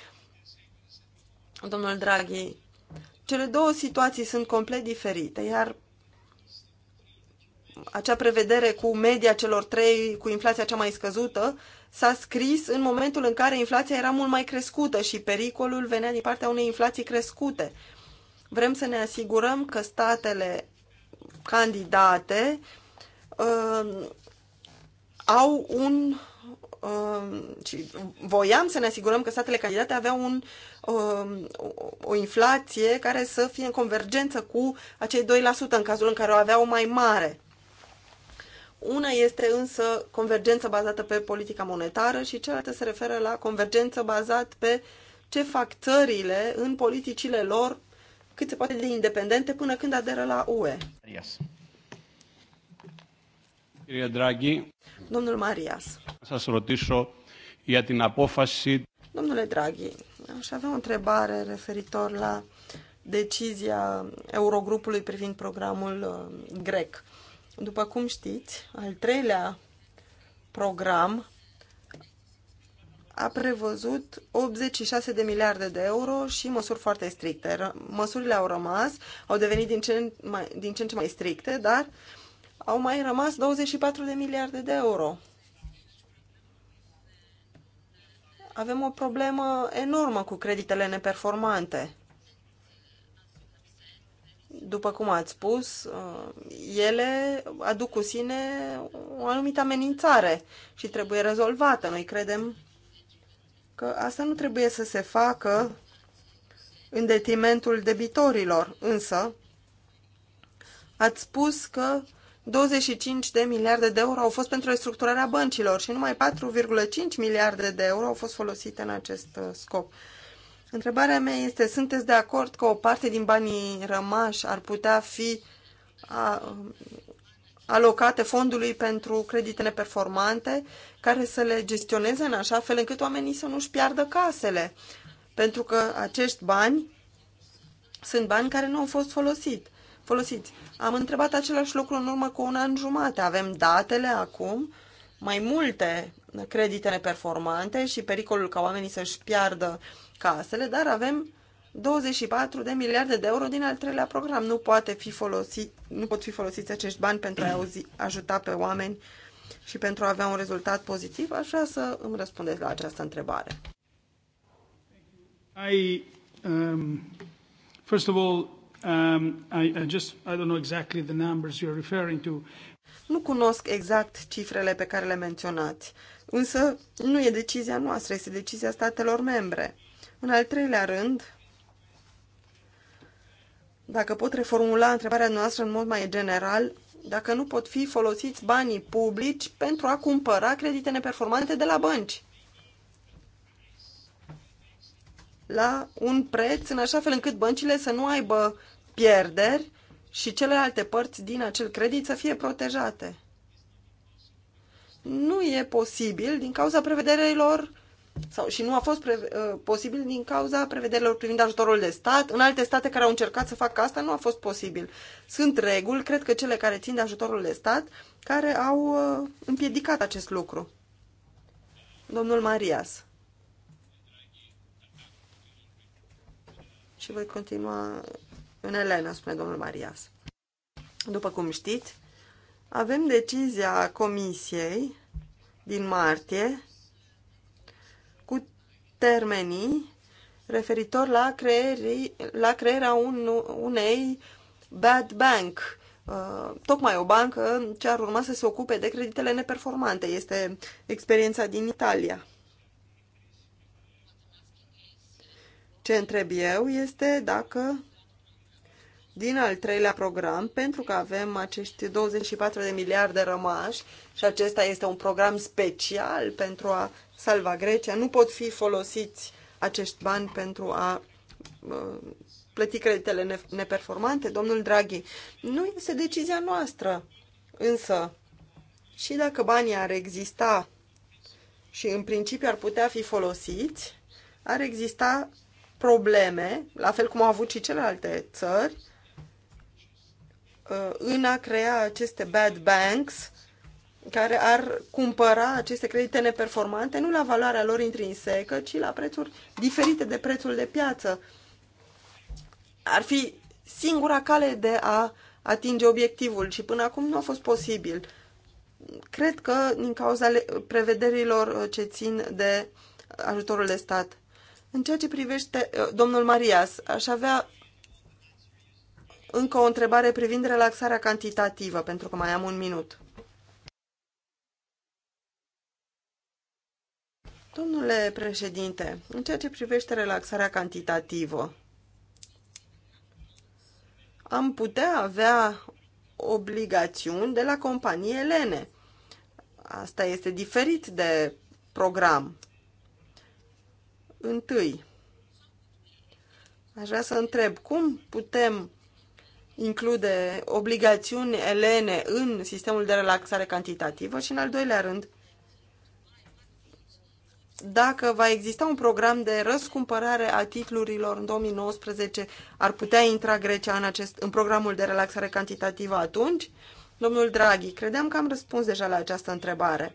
Domnul Draghi, cele două situații sunt complet diferite, iar acea prevedere cu media celor trei, cu inflația cea mai scăzută, s-a scris în momentul în care inflația era mult mai crescută și pericolul venea din partea unei inflații crescute. Vrem să ne asigurăm că statele candidate uh, au un uh, și voiam să ne asigurăm că statele candidate aveau un, uh, o inflație care să fie în convergență cu acei 2% în cazul în care o aveau mai mare. Una este însă convergența bazată pe politica monetară și cealaltă se referă la convergență bazată pe ce fac țările în politicile lor cât se poate de independente până când aderă la UE. Yes. Κύριε Draghi, Domnul Marias. Să σας ρωτήσω για την απόφαση... Domnule Draghi, aș avea o întrebare referitor la decizia Eurogrupului privind programul uh, grec. După cum știți, al treilea program a prevăzut 86 de miliarde de euro și măsuri foarte stricte. Măsurile au rămas, au devenit din ce în, mai, din ce, în ce mai stricte, dar au mai rămas 24 de miliarde de euro. Avem o problemă enormă cu creditele neperformante după cum ați spus, uh, ele aduc cu sine o anumită amenințare și trebuie rezolvată. Noi credem că asta nu trebuie să se facă în detrimentul debitorilor, însă ați spus că 25 de miliarde de euro au fost pentru restructurarea băncilor și numai 4,5 miliarde de euro au fost folosite în acest uh, scop. Întrebarea mea este, sunteți de acord că o parte din banii rămași ar putea fi a, alocate fondului pentru credite neperformante care să le gestioneze în așa fel încât oamenii să nu-și piardă casele? Pentru că acești bani sunt bani care nu au fost folosit, folosiți. Am întrebat același lucru în urmă cu un an jumate. Avem datele acum, mai multe credite neperformante și pericolul ca oamenii să-și piardă uh, casele, dar avem 24 de miliarde de euro din al treilea program. Nu, poate fi folosit, nu pot fi folosiți acești bani pentru a auzi, ajuta pe oameni și pentru a avea un rezultat pozitiv? Aș vrea să îmi răspundeți la această întrebare. I, um, first of all, um, I, I just, I don't know exactly the numbers you're referring to. Nu cunosc exact cifrele pe care le menționați, însă nu e decizia noastră, este decizia statelor membre. În al treilea rând, dacă pot reformula întrebarea noastră în mod mai general, dacă nu pot fi folosiți banii publici pentru a cumpăra credite neperformante de la bănci. La un preț în așa fel încât băncile să nu aibă pierderi și celelalte părți din acel credit să fie protejate. Nu e posibil din cauza prevederilor sau, și nu a fost pre, uh, posibil din cauza prevederilor privind ajutorul de stat. În alte state care au încercat să facă asta nu a fost posibil. Sunt reguli, cred că cele care țin de ajutorul de stat, care au uh, împiedicat acest lucru. Domnul Marias. Și voi continua în Elena, spune domnul Marias. După cum știți, avem decizia Comisiei din martie termenii referitor la, creierii, la crearea un, unei bad bank, uh, tocmai o bancă ce ar urma să se ocupe de creditele neperformante. Este experiența din Italia. Ce întreb eu este dacă din al treilea program, pentru că avem acești 24 de miliarde rămași și acesta este un program special pentru a Salva Grecia, nu pot fi folosiți acești bani pentru a uh, plăti creditele neperformante, domnul Draghi. Nu este decizia noastră, însă și dacă banii ar exista și în principiu ar putea fi folosiți, ar exista probleme, la fel cum au avut și celelalte țări, uh, în a crea aceste bad banks care ar cumpăra aceste credite neperformante nu la valoarea lor intrinsecă, ci la prețuri diferite de prețul de piață. Ar fi singura cale de a atinge obiectivul și până acum nu a fost posibil. Cred că din cauza prevederilor uh, ce țin de ajutorul de stat. În ceea ce privește uh, domnul Marias, aș avea încă o întrebare privind relaxarea cantitativă, pentru că mai am un minut. Domnule președinte, în ceea ce privește relaxarea cantitativă, am putea avea obligațiuni de la companii elene. Asta este diferit de program. Întâi, aș vrea să întreb cum putem include obligațiuni elene în sistemul de relaxare cantitativă și, în al doilea rând, dacă va exista un program de răscumpărare a titlurilor în 2019, ar putea intra Grecia în, acest, în programul de relaxare cantitativă atunci? Domnul Draghi, credeam că am răspuns deja la această întrebare.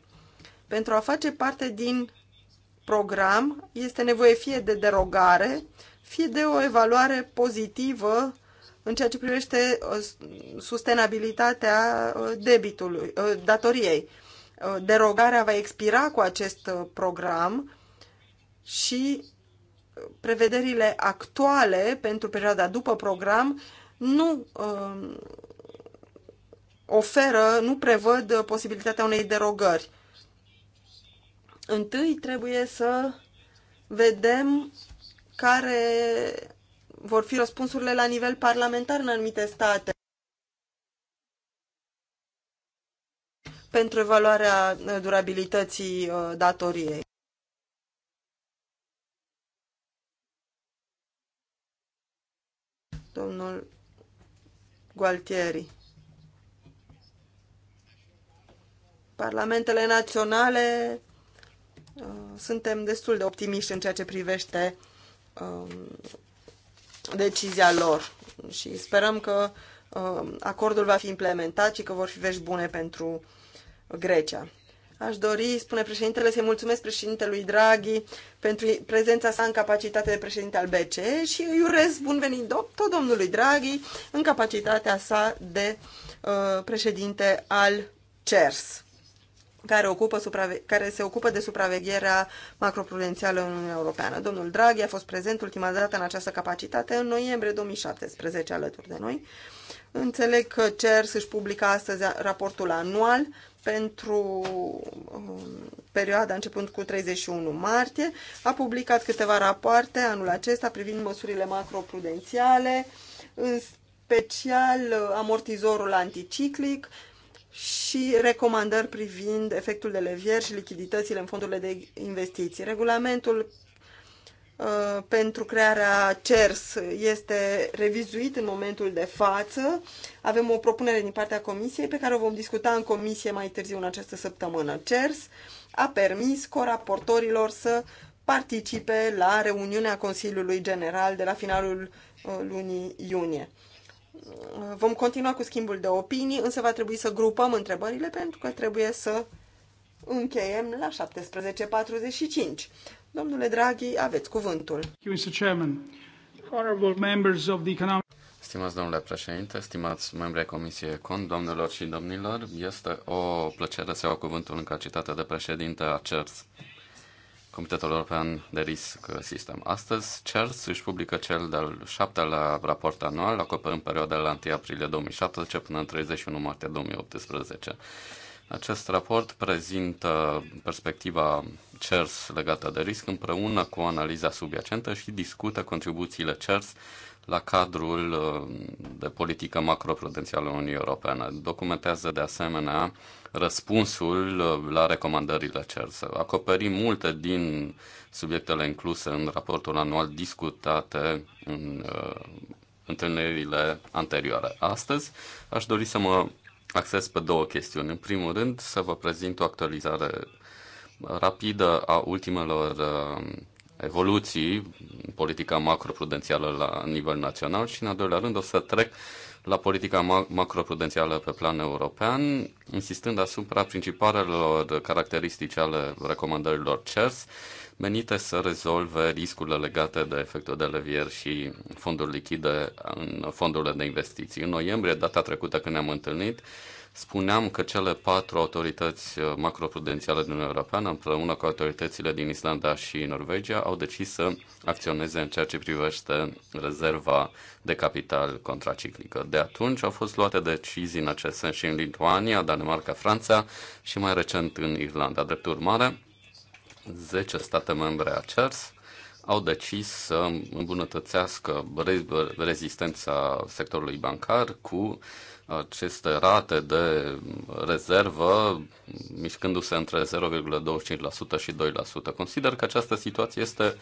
Pentru a face parte din program, este nevoie fie de derogare, fie de o evaluare pozitivă în ceea ce privește uh, sustenabilitatea uh, debitului, uh, datoriei. Uh, derogarea va expira cu acest uh, program și uh, prevederile actuale pentru perioada după program nu oferă, nu prevăd posibilitatea unei derogări. Întâi trebuie să vedem care vor fi răspunsurile la nivel parlamentar în anumite state. pentru evaluarea uh, durabilității uh, datoriei. Domnul Gualtieri. Parlamentele naționale uh, suntem destul de optimiști în ceea ce privește um, decizia lor și sperăm că um, acordul va fi implementat și că vor fi vești bune pentru Grecia. Aș dori, spune președintele, să-i mulțumesc președintelui Draghi pentru prezența sa în capacitate de președinte al BCE și îi urez bun venit tot domnului Draghi în capacitatea sa de uh, președinte al CERS, care, ocupă suprave- care se ocupă de supravegherea macroprudențială în Uniunea Europeană. Domnul Draghi a fost prezent ultima dată în această capacitate în noiembrie 2017 alături de noi. Înțeleg că CERS își publică astăzi raportul anual pentru um, perioada începând cu 31 martie. A publicat câteva rapoarte anul acesta privind măsurile macroprudențiale, în special uh, amortizorul anticiclic și recomandări privind efectul de levier și lichiditățile în fondurile de investiții. Regulamentul Uh, pentru crearea CERS este revizuit în momentul de față. Avem o propunere din partea Comisiei pe care o vom discuta în Comisie mai târziu în această săptămână. CERS a permis coraportorilor să participe la reuniunea Consiliului General de la finalul uh, lunii iunie. Uh, vom continua cu schimbul de opinii, însă va trebui să grupăm întrebările pentru că trebuie să încheiem la 17.45. Domnule Draghi, aveți cuvântul. Stimați domnule președinte, stimați membri ai Comisiei Econ, domnilor și domnilor, este o plăcere să iau cuvântul în calitate de președinte a CERS, Comitetul European de Risk Sistem. Astăzi, CERS își publică cel de-al șaptelea raport anual, acoperând perioada de la 1 aprilie 2017 până în 31 martie 2018. Acest raport prezintă perspectiva CERS legată de risc împreună cu analiza subiacentă și discută contribuțiile CERS la cadrul uh, de politică macroprudențială a Uniunii Europene. Documentează de asemenea răspunsul uh, la recomandările CERS. Acoperim multe din subiectele incluse în raportul anual discutate în uh, întâlnirile anterioare. Astăzi aș dori să mă acces pe două chestiuni. În primul rând, să vă prezint o actualizare rapidă a ultimelor uh, evoluții în politica macroprudențială la nivel național și, în al doilea rând, o să trec la politica macroprudențială pe plan european, insistând asupra principalelor caracteristici ale recomandărilor CERS, menite să rezolve riscurile legate de efectul de levier și fonduri lichide în fondurile de investiții. În noiembrie, data trecută când ne-am întâlnit, spuneam că cele patru autorități macroprudențiale din Uniunea Europeană, împreună cu autoritățile din Islanda și Norvegia, au decis să acționeze în ceea ce privește rezerva de capital contraciclică. De atunci au fost luate decizii în acest sens și în Lituania, Danemarca, Franța și mai recent în Irlanda. Drept urmare, 10 state membre a CERS au decis să îmbunătățească rezistența sectorului bancar cu aceste rate de rezervă mișcându-se între 0,25% și 2%. Consider că această situație este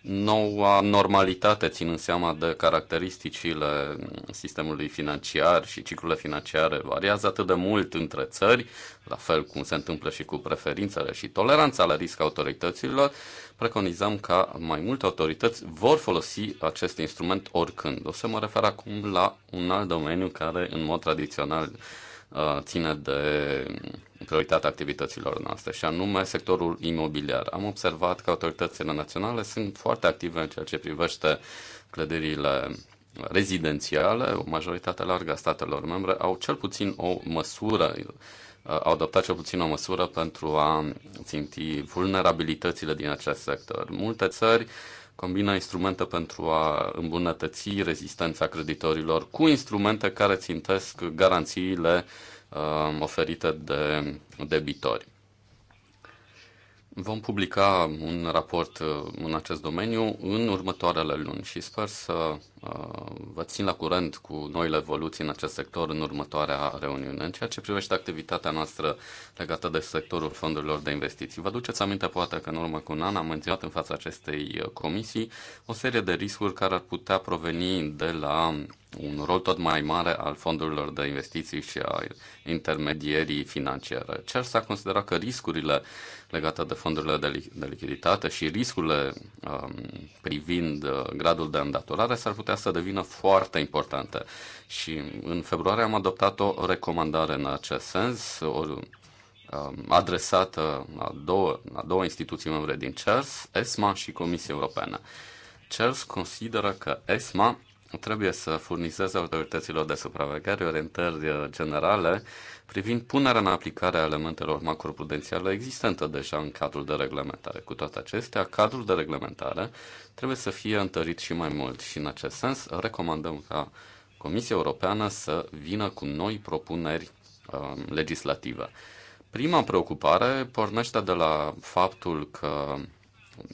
noua normalitate, ținând seama de caracteristicile sistemului financiar și ciclurile financiare variază atât de mult între țări, la fel cum se întâmplă și cu preferințele și toleranța la risc autorităților, preconizăm ca mai multe autorități vor folosi acest instrument oricând. O să mă refer acum la un alt domeniu care în mod tradițional uh, ține de prioritatea activităților noastre, și anume sectorul imobiliar. Am observat că autoritățile naționale sunt foarte active în ceea ce privește clădirile rezidențiale. O majoritate largă a statelor membre au cel puțin o măsură uh, au adoptat cel puțin o măsură pentru a ținti vulnerabilitățile din acest sector. Multe țări combina instrumente pentru a îmbunătăți rezistența creditorilor cu instrumente care țintesc garanțiile Uh, oferite de debitori. Vom publica un raport uh, în acest domeniu în următoarele luni și sper să uh, vă țin la curent cu noile evoluții în acest sector în următoarea reuniune. În ceea ce privește activitatea noastră legată de sectorul fondurilor de investiții, vă duceți aminte poate că în urmă cu un an am menționat în fața acestei uh, comisii o serie de riscuri care ar putea proveni de la un rol tot mai mare al fondurilor de investiții și a intermedierii financiare. CER s-a considerat că riscurile Legată de fondurile de, li- de lichiditate și riscurile um, privind uh, gradul de îndatorare s-ar putea să devină foarte importante. Și în februarie am adoptat o recomandare în acest sens, o, um, adresată la două, două instituții membre din CERS, ESMA și Comisia Europeană. CERS consideră că ESMA trebuie să furnizeze autorităților de supraveghere orientări uh, generale privind punerea în aplicare a elementelor macroprudențiale existente deja în cadrul de reglementare. Cu toate acestea, cadrul de reglementare trebuie să fie întărit și mai mult și în acest sens recomandăm ca Comisia Europeană să vină cu noi propuneri um, legislative. Prima preocupare pornește de la faptul că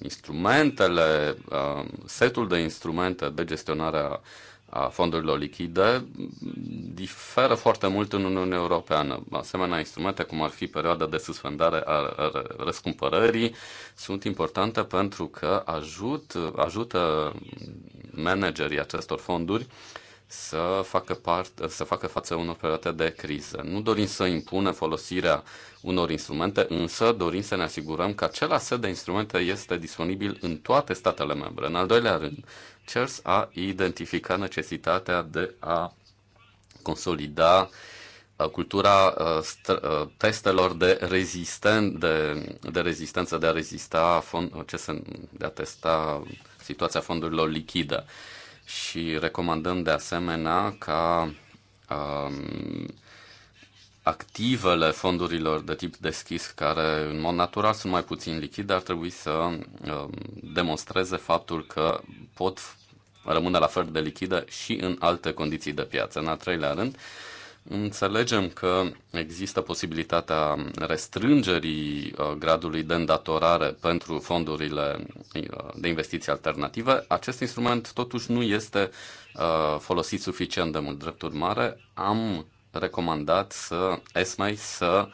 instrumentele, um, setul de instrumente de gestionare a a fondurilor lichide diferă foarte mult în Uniunea Europeană. Asemenea, instrumente cum ar fi perioada de suspendare a răscumpărării sunt importante pentru că ajut, ajută managerii acestor fonduri să facă, part, să facă față unor perioade de criză. Nu dorim să impunem folosirea unor instrumente, însă dorim să ne asigurăm că același set de instrumente este disponibil în toate statele membre. În al doilea rând, Charles a identificat necesitatea de a consolida uh, cultura uh, uh, testelor de, rezisten, de, de rezistență, de a rezista fond, ce se, de a testa situația fondurilor lichide. Și recomandăm de asemenea ca um, activele fondurilor de tip deschis, care în mod natural sunt mai puțin lichide, ar trebui să um, demonstreze faptul că pot rămâne la fel de lichide și în alte condiții de piață. În al treilea rând, Înțelegem că există posibilitatea restrângerii uh, gradului de îndatorare pentru fondurile uh, de investiții alternative. Acest instrument totuși nu este uh, folosit suficient de mult. Drept urmare, am recomandat să ESMEI să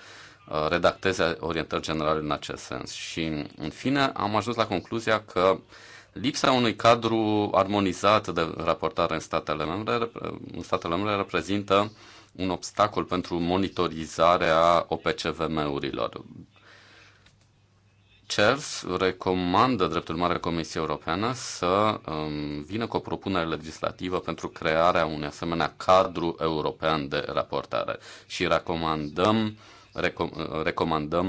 uh, redacteze orientări generale în acest sens. Și, în fine, am ajuns la concluzia că lipsa unui cadru armonizat de raportare în statele membre, uh, în statele membre reprezintă un obstacol pentru monitorizarea OPCVM-urilor. CERS recomandă, dreptul mare Comisiei Europeană, să um, vină cu o propunere legislativă pentru crearea unui asemenea cadru european de raportare și recomandăm recom- recomandăm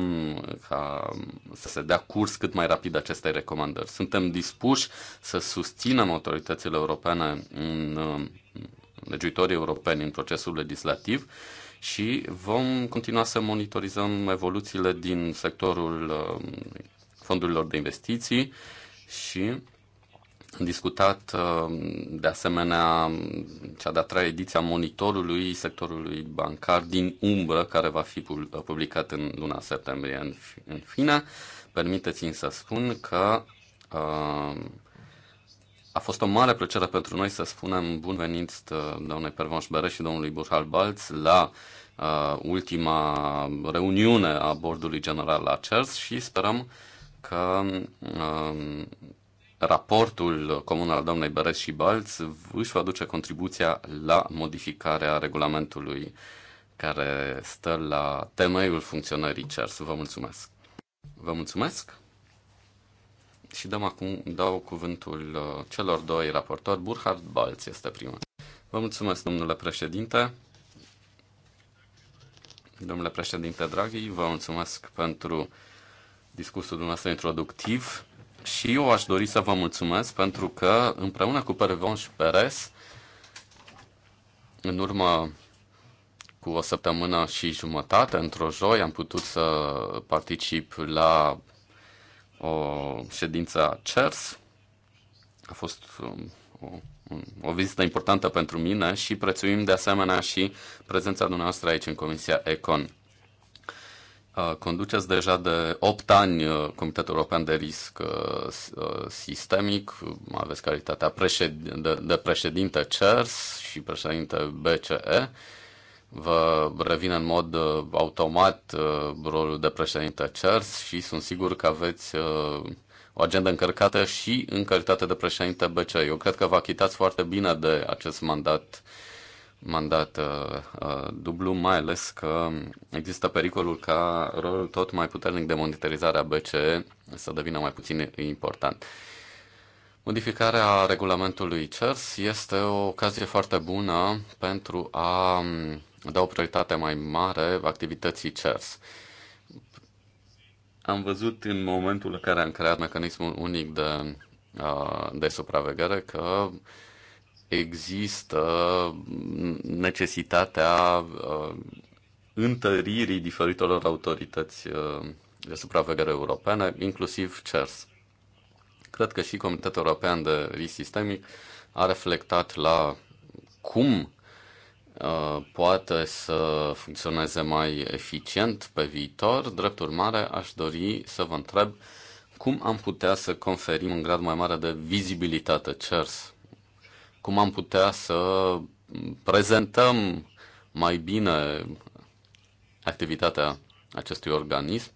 ca să se dea curs cât mai rapid acestei recomandări. Suntem dispuși să susținem autoritățile europene în um, legiuitorii europeni în procesul legislativ și vom continua să monitorizăm evoluțiile din sectorul um, fondurilor de investiții și discutat uh, de asemenea cea de-a treia ediție a monitorului sectorului bancar din umbră care va fi publicat în luna septembrie. În, în fine, permiteți-mi să spun că uh, a fost o mare plăcere pentru noi să spunem bun venit uh, doamnei Pervanș Bereș și domnului Burhal Balț la ultima reuniune a bordului general la CERS și sperăm că um, raportul comun al doamnei Beres și Balț își va duce contribuția la modificarea regulamentului care stă la temeiul funcționării CERS. Vă mulțumesc! Vă mulțumesc! Și dăm acum, dau cuvântul uh, celor doi raportori. Burhard Balț este primul. Vă mulțumesc, domnule președinte. Domnule președinte Draghi, vă mulțumesc pentru discursul dumneavoastră introductiv și eu aș dori să vă mulțumesc pentru că împreună cu Pervon și Perez, în urmă cu o săptămână și jumătate, într-o joi, am putut să particip la o ședință a CERS. A fost um, o, o vizită importantă pentru mine și prețuim de asemenea și prezența dumneavoastră aici în Comisia ECON. Uh, conduceți deja de 8 ani uh, Comitetul European de Risc uh, Sistemic, aveți calitatea de, de președinte CERS și președinte BCE. Vă revine în mod automat rolul de președinte CERS și sunt sigur că aveți o agendă încărcată și în calitate de președinte BCE. Eu cred că vă achitați foarte bine de acest mandat uh, mandat uh, uh, dublu, mai ales că există pericolul ca rolul tot mai puternic de monitorizare a BCE să devină mai puțin important. Modificarea regulamentului CERS este o ocazie foarte bună pentru a um, da o prioritate mai mare activității CERS. Am văzut în momentul în care am creat mecanismul unic de, uh, de supraveghere că există necesitatea uh, întăririi diferitelor autorități uh, de supraveghere europene, inclusiv CERS. Cred că și Comitetul European de Risc Sistemic a reflectat la cum uh, poate să funcționeze mai eficient pe viitor. Drept urmare, aș dori să vă întreb cum am putea să conferim un grad mai mare de vizibilitate CERS cum am putea să prezentăm mai bine activitatea acestui organism,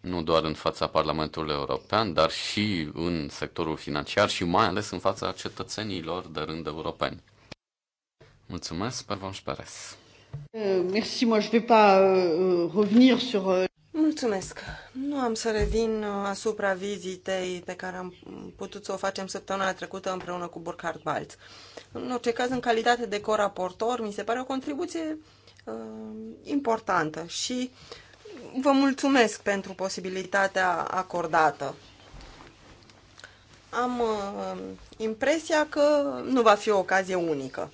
nu doar în fața Parlamentului European, dar și în sectorul financiar și mai ales în fața cetățenilor de rând europeni. Mulțumesc, Pervan Șperes. Euh, merci, moi je vais pas euh, euh, revenir sur Mulțumesc. Nu am să revin uh, asupra vizitei pe care am putut să o facem săptămâna trecută împreună cu Burkhard Balz. În orice caz, în calitate de coraportor, mi se pare o contribuție uh, importantă și vă mulțumesc pentru posibilitatea acordată. Am uh, impresia că nu va fi o ocazie unică.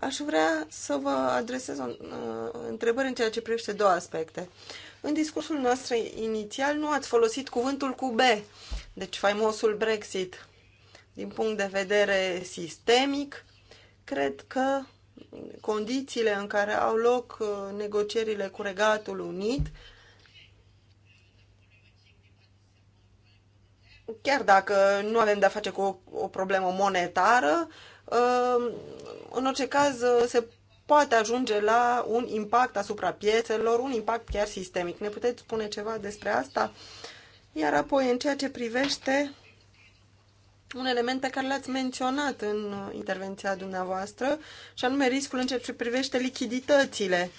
Aș vrea să vă adresez o uh, întrebări în ceea ce privește două aspecte. Uh, în discursul nostru inițial nu ați folosit cuvântul cu B, deci faimosul Brexit. Din punct de vedere sistemic, cred că condițiile în care au loc uh, negocierile cu Regatul Unit chiar dacă nu avem de-a face cu o, o problemă monetară, uh, în orice caz uh, se poate ajunge la un impact asupra piețelor, un impact chiar sistemic. Ne puteți spune ceva despre asta? Iar apoi, în ceea ce privește un element pe care l-ați menționat în intervenția dumneavoastră, și anume riscul în ceea ce privește lichiditățile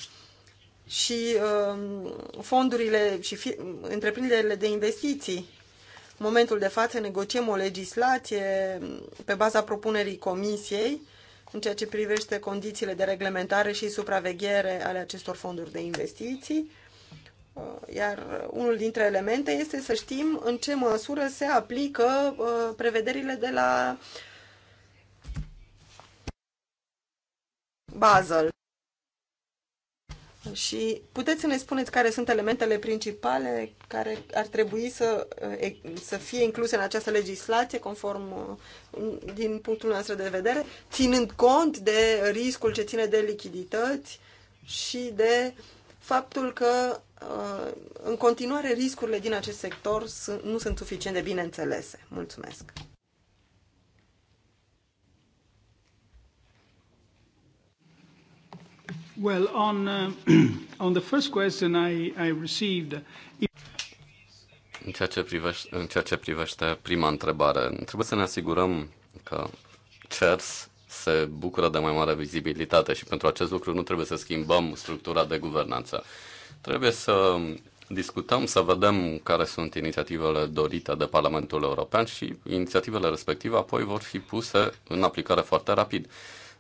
și uh, fondurile și fi, întreprinderile de investiții. În momentul de față negociem o legislație pe baza propunerii comisiei în ceea ce privește condițiile de reglementare și supraveghere ale acestor fonduri de investiții. Uh, iar unul dintre elemente este să știm în ce măsură se aplică uh, prevederile de la Basel. Și puteți să ne spuneți care sunt elementele principale care ar trebui să, eh, să fie incluse în această legislație, conform eh, din punctul nostru de vedere, ținând cont de riscul ce ține de lichidități și de faptul că eh, în continuare riscurile din acest sector nu sunt suficient de bine înțelese. Mulțumesc! Well, on, uh, *clears throat* on the first question I, I received... În ceea, ce privește, în ceea ce privește prima întrebare, trebuie să ne asigurăm că CERS se bucură de mai mare vizibilitate și pentru acest lucru nu trebuie să schimbăm structura de guvernanță. Trebuie să discutăm, să vedem care sunt inițiativele dorite de Parlamentul European și inițiativele respective apoi vor fi puse în aplicare foarte rapid.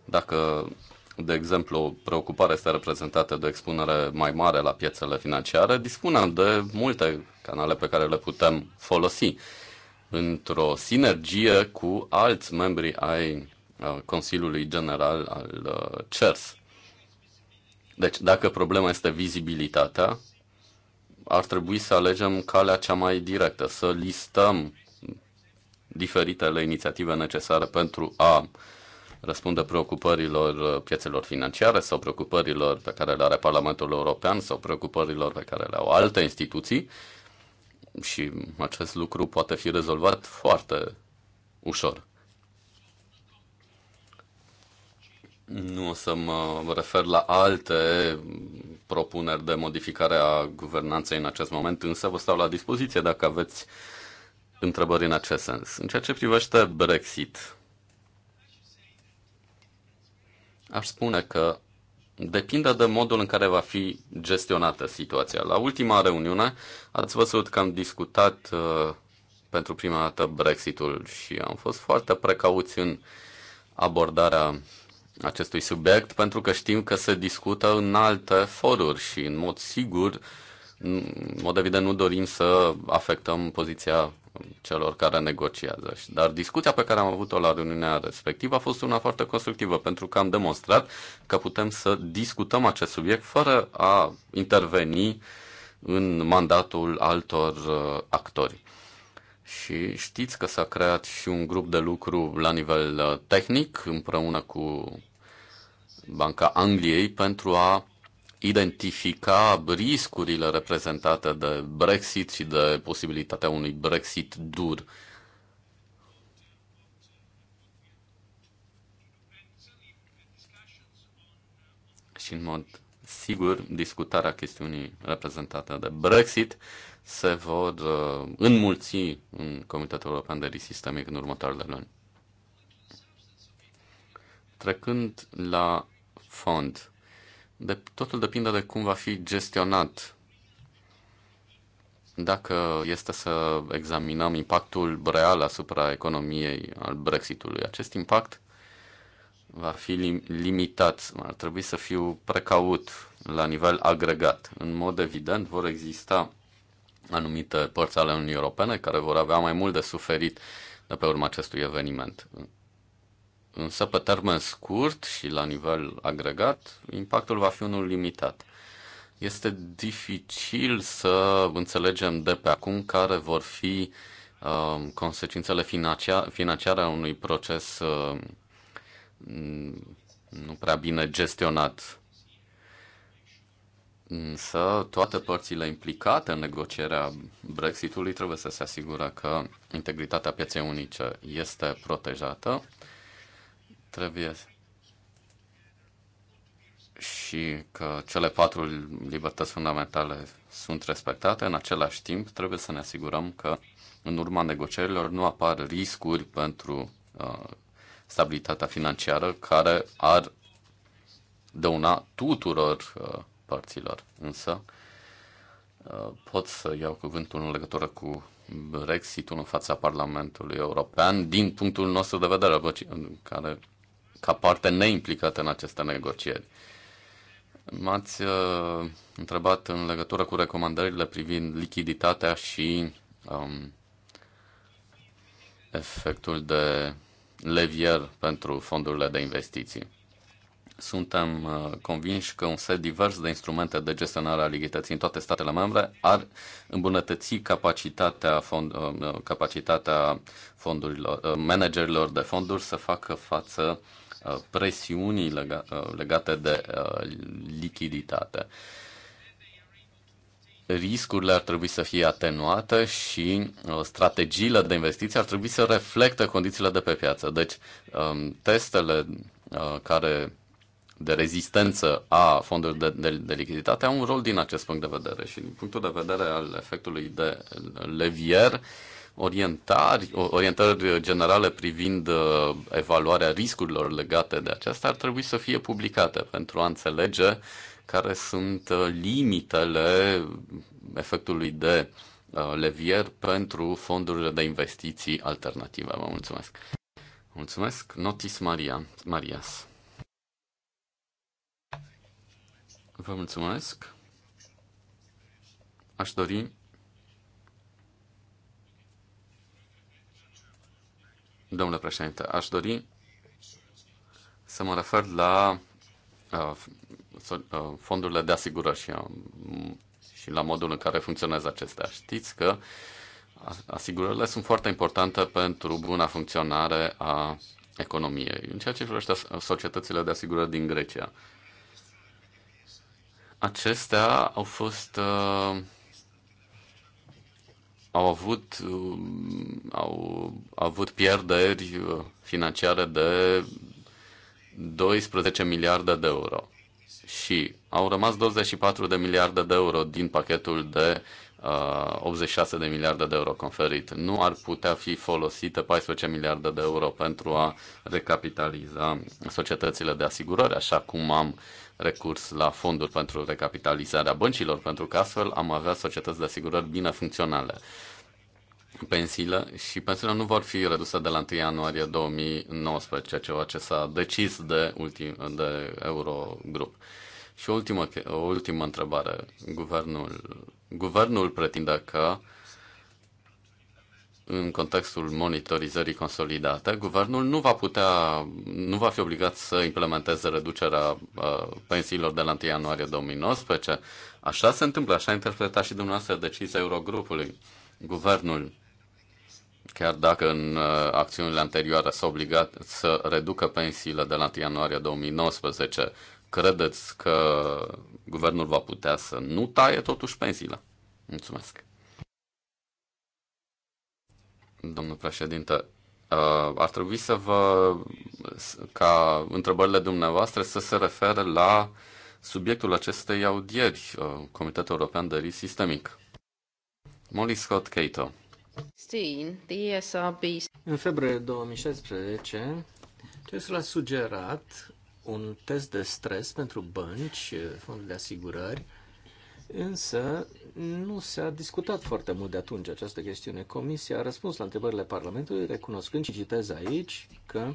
Dacă de exemplu, preocuparea este reprezentată de o expunere mai mare la piețele financiare, dispunem de multe canale pe care le putem folosi într-o sinergie cu alți membri ai uh, Consiliului General al uh, CERS. Deci, dacă problema este vizibilitatea, ar trebui să alegem calea cea mai directă, să listăm diferitele inițiative necesare pentru a răspundă preocupărilor uh, piețelor financiare sau preocupărilor pe care le are Parlamentul European sau preocupărilor pe care le au alte instituții și acest lucru poate fi rezolvat foarte ușor. Nu o să mă refer la alte propuneri de modificare a guvernanței în acest moment, însă vă stau la dispoziție dacă aveți întrebări în acest sens. În ceea ce privește Brexit, Aș spune că depinde de modul în care va fi gestionată situația. La ultima reuniune ați văzut că am discutat uh, pentru prima dată Brexitul și am fost foarte precauți în abordarea acestui subiect pentru că știm că se discută în alte foruri și în mod sigur, în mod evident nu dorim să afectăm poziția celor care negociază. Dar discuția pe care am avut-o la reuniunea respectivă a fost una foarte constructivă, pentru că am demonstrat că putem să discutăm acest subiect fără a interveni în mandatul altor uh, actori. Și știți că s-a creat și un grup de lucru la nivel uh, tehnic împreună cu Banca Angliei pentru a identifica riscurile reprezentate de Brexit și de posibilitatea unui Brexit dur. Și în mod sigur, discutarea chestiunii reprezentate de Brexit se vor uh, înmulți în Comitetul European de Risc Sistemic în următoarele luni. Trecând la fond, de, totul depinde de cum va fi gestionat. Dacă este să examinăm impactul real asupra economiei al Brexitului, acest impact va fi lim- limitat. Ar trebui să fiu precaut la nivel agregat. În mod evident vor exista anumite părți ale Uniunii Europene care vor avea mai mult de suferit de pe urma acestui eveniment. Însă, pe termen scurt și la nivel agregat, impactul va fi unul limitat. Este dificil să înțelegem de pe acum care vor fi uh, consecințele financiare a unui proces uh, nu prea bine gestionat. Însă toate părțile implicate în negocierea Brexitului trebuie să se asigure că integritatea pieței unice este protejată Trebuie și că cele patru libertăți fundamentale sunt respectate, în același timp trebuie să ne asigurăm că în urma negocierilor nu apar riscuri pentru uh, stabilitatea financiară care ar dăuna tuturor uh, părților. Însă uh, pot să iau cuvântul în legătură cu Brexitul în fața Parlamentului European din punctul nostru de vedere, care ca parte neimplicată în aceste negocieri. M-ați uh, întrebat în legătură cu recomandările privind lichiditatea și um, efectul de levier pentru fondurile de investiții. Suntem uh, convinși că un set divers de instrumente de gestionare a lichidității în toate statele membre ar îmbunătăți capacitatea, fond, uh, uh capacitatea fondurilor, uh, managerilor de fonduri să facă față uh, Uh, presiunii uh, legate de uh, lichiditate. Riscurile ar trebui să fie atenuate și strategiile de investiții ar trebui să reflecte condițiile de pe piață. Deci, um, testele care de rezistență a fondurilor de, de, de lichiditate au un rol din acest punct de vedere și din punctul de vedere al efectului de levier orientări, orientări generale privind uh, evaluarea riscurilor legate de aceasta ar trebui să fie publicate pentru a înțelege care sunt uh, limitele efectului de uh, levier pentru fondurile de investiții alternative. Vă mulțumesc! Mulțumesc, Notis Maria, Marias. Vă mulțumesc. Aș dori Domnule președinte, aș dori să mă refer la uh, uh, fondurile de asigurări și, uh, și la modul în care funcționează acestea. Știți că asigurările sunt foarte importante pentru buna funcționare a economiei, în ceea ce privește societățile de asigurări din Grecia. Acestea au fost uh, au avut, um, au avut pierderi uh, financiare de 12 miliarde de euro și au rămas 24 de miliarde de euro din pachetul de uh, 86 de miliarde de euro conferit. Nu ar putea fi folosite 14 miliarde de euro pentru a recapitaliza societățile de asigurări, așa cum am uh, recurs la fonduri pentru recapitalizarea băncilor, pentru că astfel am avea societăți de asigurări bine funcționale. Pensiile și pensiile nu vor fi reduse de la 1 ianuarie 2019, ceva ce s-a decis de, ultim, de Eurogrup. Și o ultimă, o ultimă întrebare. Guvernul, guvernul pretinde că uh, în contextul monitorizării consolidate, guvernul nu va putea, nu va fi obligat să implementeze reducerea uh, pensiilor de la 1 ianuarie 2019. Așa se întâmplă, așa interpreta și dumneavoastră decizia Eurogrupului. Guvernul, chiar dacă în uh, acțiunile anterioare s-a obligat să reducă pensiile de la 1 ianuarie 2019, credeți că guvernul va putea să nu taie totuși pensiile? Mulțumesc! domnul președinte. Uh, ar trebui să vă, ca întrebările dumneavoastră să se refere la subiectul acestei audieri, uh, Comitetul European de Risc Sistemic. Molly Scott Cato. În februarie 2016, CESL a sugerat un test de stres pentru bănci, fonduri de asigurări, Însă nu s-a discutat foarte mult de atunci această chestiune. Comisia a răspuns la întrebările Parlamentului, recunoscând și citez aici că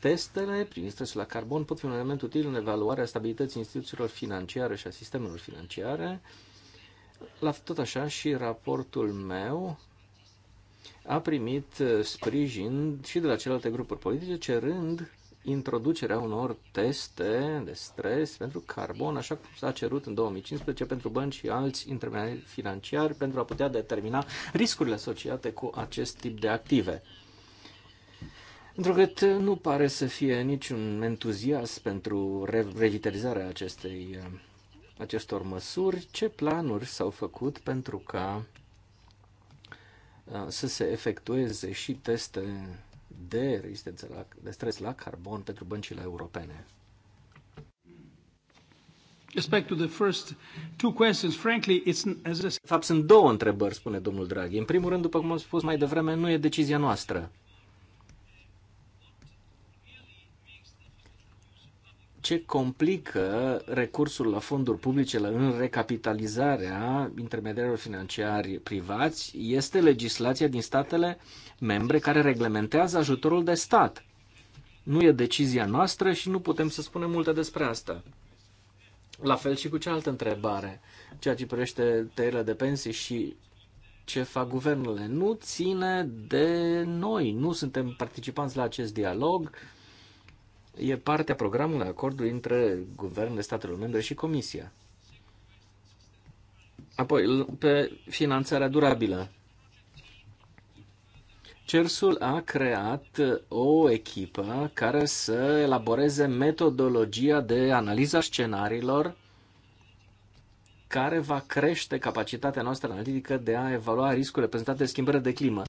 testele prin stresul la carbon pot fi un element util în evaluarea stabilității instituțiilor financiare și a sistemelor financiare. La tot așa și raportul meu a primit sprijin și de la celelalte grupuri politice, cerând introducerea unor teste de stres pentru carbon, așa cum s-a cerut în 2015 pentru bănci și alți intermediari financiari, pentru a putea determina riscurile asociate cu acest tip de active. Întrucât nu pare să fie niciun entuziasm pentru revitalizarea acestei, acestor măsuri, ce planuri s-au făcut pentru ca să se efectueze și teste de rezistență la, de stres la carbon pentru băncile europene? Respect to the first two questions, frankly, it's as a... De fapt, sunt două întrebări, spune domnul Draghi. În primul rând, după cum am spus mai devreme, nu e decizia noastră. ce complică recursul la fonduri publice la, în recapitalizarea intermediarilor financiari privați este legislația din statele membre care reglementează ajutorul de stat. Nu e decizia noastră și nu putem să spunem multe despre asta. La fel și cu cealaltă întrebare, ceea ce privește tăierile de pensii și ce fac guvernele. Nu ține de noi, nu suntem participanți la acest dialog. E partea programului acordului între guvernele statelor membre și Comisia. Apoi, pe finanțarea durabilă. CERSUL a creat uh, o echipă care să elaboreze metodologia de analiza scenariilor care va crește capacitatea noastră analitică de a evalua riscul reprezentat de schimbări de climă.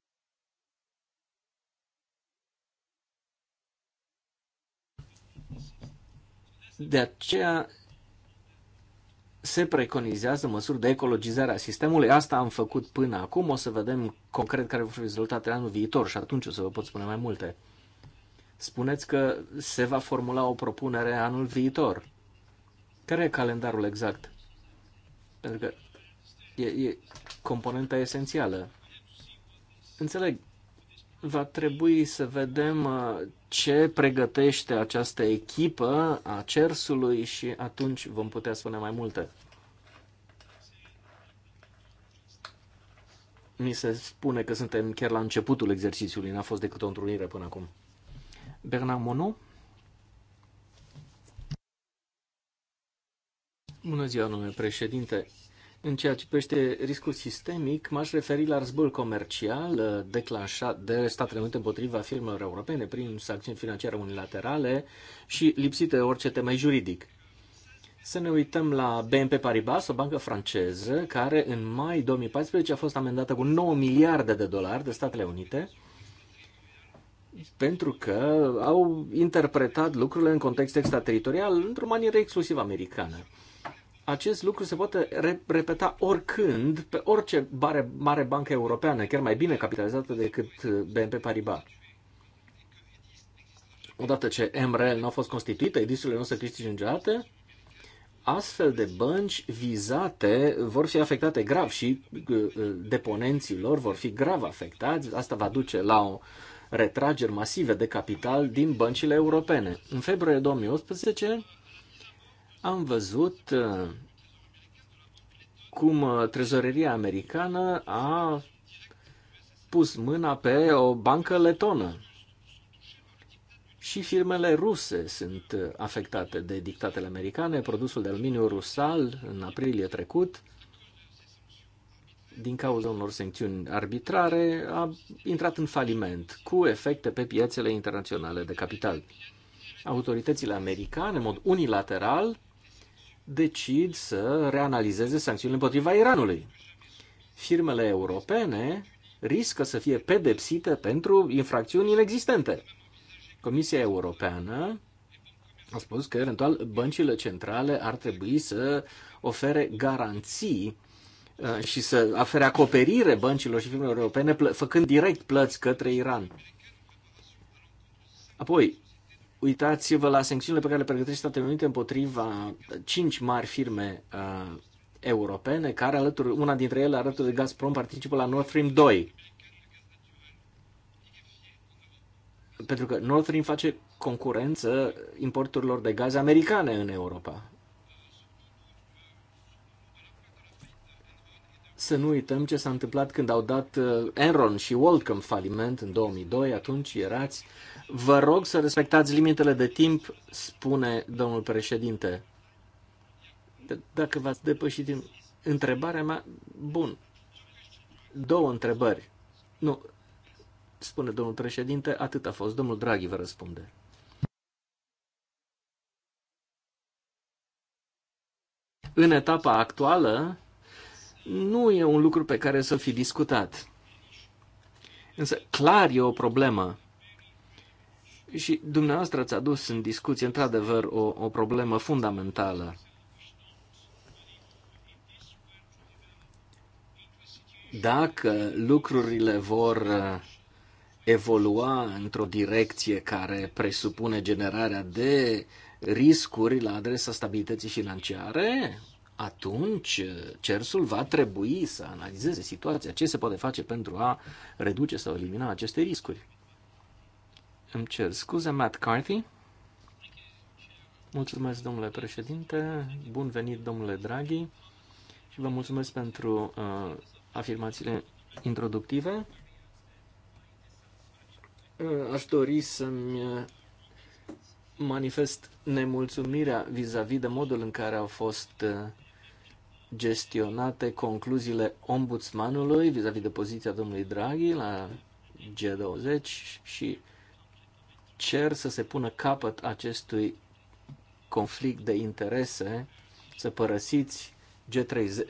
De aceea se preconizează măsuri de ecologizare a sistemului. Asta am făcut până acum. O să vedem concret care vor fi rezultatele anul viitor și atunci o să vă pot spune mai multe. Spuneți că se va formula o propunere anul viitor. Care e calendarul exact? Pentru că e, e componenta esențială. Înțeleg, va trebui să vedem uh, ce pregătește această echipă a CERSului și atunci vom putea spune mai multe. Mi se spune că suntem chiar la începutul exercițiului, n-a fost decât o întrunire până acum. Bernard Monu. Bună ziua, domnule președinte. În ceea ce privește riscul sistemic, m-aș referi la războiul comercial uh, declanșat de Statele Unite împotriva firmelor europene prin sancțiuni financiare unilaterale și lipsite orice temă juridic. Să ne uităm la BNP Paribas, o bancă franceză, care în mai 2014 a fost amendată cu 9 miliarde de dolari de Statele Unite pentru că au interpretat lucrurile în context extrateritorial într-o manieră exclusiv americană acest lucru se poate repeta oricând pe orice mare, mare bancă europeană, chiar mai bine capitalizată decât uh, BNP Paribas. Odată ce MRL nu a fost constituită, edisurile nu sunt câștigate, astfel de bănci vizate vor fi afectate grav și uh, uh, deponenții lor vor fi grav afectați. Asta va duce la o retrageri masive de capital din băncile europene. În februarie 2018, am văzut uh, cum uh, trezoreria americană a pus mâna pe o bancă letonă. Și firmele ruse sunt uh, afectate de dictatele americane. Produsul de aluminiu rusal, în aprilie trecut, din cauza unor sancțiuni arbitrare, a intrat în faliment, cu efecte pe piețele internaționale de capital. Autoritățile americane, în mod unilateral, decid să reanalizeze sancțiunile împotriva Iranului. Firmele europene riscă să fie pedepsite pentru infracțiuni inexistente. Comisia Europeană a spus că eventual băncile centrale ar trebui să ofere garanții uh, și să ofere acoperire băncilor și firmelor europene făcând direct plăți către Iran. Apoi, Uitați-vă la sancțiunile pe care le pregătește Statele Unite împotriva cinci mari firme uh, europene, care alături, una dintre ele, alături de Gazprom, participă la Nord Stream 2. Pentru că Nord Stream face concurență importurilor de gaze americane în Europa. să nu uităm ce s-a întâmplat când au dat uh, Enron și Wallcom faliment în 2002, atunci erați. Vă rog să respectați limitele de timp, spune domnul președinte. D- dacă v-ați depășit întrebarea mea, bun. Două întrebări. Nu, spune domnul președinte, atât a fost. Domnul Draghi vă răspunde. În etapa actuală, nu e un lucru pe care să fi discutat. Însă, clar e o problemă. Și dumneavoastră ați adus în discuție, într-adevăr, o, o problemă fundamentală. Dacă lucrurile vor uh, evolua într-o direcție care presupune generarea de riscuri la adresa stabilității financiare, atunci uh, CERSUL va trebui să analizeze situația, ce se poate face pentru a reduce sau elimina aceste riscuri. Îmi cer scuze, Matt Carthy. Mulțumesc, domnule președinte. Bun venit, domnule Draghi. Și vă mulțumesc pentru uh, afirmațiile introductive. Uh, aș dori să-mi uh, manifest nemulțumirea vis-a-vis -vis de modul în care au fost uh, gestionate concluziile ombudsmanului vis-a-vis -vis de poziția domnului Draghi la G20 și cer să se pună capăt acestui conflict de interese, să părăsiți G30.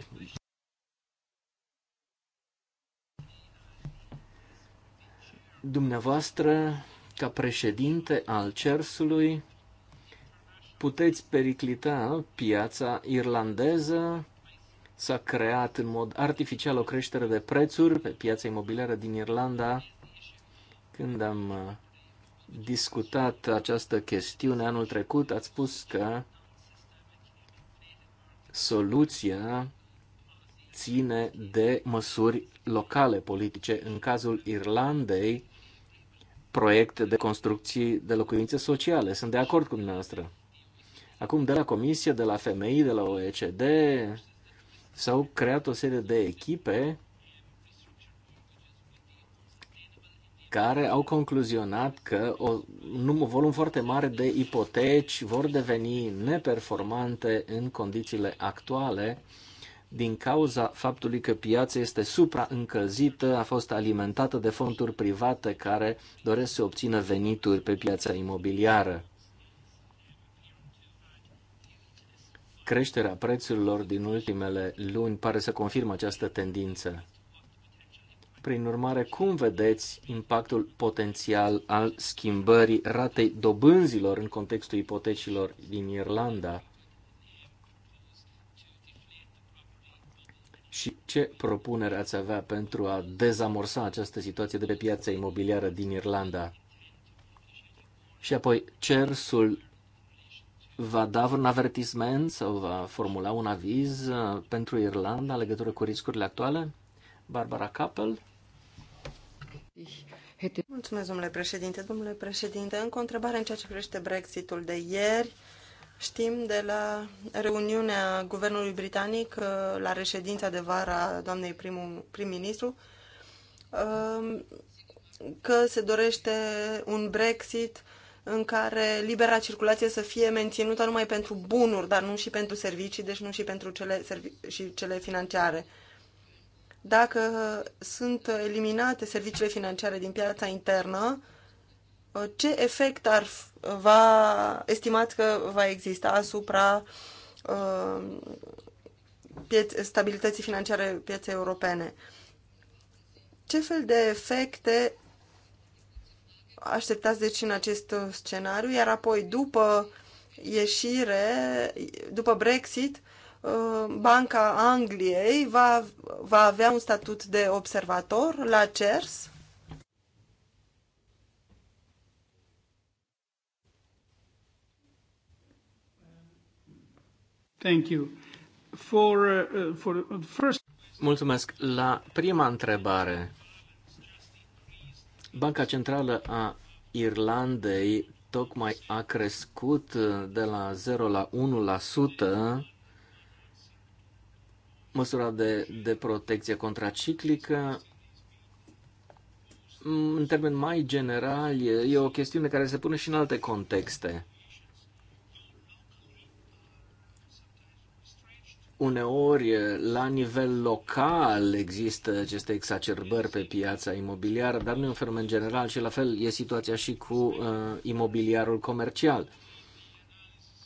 Dumneavoastră, ca președinte al CERSului, puteți periclita piața irlandeză s-a creat în mod artificial o creștere de prețuri pe piața imobiliară din Irlanda. Când am uh, discutat această chestiune anul trecut, ați spus că soluția ține de măsuri locale politice. În cazul Irlandei, proiecte de construcții de locuințe sociale. Sunt de acord cu dumneavoastră. Acum, de la Comisie, de la FMI, de la OECD, S-au creat o serie de echipe care au concluzionat că o, un volum foarte mare de ipoteci vor deveni neperformante în condițiile actuale din cauza faptului că piața este supraîncălzită, a fost alimentată de fonduri private care doresc să obțină venituri pe piața imobiliară. Creșterea prețurilor din ultimele luni pare să confirmă această tendință. Prin urmare, cum vedeți impactul potențial al schimbării ratei dobânzilor în contextul ipotecilor din Irlanda? Și ce propunere ați avea pentru a dezamorsa această situație de pe piața imobiliară din Irlanda? Și apoi, CERSul va da un avertisment sau va formula un aviz uh, pentru Irlanda în legătură cu riscurile actuale? Barbara Kappel. Mulțumesc, domnule președinte. Domnule președinte, încă o întrebare în ceea ce privește Brexitul de ieri. Știm de la reuniunea guvernului britanic uh, la reședința de vară a doamnei prim-ministru uh, că se dorește un Brexit uh, în care libera circulație să fie menținută numai pentru bunuri, dar nu și pentru servicii, deci nu și pentru cele, și cele financiare. Dacă sunt eliminate serviciile financiare din piața internă, ce efect ar va estimați că va exista asupra uh, stabilității financiare pieței europene? Ce fel de efecte așteptați deci în acest uh, scenariu, iar apoi după ieșire, după Brexit, uh, Banca Angliei va, va avea un statut de observator la CERS? Thank you. For, uh, uh for first... Mulțumesc. La prima întrebare, Banca Centrală a Irlandei tocmai a crescut uh, de la 0 la 1% măsura de, de protecție contraciclică. Mm, în termen mai general, e o chestiune care se pune și în alte contexte. Uneori, eh, la nivel local, există aceste exacerbări pe piața imobiliară, dar nu e un fenomen general și la fel e situația și cu uh, imobiliarul comercial.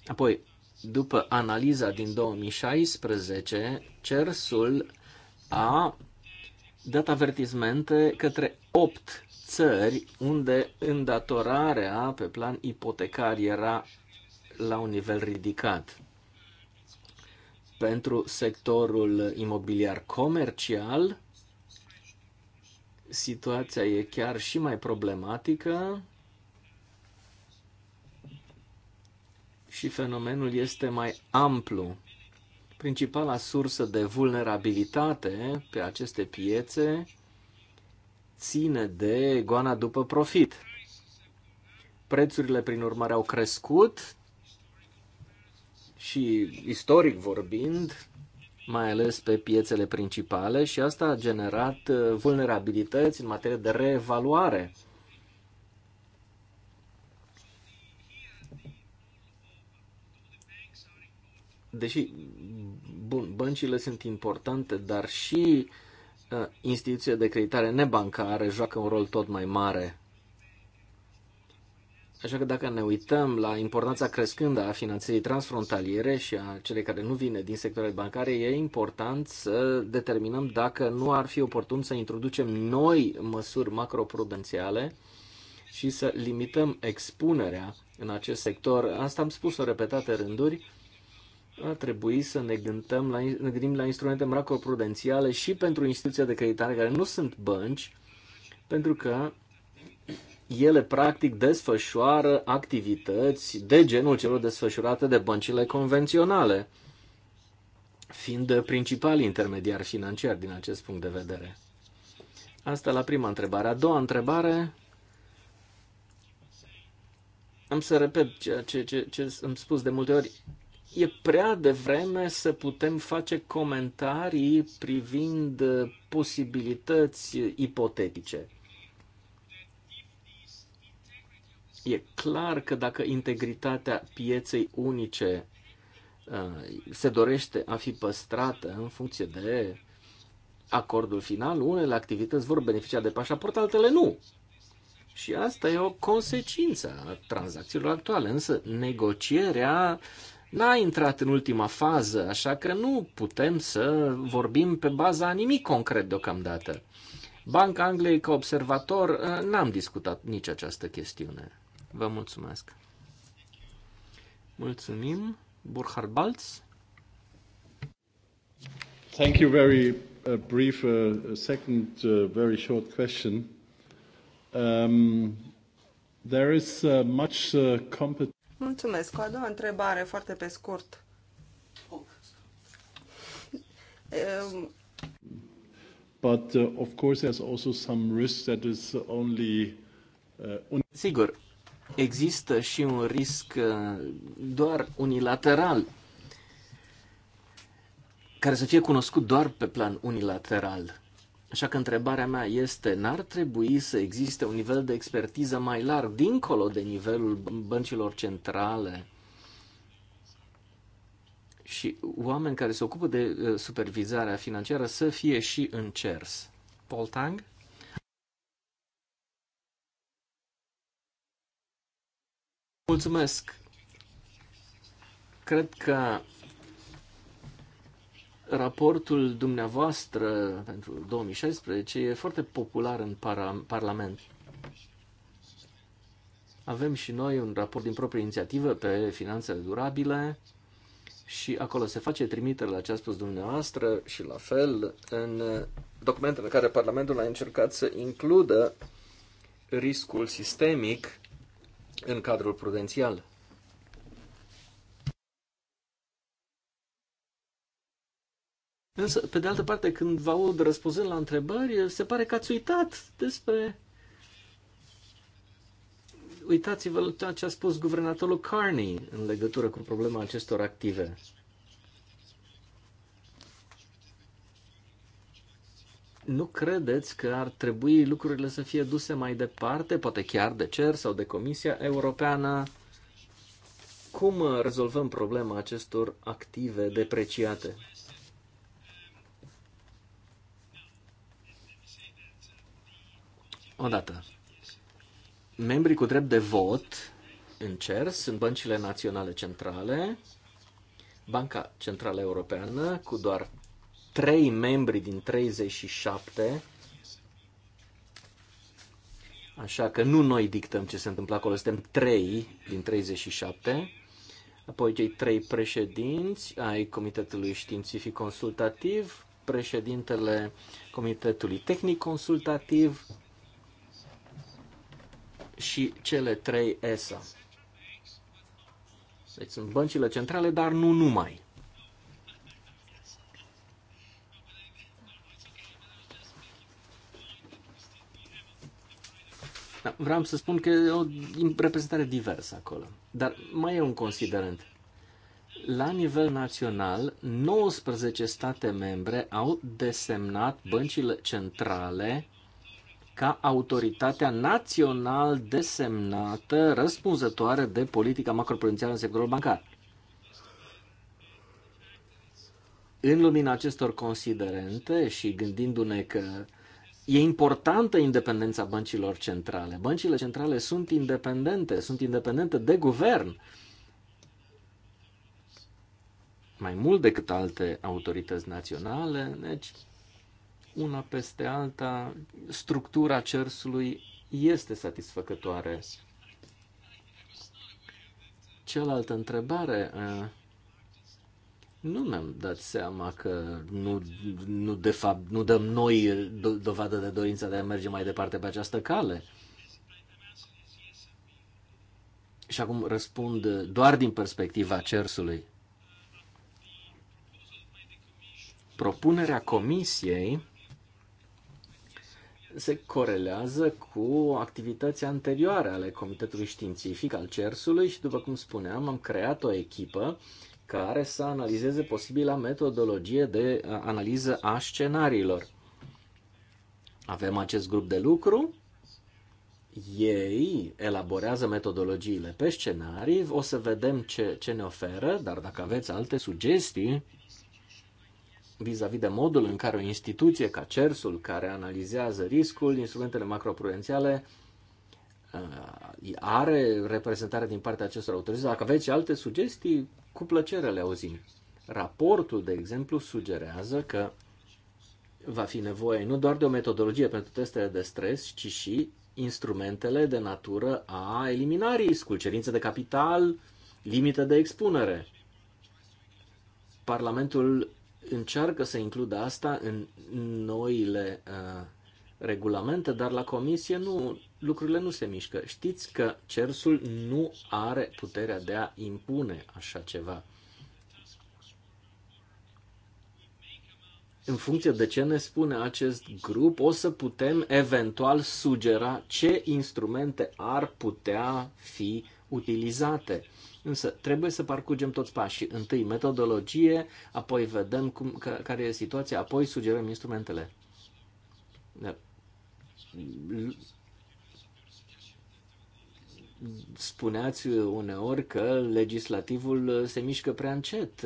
Apoi, după analiza din 2016, CERSUL a dat avertismente către 8 țări unde îndatorarea pe plan ipotecar era la un nivel ridicat. Pentru sectorul imobiliar comercial, situația e chiar și mai problematică și fenomenul este mai amplu. Principala sursă de vulnerabilitate pe aceste piețe ține de goana după profit. Prețurile, prin urmare, au crescut și istoric vorbind, mai ales pe piețele principale și asta a generat uh, vulnerabilități în materie de reevaluare. Deși, bun, băncile sunt importante, dar și uh, instituțiile de creditare nebancare joacă un rol tot mai mare Așa că dacă ne uităm la importanța crescândă a finanțării transfrontaliere și a celei care nu vine din sectoarele bancare, e important să determinăm dacă nu ar fi oportun să introducem noi măsuri macroprudențiale și să limităm expunerea în acest sector. Asta am spus o repetate rânduri. Ar trebui să ne gândim la, ne gândim la instrumente macroprudențiale și pentru instituția de creditare care nu sunt bănci, pentru că ele practic desfășoară activități de genul celor desfășurate de băncile convenționale, fiind principali intermediari financiari din acest punct de vedere. Asta la prima întrebare. A doua întrebare, am să repet ceea ce, ce, ce am spus de multe ori, e prea devreme să putem face comentarii privind posibilități ipotetice. E clar că dacă integritatea pieței unice uh, se dorește a fi păstrată în funcție de acordul final, unele activități vor beneficia de pașaport, altele nu. Și asta e o consecință a tranzacțiilor actuale. Însă negocierea n-a intrat în ultima fază, așa că nu putem să vorbim pe baza nimic concret deocamdată. Banca Angliei ca observator uh, n-am discutat nici această chestiune. Vă mulțumesc. Mulțumim. Burhard Balz. Thank you very a uh, brief uh, a second uh, very short question. Um, there is uh, much uh, Mulțumesc. O a doua întrebare foarte pe scurt. Um, But uh, of course there's also some risk that is only uh, Sigur, există și un risc uh, doar unilateral, care să fie cunoscut doar pe plan unilateral. Așa că întrebarea mea este, n-ar trebui să existe un nivel de expertiză mai larg, dincolo de nivelul băncilor centrale și oameni care se ocupă de uh, supervizarea financiară să fie și în CERS? Paul Tang? Mulțumesc. Cred că raportul dumneavoastră pentru 2016 e foarte popular în Parlament. Avem și noi un raport din proprie inițiativă pe finanțele durabile și acolo se face trimitere la ce a spus dumneavoastră și la fel în documentele în care Parlamentul a încercat să includă riscul sistemic în cadrul prudențial. Însă, pe de altă parte, când vă aud răspunzând la întrebări, se pare că ați uitat despre... Uitați-vă la ce a spus guvernatorul Carney în legătură cu problema acestor active. nu credeți că ar trebui lucrurile să fie duse mai departe, poate chiar de CER sau de Comisia Europeană? Cum rezolvăm problema acestor active depreciate? Odată, membrii cu drept de vot în CER sunt băncile naționale centrale, Banca Centrală Europeană cu doar 3 membri din 37, așa că nu noi dictăm ce se întâmplă acolo, suntem 3 din 37, apoi cei trei președinți ai Comitetului Științific Consultativ, președintele Comitetului Tehnic Consultativ și cele trei ESA. Deci sunt băncile centrale, dar nu numai. Da, vreau să spun că e o reprezentare diversă acolo. Dar mai e un considerent. La nivel național, 19 state membre au desemnat băncile centrale ca autoritatea național desemnată răspunzătoare de politica macroprudențială în sectorul bancar. În lumina acestor considerente și gândindu-ne că E importantă independența băncilor centrale. Băncile centrale sunt independente, sunt independente de guvern. Mai mult decât alte autorități naționale, deci una peste alta, structura cersului este satisfăcătoare. Cealaltă întrebare eh, nu mi-am dat seama că nu, nu, de fapt, nu dăm noi do- dovadă de dorința de a merge mai departe pe această cale. Și acum răspund doar din perspectiva cersului. Propunerea comisiei se corelează cu activități anterioare ale Comitetului Științific al CERSului și, după cum spuneam, am creat o echipă uh, care să analizeze posibila metodologie de analiză a scenariilor. Avem acest grup de lucru, ei elaborează metodologiile pe scenarii, o să vedem ce, ce ne oferă, dar dacă aveți alte sugestii vis-a-vis -vis de modul în care o instituție ca CERSUL, care analizează riscul, instrumentele macroprudențiale, uh, are reprezentare din partea acestor autorități. Dacă aveți alte sugestii, cu plăcere le auzim. Raportul, de exemplu, sugerează că va fi nevoie nu doar de o metodologie pentru testele de stres, ci și instrumentele de natură a eliminării riscul, de capital, limite de expunere. Parlamentul încearcă să includă asta în noile uh, regulamente, dar la comisie nu lucrurile nu se mișcă. Știți că CERSul nu are puterea de a impune așa ceva. În funcție de ce ne spune acest grup, o să putem eventual sugera ce instrumente ar putea fi utilizate. Însă trebuie să parcurgem toți pașii. Întâi metodologie, apoi vedem cum, că, care e situația, apoi sugerăm instrumentele spuneați uneori că legislativul se mișcă prea încet.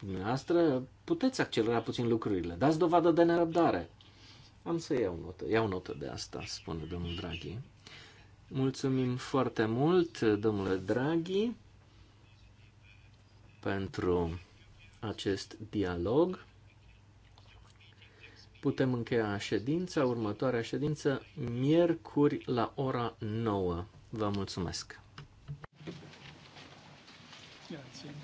Dumneavoastră puteți accelera puțin lucrurile. Dați dovadă de nerăbdare. Am să iau notă, iau notă de asta, spune domnul Draghi. Mulțumim foarte mult, domnule Draghi, pentru acest dialog. Putem încheia ședința, următoarea ședință, miercuri la ora 9. Vă mulțumesc! Grazie.